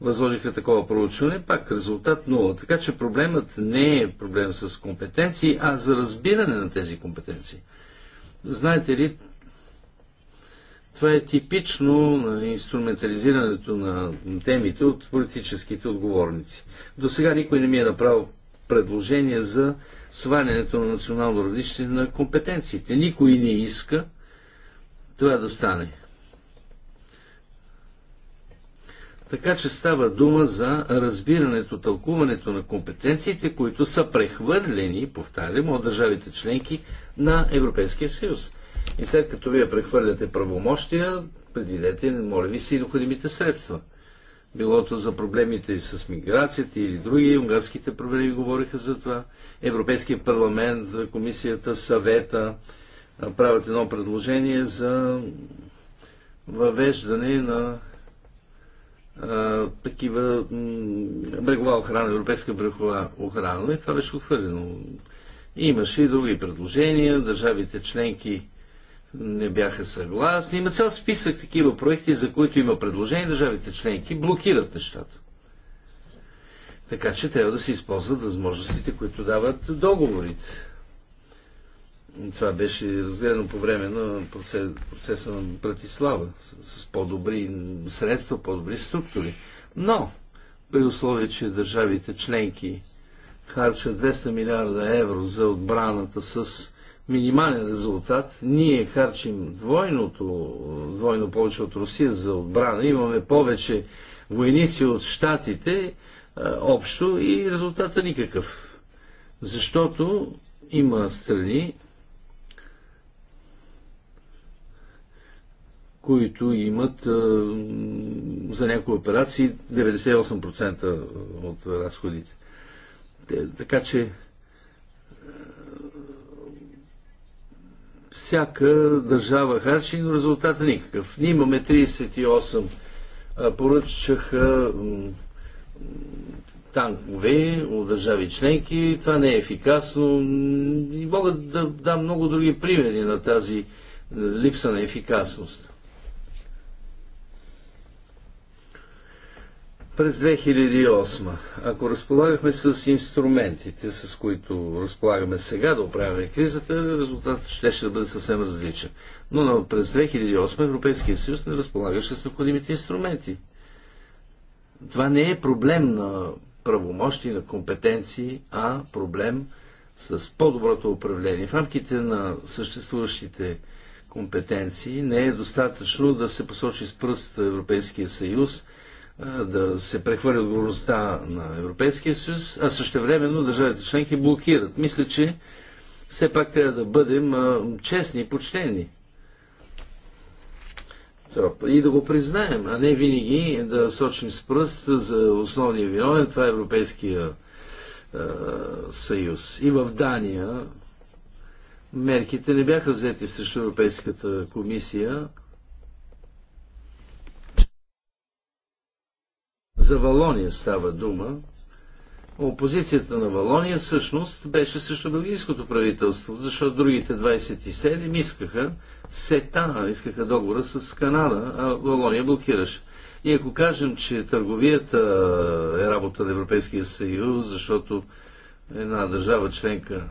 възложиха такова проучване, пак резултат нула. Така че проблемът не е проблем с компетенции, а за разбиране на тези компетенции. Знаете ли, това е типично на инструментализирането на темите от политическите отговорници. До сега никой не ми е направил предложение за свалянето на национално равнище на компетенциите. Никой не иска това да стане. Така че става дума за разбирането, тълкуването на компетенциите, които са прехвърлени, повтарям, от държавите членки на Европейския съюз. И след като вие прехвърляте правомощия, предвидете, моля ви си, необходимите средства билото за проблемите с миграцията или други. Унгарските проблеми говориха за това. Европейския парламент, комисията, съвета правят едно предложение за въвеждане на а, такива брегова охрана, европейска брегова охрана. И това беше отхвърлено. Имаше и други предложения. Държавите членки не бяха съгласни. Има цял списък такива проекти, за които има предложение. Държавите членки блокират нещата. Така че трябва да се използват възможностите, които дават договорите. Това беше разгледано по време на процеса на Братислава с по-добри средства, по-добри структури. Но, при условие, че държавите членки харчат 200 милиарда евро за отбраната с минимален резултат. Ние харчим двойното, двойно повече от Русия за отбрана. Имаме повече войници от щатите общо и резултата никакъв. Защото има страни, които имат за някои операции 98% от разходите. Така че всяка държава харчи, но резултата никакъв. Ние имаме 38 поръчаха танкове от държави членки. Това не е ефикасно. И мога да дам много други примери на тази е, липса на ефикасност. През 2008, ако разполагахме с инструментите, с които разполагаме сега да оправяме кризата, резултатът ще, ще да бъде съвсем различен. Но през 2008 Европейския съюз не разполагаше с необходимите инструменти. Това не е проблем на правомощи, на компетенции, а проблем с по-доброто управление. В рамките на съществуващите компетенции не е достатъчно да се посочи с пръст Европейския съюз е, да се прехвърли отговорността на Европейския съюз, а също времено държавите членки блокират. Мисля, че все пак трябва да бъдем е, честни и почтени. И да го признаем, а не винаги да сочим с пръст за основния виновен, това е Европейския е, съюз. И в Дания мерките не бяха взети срещу Европейската комисия, За Валония става дума. Опозицията на Валония всъщност беше срещу бългийското правителство, защото другите 27 искаха сета, искаха договора с Канада, а Валония блокираше. И ако кажем, че търговията е работа на Европейския съюз, защото една държава членка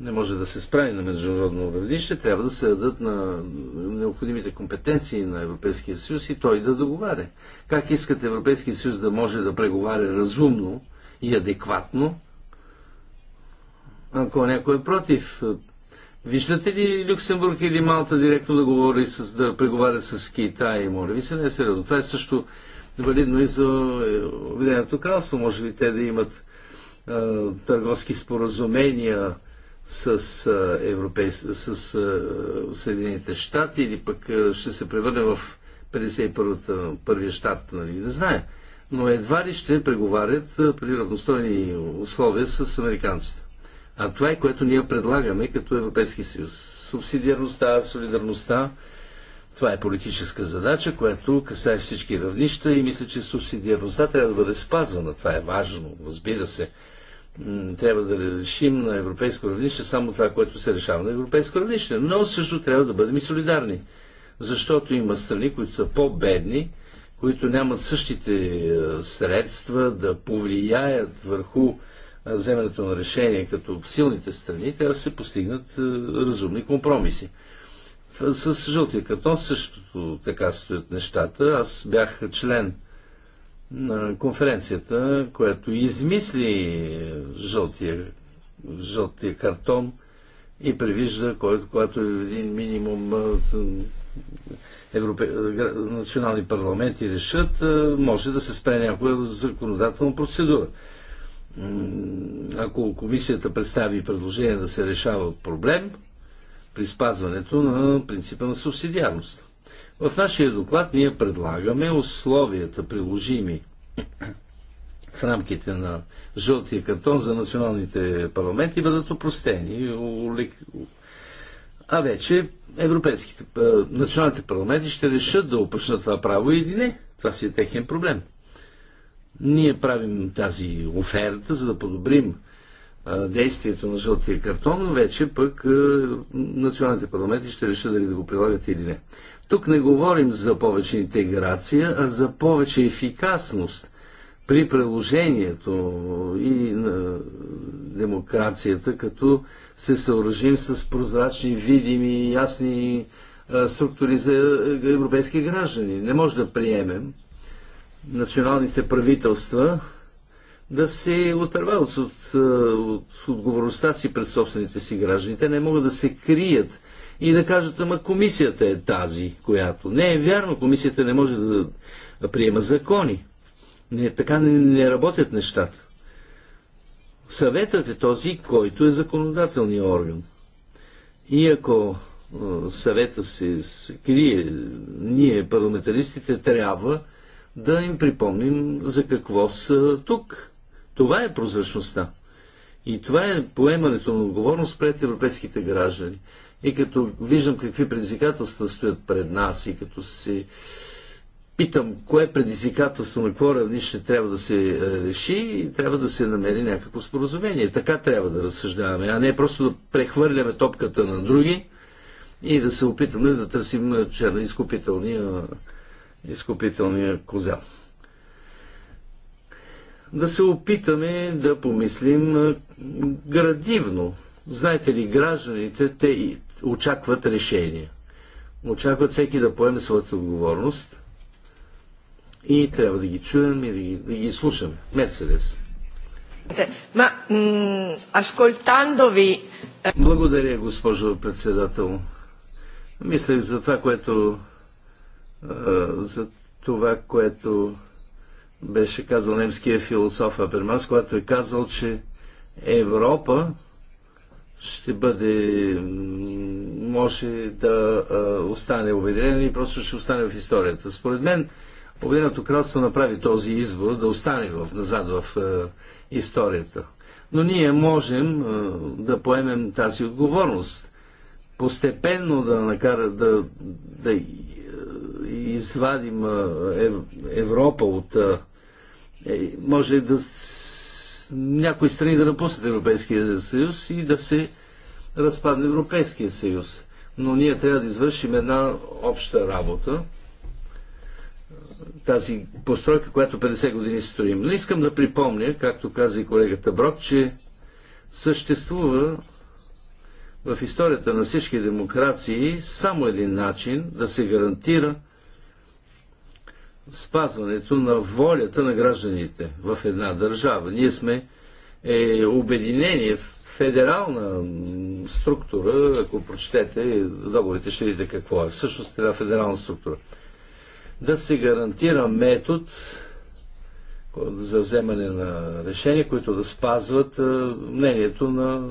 не може да се справи на международно равнище, трябва да се дадат на необходимите компетенции на Европейския съюз и той да договаря. Как искат Европейския съюз да може да преговаря разумно и адекватно, ако някой е против? Виждате ли Люксембург или Малта директно да говори с, да преговаря с Китай? Моля ви се, не е сериозно. Това е също валидно и за е, Обединеното кралство. Може ли те да имат търговски споразумения, с, с Съединените щати или пък ще се превърне в 51-та, първия щат, нали, не знае. Но едва ли ще преговарят при равностойни условия с американците. А това е което ние предлагаме като Европейски съюз. Субсидиарността, солидарността, това е политическа задача, която касае всички равнища и мисля, че субсидиарността трябва да бъде спазвана. Това е важно, разбира се трябва да решим на европейско равнище само това, което се решава на европейско равнище. Но също трябва да бъдем и солидарни. Защото има страни, които са по-бедни, които нямат същите е, средства да повлияят върху е, вземането на решение като силните страни, трябва да се постигнат е, разумни компромиси. С жълтия картон същото така стоят нещата. Аз бях член на конференцията, която измисли жълтия, жълтия картон и превижда, който, който е един минимум европе... национални парламенти решат, може да се спре някоя законодателна процедура. Ако комисията представи предложение да се решава проблем при спазването на принципа на субсидиарност. В нашия доклад ние предлагаме условията, приложими в рамките на жълтия картон за националните парламенти бъдат опростени. А вече европейските, националните парламенти ще решат да упръщнат това право или не. Това си е техен проблем. Ние правим тази оферта, за да подобрим действието на жълтия картон, вече пък националните парламенти ще решат дали да го прилагат или не. Тук не говорим за повече интеграция, а за повече ефикасност при приложението и на демокрацията, като се съоръжим с прозрачни, видими, ясни структури за европейски граждани. Не може да приемем националните правителства да се отървават от, от, от отговорността си пред собствените си граждани. Те не могат да се крият и да кажат, ама комисията е тази, която. Не е вярно, комисията не може да, приема закони. Не, така не, не работят нещата. Съветът е този, който е законодателният орган. И ако съвета се крие, ние парламентаристите трябва да им припомним за какво са тук. Това е прозрачността. И това е поемането на отговорност пред европейските граждани. И като виждам какви предизвикателства стоят пред нас и като се питам кое предизвикателство на какво равнище трябва да се е, реши и трябва да се намери някакво споразумение. Така трябва да разсъждаваме, а не просто да прехвърляме топката на други и да се опитаме да търсим е, черна изкупителния, изкупителния козел. Да се опитаме да помислим е, градивно, Знаете ли, гражданите, те очакват решение. Очакват всеки да поеме своята отговорност и трябва да ги чуем и да ги, да ги слушаме. Мерцедес. Ма, е, Благодаря, госпожо председател. Мислех за това, което... Е, за това, което беше казал немския философ Абермас, когато е казал, че Европа ще бъде, може да остане обединен и просто ще остане в историята. Според мен, Обединеното кралство направи този избор да остане в, назад в е, историята. Но ние можем е, да поемем тази отговорност. Постепенно да накара да, да извадим е, Европа от. Е, може да някои страни да напуснат Европейския съюз и да се разпадне Европейския съюз. Но ние трябва да извършим една обща работа, тази постройка, която 50 години строим. Но искам да припомня, както каза и колегата Брок, че съществува в историята на всички демокрации само един начин да се гарантира спазването на волята на гражданите в една държава. Ние сме е, обединение, федерална структура, ако прочетете договорите, ще видите какво е. Всъщност една федерална структура. Да се гарантира метод за вземане на решения, които да спазват е, мнението на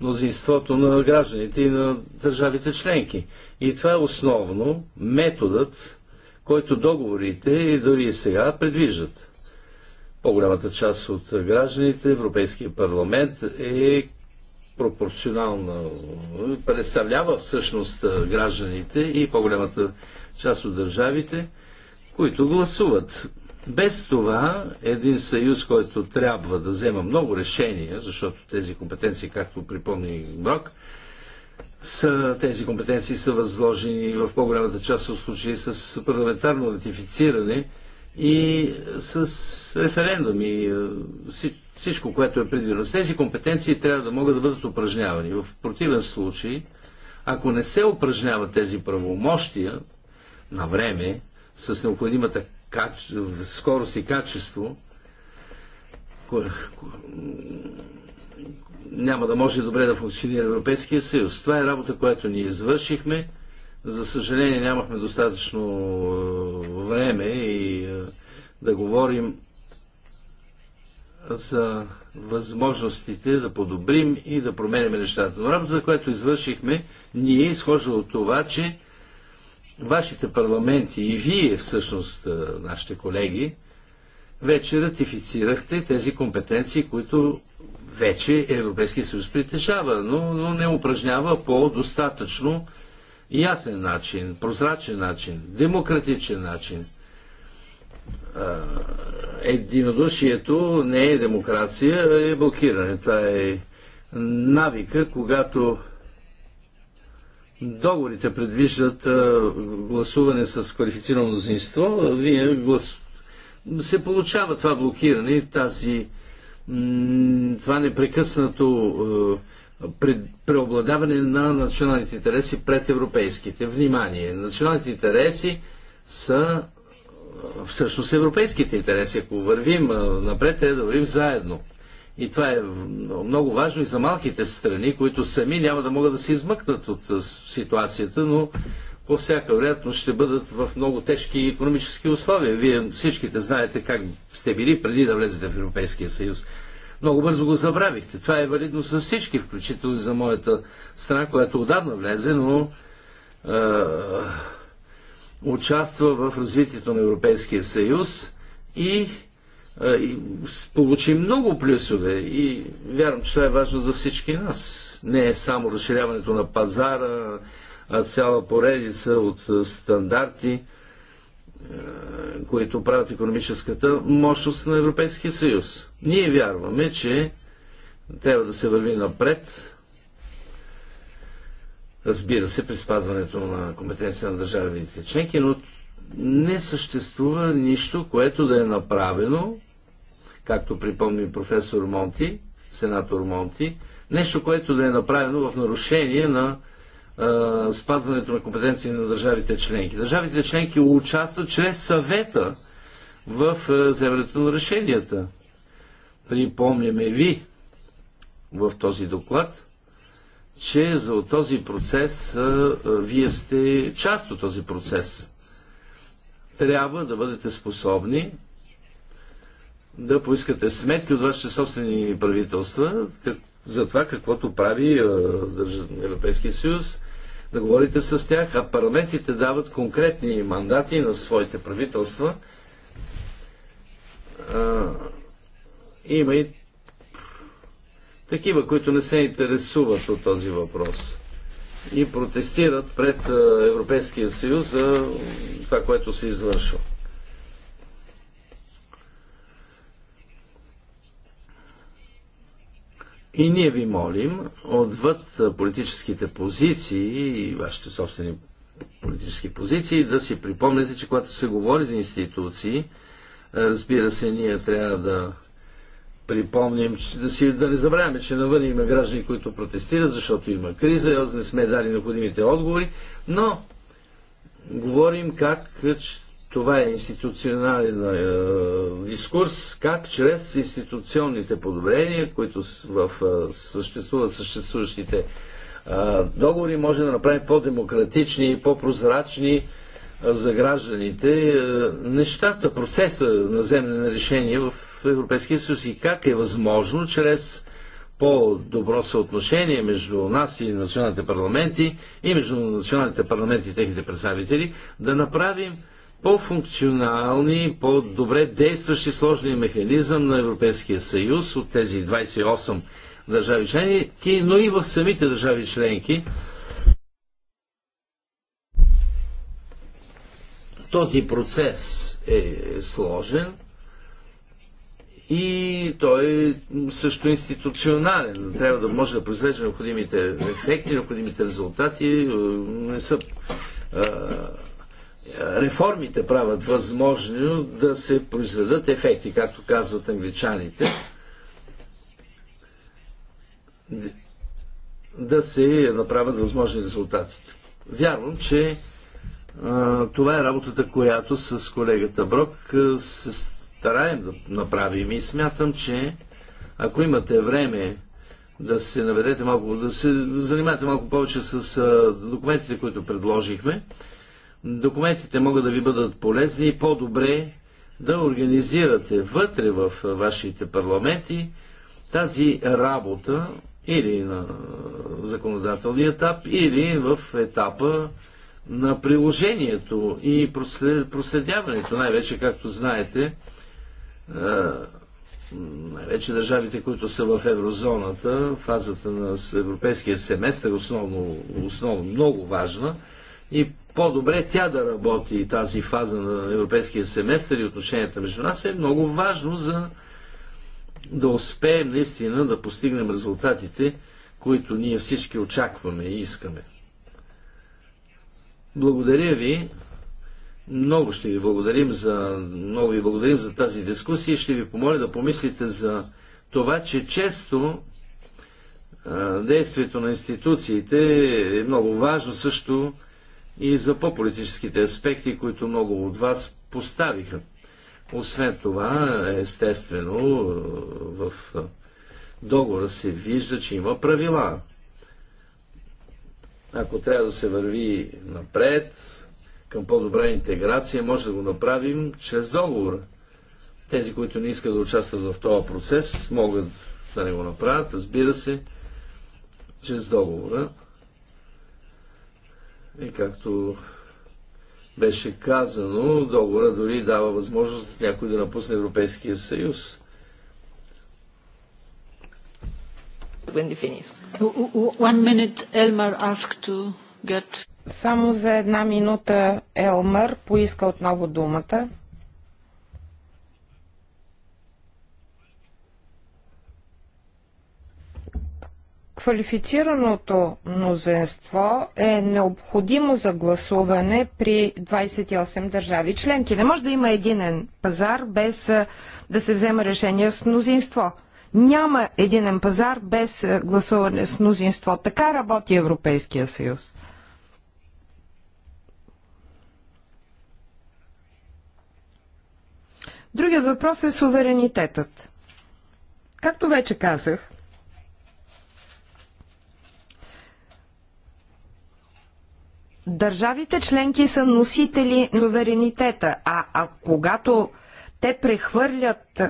мнозинството на гражданите и на държавите членки. И това е основно методът който договорите и дори и сега предвиждат. По-голямата част от гражданите, Европейския парламент е пропорционално представлява всъщност гражданите и по-голямата част от държавите, които гласуват. Без това един съюз, който трябва да взема много решения, защото тези компетенции, както припомни Брок, са, тези компетенции са възложени в по-голямата част от случаи с парламентарно ратифициране и с референдум и всичко, което е предвидено. С тези компетенции трябва да могат да бъдат упражнявани. В противен случай, ако не се упражняват тези правомощия на време, с необходимата каче... скорост и качество, няма да може добре да функционира Европейския съюз. Това е работа, която ние извършихме. За съжаление нямахме достатъчно е, време и е, да говорим за възможностите да подобрим и да променим нещата. Но работата, която извършихме, ние изхожда от това, че вашите парламенти и вие всъщност, е, нашите колеги, вече ратифицирахте тези компетенции, които вече Европейския съюз притежава, но, но не упражнява по достатъчно ясен начин, прозрачен начин, демократичен начин. Единодушието не е демокрация, е блокиране. Това е навика, когато договорите предвиждат гласуване с квалифицирано мнозинство, вие гласувате се получава това блокиране, тази, това непрекъснато е, преобладаване на националните интереси пред европейските. Внимание! Националните интереси са е, всъщност европейските интереси. Ако вървим е, напред, е да вървим заедно. И това е много важно и за малките страни, които сами няма да могат да се измъкнат от ситуацията, но по всяка вероятност ще бъдат в много тежки економически условия. Вие всичките знаете как сте били преди да влезете в Европейския съюз. Много бързо го забравихте. Това е валидно за всички, включително и за моята страна, която отдавна влезе, но е, участва в развитието на Европейския съюз и, е, и получи много плюсове. И вярвам, че това е важно за всички нас. Не е само разширяването на пазара, цяла поредица от стандарти, които правят економическата мощност на Европейския съюз. Ние вярваме, че трябва да се върви напред, разбира се, при спазването на компетенция на държавите членки, но не съществува нищо, което да е направено, както припомни професор Монти, сенатор Монти, нещо, което да е направено в нарушение на спазването на компетенции на държавите членки. Държавите членки участват чрез съвета в вземането на решенията. Припомняме ви в този доклад, че за този процес вие сте част от този процес. Трябва да бъдете способни да поискате сметки от вашите собствени правителства за това, каквото прави Европейския съюз, да говорите с тях, а парламентите дават конкретни мандати на своите правителства. А, има и такива, които не се интересуват от този въпрос и протестират пред Европейския съюз за това, което се извършва. И ние ви молим, отвъд политическите позиции и вашите собствени политически позиции, да си припомните, че когато се говори за институции, разбира се, ние трябва да припомним, че, да, си, да не забравяме, че навън има граждани, които протестират, защото има криза, и не сме дали необходимите отговори, но говорим как това е институционален е, дискурс, как чрез институционните подобрения, които в, е, съществуват съществуващите е, договори, може да направим по-демократични и по-прозрачни за гражданите нещата, процеса на вземане на решение в Европейския съюз и как е възможно чрез по-добро съотношение между нас и националните парламенти и между националните парламенти и техните представители да направим по-функционални, по-добре действащи сложния механизъм на Европейския съюз от тези 28 държави членки, но и в самите държави членки. Този процес е сложен и той е също институционален. Трябва да може да произвежда необходимите ефекти, необходимите резултати. Е, не са е, реформите правят възможно да се произведат ефекти, както казват англичаните, да се направят възможни резултатите. Вярвам, че а, това е работата, която с колегата Брок се стараем да направим и смятам, че ако имате време да се наведете малко, да се занимавате малко повече с а, документите, които предложихме, документите могат да ви бъдат полезни и по-добре да организирате вътре в вашите парламенти тази работа или на законодателния етап, или в етапа на приложението и проследяването, най-вече, както знаете, най-вече държавите, които са в еврозоната, фазата на европейския семестър, основно, основно много важна, и по-добре тя да работи тази фаза на европейския семестър и отношенията между нас е много важно за да успеем наистина да постигнем резултатите, които ние всички очакваме и искаме. Благодаря ви. Много ще ви благодарим за, много ви благодарим за тази дискусия и ще ви помоля да помислите за това, че често а, действието на институциите е много важно също и за по-политическите аспекти, които много от вас поставиха. Освен това, естествено, в договора се вижда, че има правила. Ако трябва да се върви напред, към по-добра интеграция, може да го направим чрез договора. Тези, които не искат да участват в този процес, могат да не го направят, разбира се, чрез договора. И както беше казано, договора дори дава възможност някой да напусне Европейския съюз. Само за една минута Елмър поиска отново думата. квалифицираното мнозинство е необходимо за гласуване при 28 държави членки. Не може да има единен пазар без да се взема решение с мнозинство. Няма единен пазар без гласуване с мнозинство. Така работи Европейския съюз. Другият въпрос е суверенитетът. Както вече казах, Държавите членки са носители на суверенитета, а, а когато те прехвърлят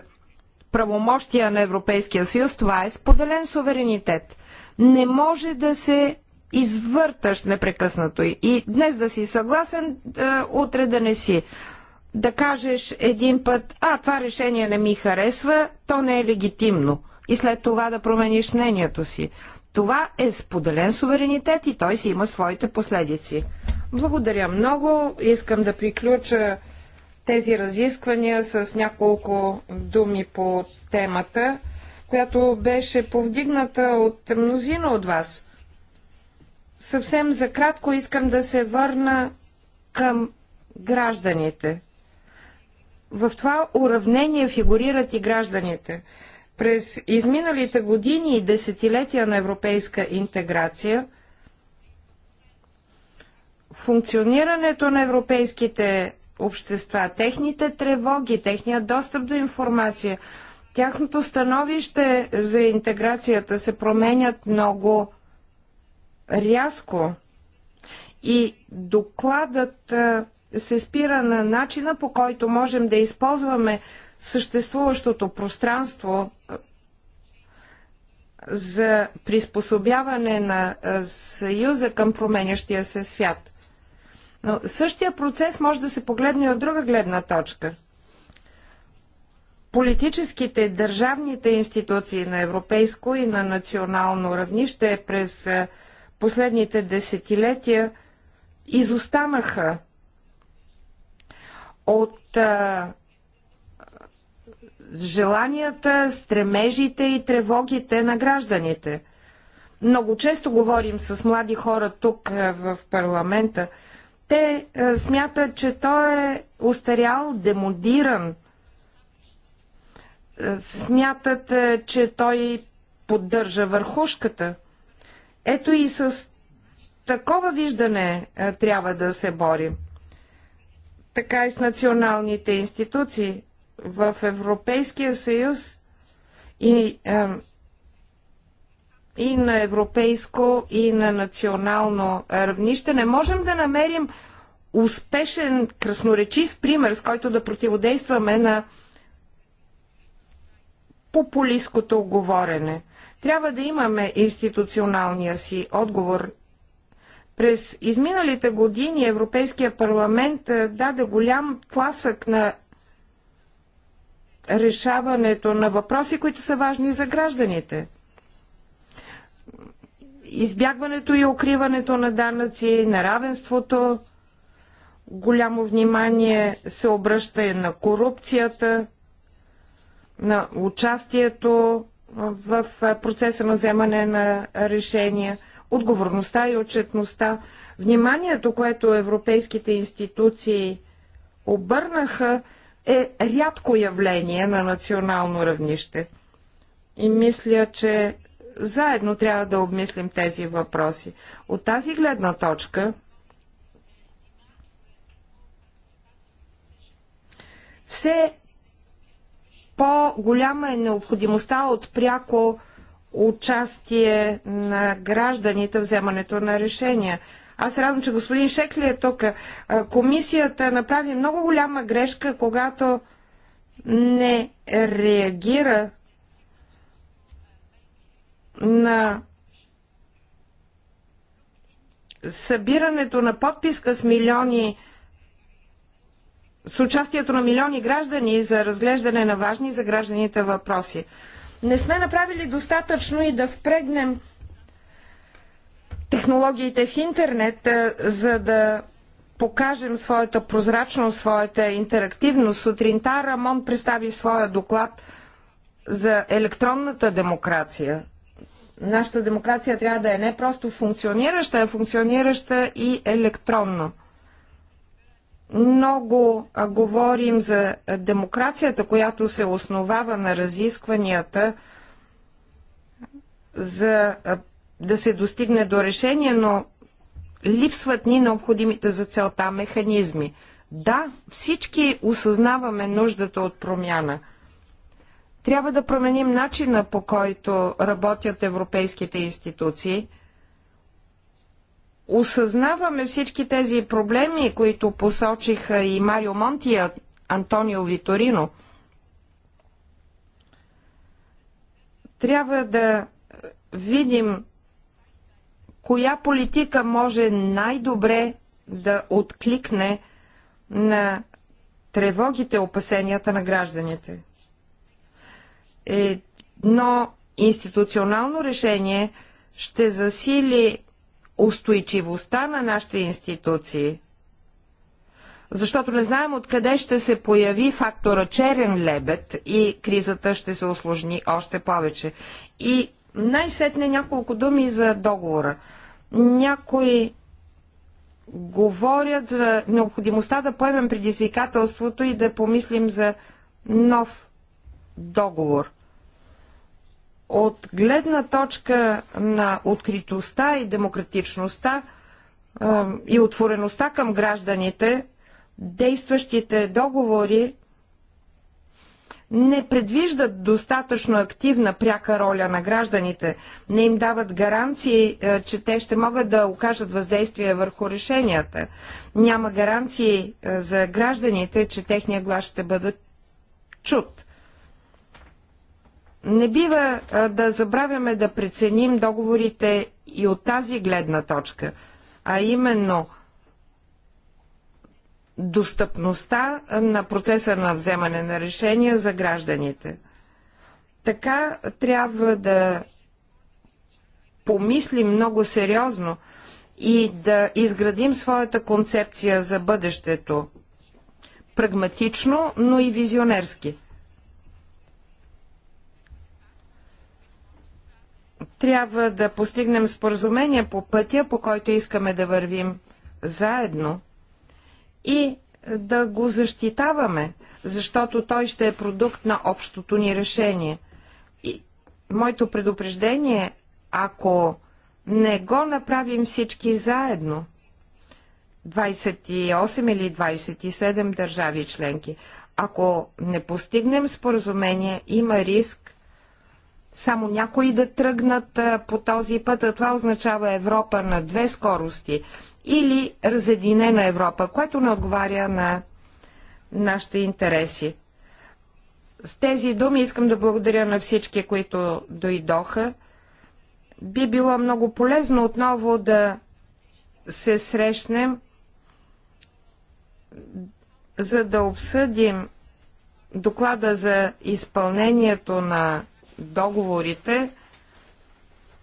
правомощия на Европейския съюз, това е споделен суверенитет. Не може да се извърташ непрекъснато и днес да си съгласен, да, е, утре да не си. Да кажеш един път, а това решение не ми харесва, то не е легитимно. И след това да промениш мнението си. Това е споделен суверенитет и той си има своите последици. Благодаря много. Искам да приключа тези разисквания с няколко думи по темата, която беше повдигната от мнозина от вас. Съвсем за кратко искам да се върна към гражданите. В това уравнение фигурират и гражданите. През изминалите години и десетилетия на европейска интеграция, функционирането на европейските общества, техните тревоги, техният достъп до информация, тяхното становище за интеграцията се променят много рязко. И докладът се спира на начина по който можем да използваме съществуващото пространство за приспособяване на Съюза към променящия се свят. Но същия процес може да се погледне от друга гледна точка. Политическите държавните институции на европейско и на национално равнище през последните десетилетия изостанаха от желанията, стремежите и тревогите на гражданите. Много често говорим с млади хора тук е, в парламента. Те е, смятат, че той е устарял, демодиран. Е, смятат, че той поддържа върхушката. Ето и с такова виждане трябва да се борим така и с националните институции в Европейския съюз и, и на европейско, и на национално равнище не можем да намерим успешен, красноречив пример, с който да противодействаме на популистското говорене. Трябва да имаме институционалния си отговор. През изминалите години Европейския парламент даде голям тласък на решаването на въпроси, които са важни за гражданите. Избягването и укриването на данъци, неравенството, голямо внимание се обръща и на корупцията, на участието в процеса на вземане на решения, отговорността и отчетността. Вниманието, което европейските институции обърнаха е рядко явление на национално равнище. И мисля, че заедно трябва да обмислим тези въпроси. От тази гледна точка все по-голяма е необходимостта от пряко участие на гражданите в вземането на решения. Аз се радвам, че господин Шекли е тук. Комисията направи много голяма грешка, когато не реагира на събирането на подписка с милиони с участието на милиони граждани за разглеждане на важни за гражданите въпроси. Не сме направили достатъчно и да впрегнем технологиите в интернет, за да покажем своята прозрачност, своята интерактивност. Сутринта Рамон представи своя доклад за електронната демокрация. Нашата демокрация трябва да е не просто функционираща, а функционираща и електронно. Много говорим за демокрацията, която се основава на разискванията за да се достигне до решение, но липсват ни необходимите за целта механизми. Да, всички осъзнаваме нуждата от промяна. Трябва да променим начина по който работят европейските институции. Осъзнаваме всички тези проблеми, които посочиха и Марио Монти и Антонио Виторино. Трябва да видим коя политика може най-добре да откликне на тревогите, опасенията на гражданите. Едно институционално решение ще засили устойчивостта на нашите институции, защото не знаем откъде ще се появи фактора черен лебед и кризата ще се осложни още повече. И най-сетне няколко думи за договора. Някои говорят за необходимостта да поемем предизвикателството и да помислим за нов договор. От гледна точка на откритостта и демократичността и отвореността към гражданите, действащите договори не предвиждат достатъчно активна пряка роля на гражданите, не им дават гаранции, е, че те ще могат да окажат въздействие върху решенията. Няма гаранции е, за гражданите, че техния глас ще бъде чут. Не бива е, да забравяме да преценим договорите и от тази гледна точка, а именно – достъпността на процеса на вземане на решения за гражданите. Така трябва да помислим много сериозно и да изградим своята концепция за бъдещето. Прагматично, но и визионерски. Трябва да постигнем споразумение по пътя, по който искаме да вървим заедно – и да го защитаваме, защото той ще е продукт на общото ни решение. И моето предупреждение, е, ако не го направим всички заедно, 28 или 27 държави членки, ако не постигнем споразумение, има риск само някои да тръгнат по този път, а това означава Европа на две скорости или разединена Европа, което не отговаря на нашите интереси. С тези думи искам да благодаря на всички, които дойдоха. Би било много полезно отново да се срещнем, за да обсъдим доклада за изпълнението на договорите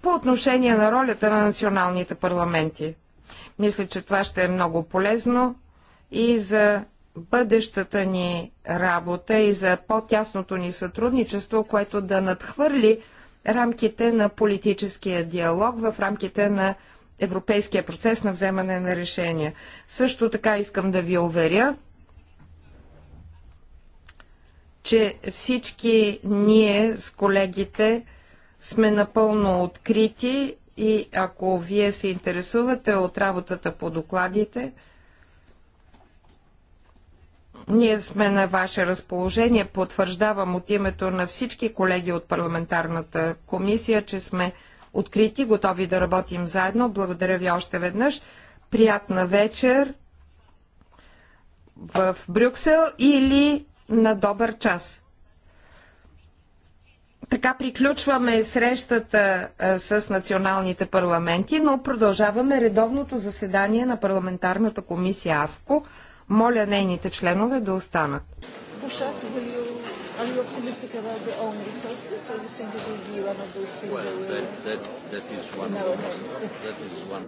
по отношение на ролята на националните парламенти. Мисля, че това ще е много полезно и за бъдещата ни работа и за по-тясното ни сътрудничество, което да надхвърли рамките на политическия диалог, в рамките на европейския процес на вземане на решения. Също така искам да ви уверя, че всички ние с колегите сме напълно открити и ако вие се интересувате от работата по докладите, ние сме на ваше разположение. Потвърждавам от името на всички колеги от парламентарната комисия, че сме открити, готови да работим заедно. Благодаря ви още веднъж. Приятна вечер в Брюксел или на добър час. Така приключваме срещата с националните парламенти, но продължаваме редовното заседание на парламентарната комисия АВКО. Моля нейните членове да останат. Well, that, that, that is one. That is one.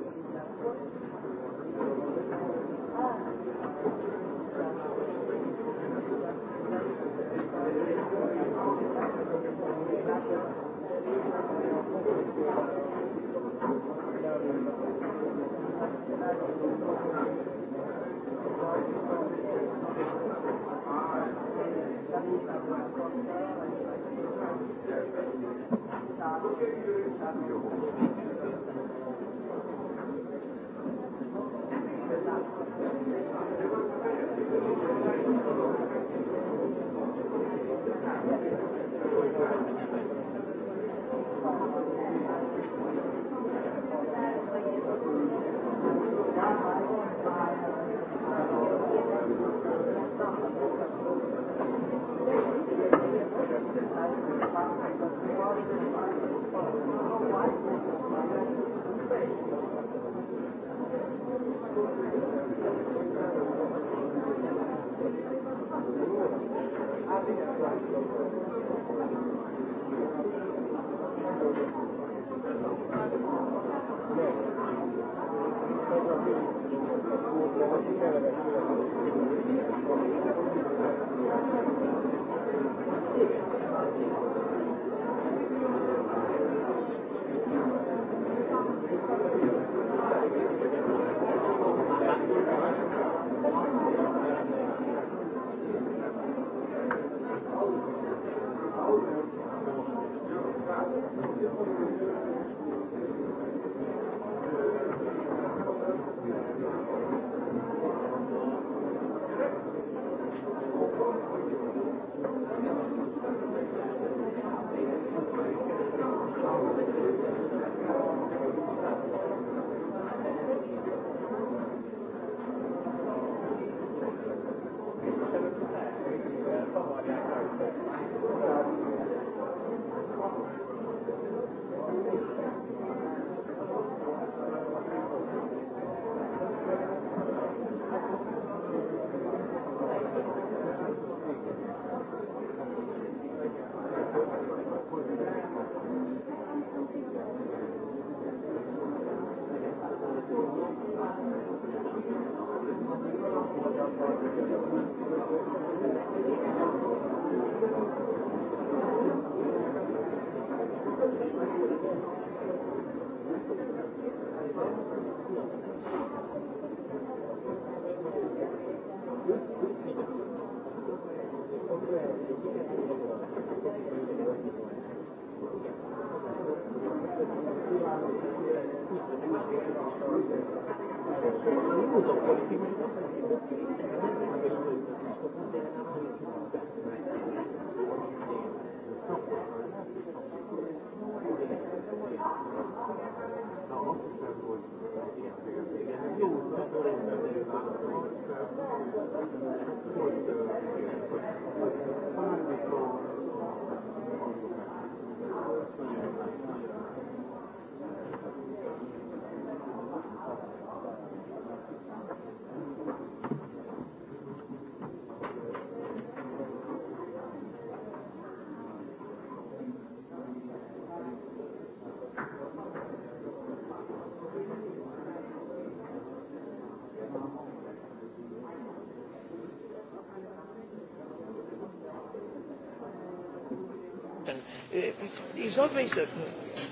is always,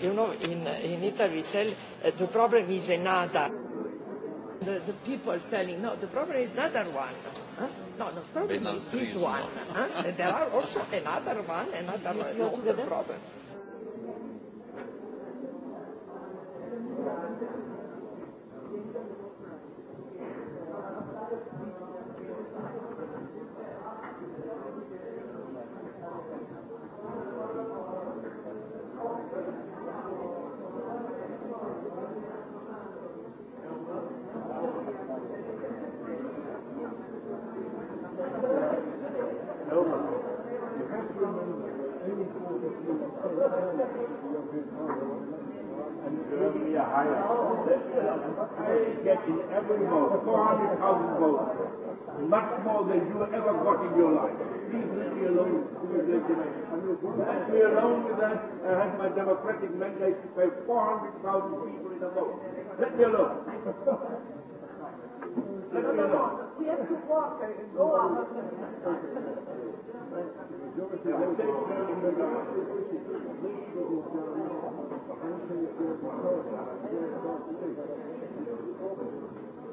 you know, in, in Italy we tell uh, the problem is another. The, the people telling, no, the problem is another one. Huh? No, the problem is this one. Huh? and there are also another one, another one. No, the problem. goal, much more than you ever got in your life. Please leave me alone, leave me alone with that. I had my democratic mandate to pay 400,000 people in a vote. Let me alone. Let me alone. He has to walk and go out. Thank you.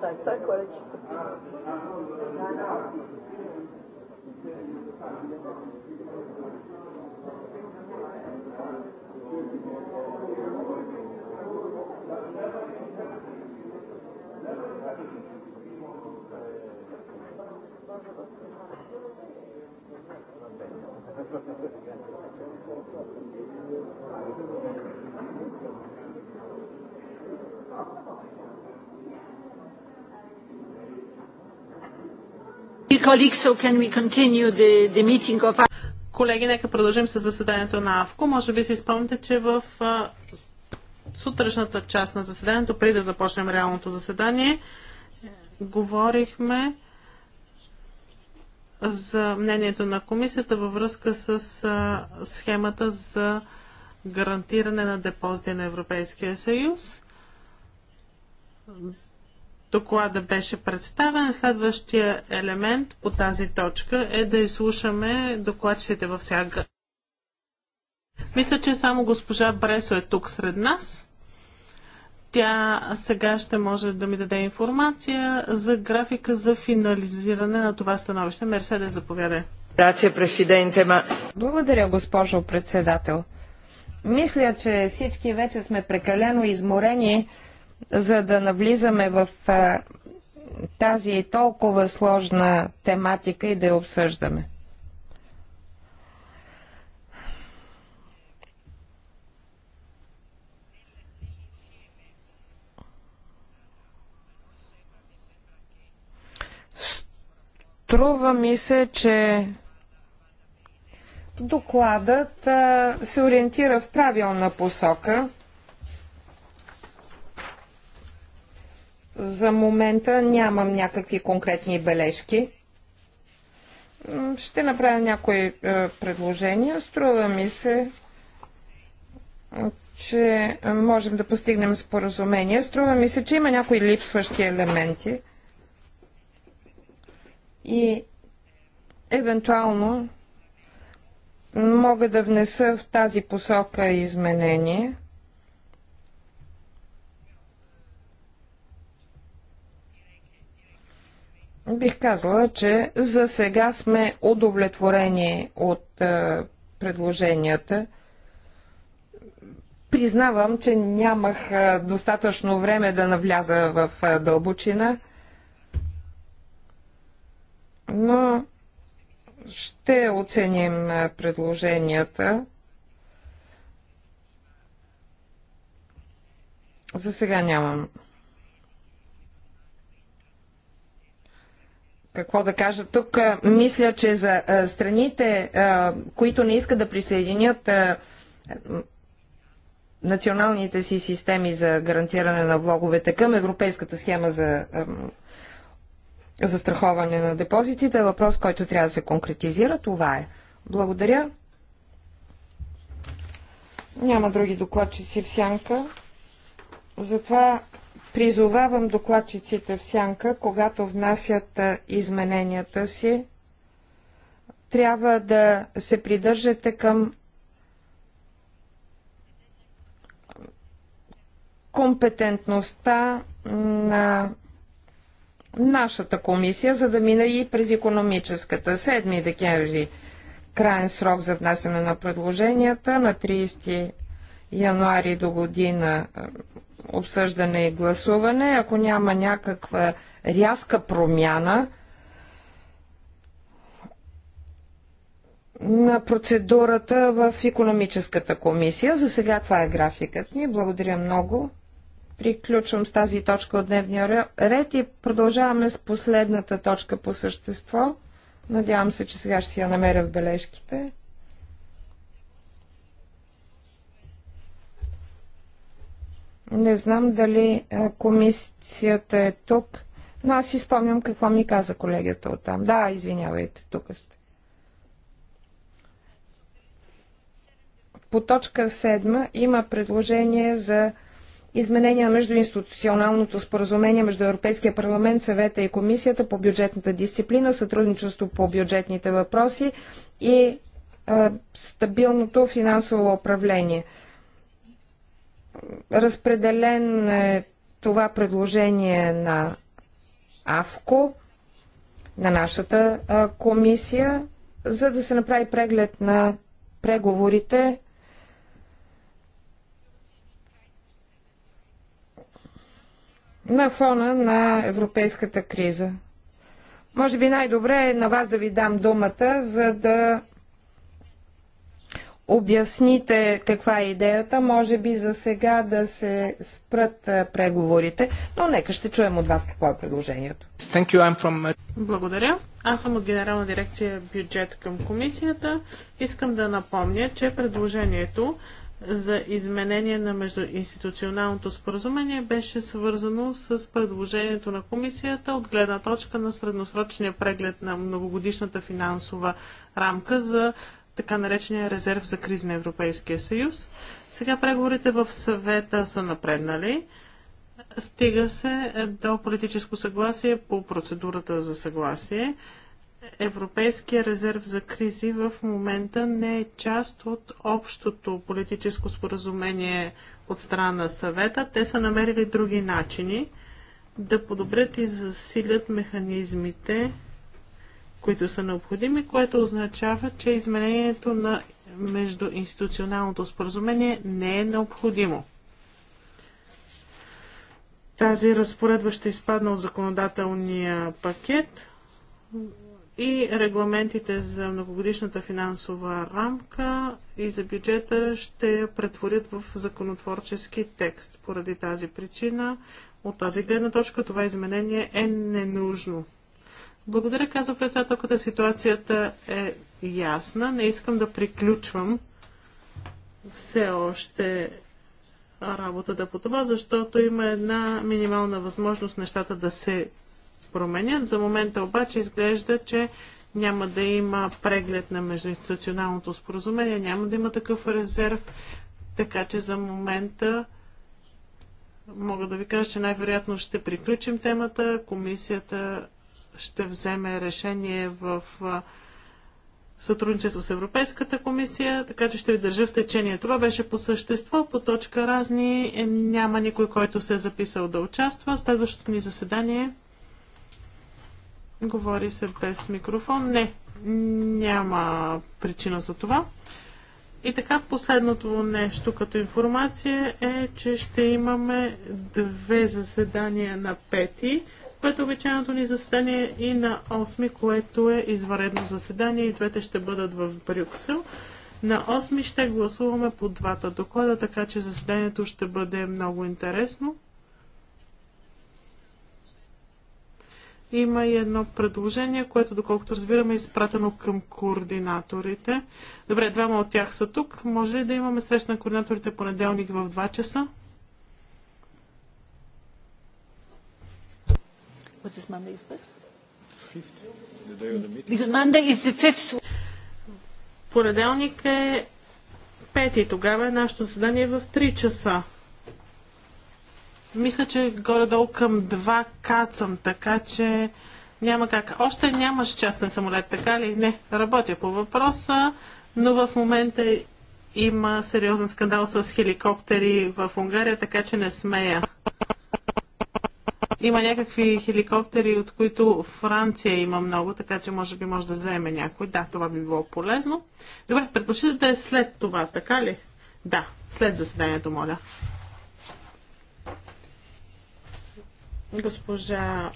Так, так, Колечко. Thank you. Колеги, нека продължим с заседанието на АВКО. Може би си спомните, че в сутрешната част на заседанието, преди да започнем реалното заседание, говорихме за мнението на комисията във връзка с схемата за гарантиране на депозити на Европейския съюз доклада беше представен. Следващия елемент по тази точка е да изслушаме докладчите във всяка. Мисля, че само госпожа Бресо е тук сред нас. Тя сега ще може да ми даде информация за графика за финализиране на това становище. Мерседес, заповядай. Благодаря, госпожо председател. Мисля, че всички вече сме прекалено изморени за да навлизаме в тази толкова сложна тематика и да я обсъждаме. Струва ми се, че докладът се ориентира в правилна посока – За момента нямам някакви конкретни бележки. Ще направя някои е, предложения. Струва ми се, е, че е, можем да постигнем споразумение. Струва ми се, че има някои липсващи елементи и евентуално мога да внеса в тази посока изменение – Бих казала, че за сега сме удовлетворени от е, предложенията. Признавам, че нямах е, достатъчно време да навляза в е, дълбочина, но ще оценим е, предложенията. За сега нямам какво да кажа тук. Мисля, че за страните, които не искат да присъединят националните си системи за гарантиране на влоговете към европейската схема за застраховане на депозитите е въпрос, който трябва да се конкретизира. Това е. Благодаря. Няма други докладчици в сянка. Затова Призовавам докладчиците в сянка, когато внасят измененията си, трябва да се придържате към компетентността на нашата комисия, за да мина и през економическата. 7 декември крайен срок за внасяне на предложенията, на 30 януари до година обсъждане и гласуване. Ако няма някаква рязка промяна на процедурата в економическата комисия, за сега това е графикът ни. Благодаря много. Приключвам с тази точка от дневния ред и продължаваме с последната точка по същество. Надявам се, че сега ще си я намеря в бележките. Не знам дали е, комисията е тук, но аз си спомням какво ми каза колегата от там. Да, извинявайте, тук сте. По точка 7 има предложение за изменения между институционалното споразумение между Европейския парламент, съвета и комисията по бюджетната дисциплина, сътрудничество по бюджетните въпроси и а, е, стабилното финансово управление. Разпределен е това предложение на АВКО, на нашата комисия, за да се направи преглед на преговорите на фона на европейската криза. Може би най-добре е на вас да ви дам думата, за да обясните каква е идеята. Може би за сега да се спрат преговорите, но нека ще чуем от вас какво е предложението. From... Uh, Благодаря. Аз съм от Генерална дирекция бюджет към комисията. Искам да напомня, че предложението за изменение на междуинституционалното споразумение беше свързано с предложението на комисията от гледна точка на средносрочния преглед на многогодишната финансова рамка за така наречения резерв за кризи на Европейския съюз. Сега преговорите в съвета са напреднали. Стига се до политическо съгласие по процедурата за съгласие. Европейския резерв за кризи в момента не е част от общото политическо споразумение от страна на съвета. Те са намерили други начини да подобрят и засилят механизмите които са необходими, което означава, че изменението на междуинституционалното споразумение не е необходимо. Тази разпоредба ще изпадна от законодателния пакет и регламентите за многогодишната финансова рамка и за бюджета ще я претворят в законотворчески текст. Поради тази причина, от тази гледна точка, това изменение е ненужно. Благодаря, каза председателката. Ситуацията е ясна. Не искам да приключвам все още работата по това, защото има една минимална възможност нещата да се променят. За момента обаче изглежда, че няма да има преглед на междуинституционалното споразумение, няма да има такъв резерв, така че за момента мога да ви кажа, че най-вероятно ще приключим темата. Комисията ще вземе решение в сътрудничество с Европейската комисия, така че ще ви държа в течение. Това беше по същество, по точка разни. Няма никой, който се е записал да участва. Следващото ни заседание говори се без микрофон. Не, няма причина за това. И така, последното нещо като информация е, че ще имаме две заседания на пети което е обичайното ни заседание и на 8, което е изваредно заседание и двете ще бъдат в Брюксел. На 8 ще гласуваме по двата доклада, така че заседанието ще бъде много интересно. Има и едно предложение, което, доколкото разбираме, е изпратено към координаторите. Добре, двама от тях са тук. Може ли да имаме среща на координаторите понеделник в 2 часа? What is Monday? Is this? Понеделник е пети. Тогава е нашето заседание в 3 часа. Мисля, че горе-долу към 2 кацам, така че няма как. Още нямаш частен самолет, така ли? Не, работя по въпроса, но в момента има сериозен скандал с хеликоптери в Унгария, така че не смея. Има някакви хеликоптери, от които Франция има много, така че може би може да вземе някой. Да, това би било полезно. Добре, предпочитате е след това, така ли? Да, след заседанието, моля. Госпожа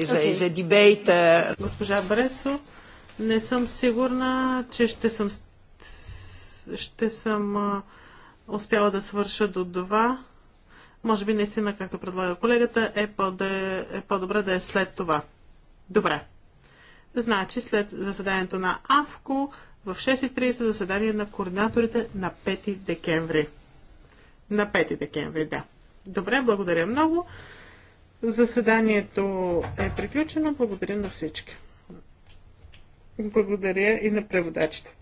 за, okay. за дебейта. Госпожа Бресо, не съм сигурна, че ще съм, ще съм успяла да свърша до това. Може би наистина, както предлага колегата, е, по-де, е по-добре да е след това. Добре. Значи, след заседанието на АВКО, в 6.30 заседание на координаторите на 5 декември. На 5 декември, да. Добре, благодаря много. Заседанието е приключено. Благодаря на всички. Благодаря и на преводачите.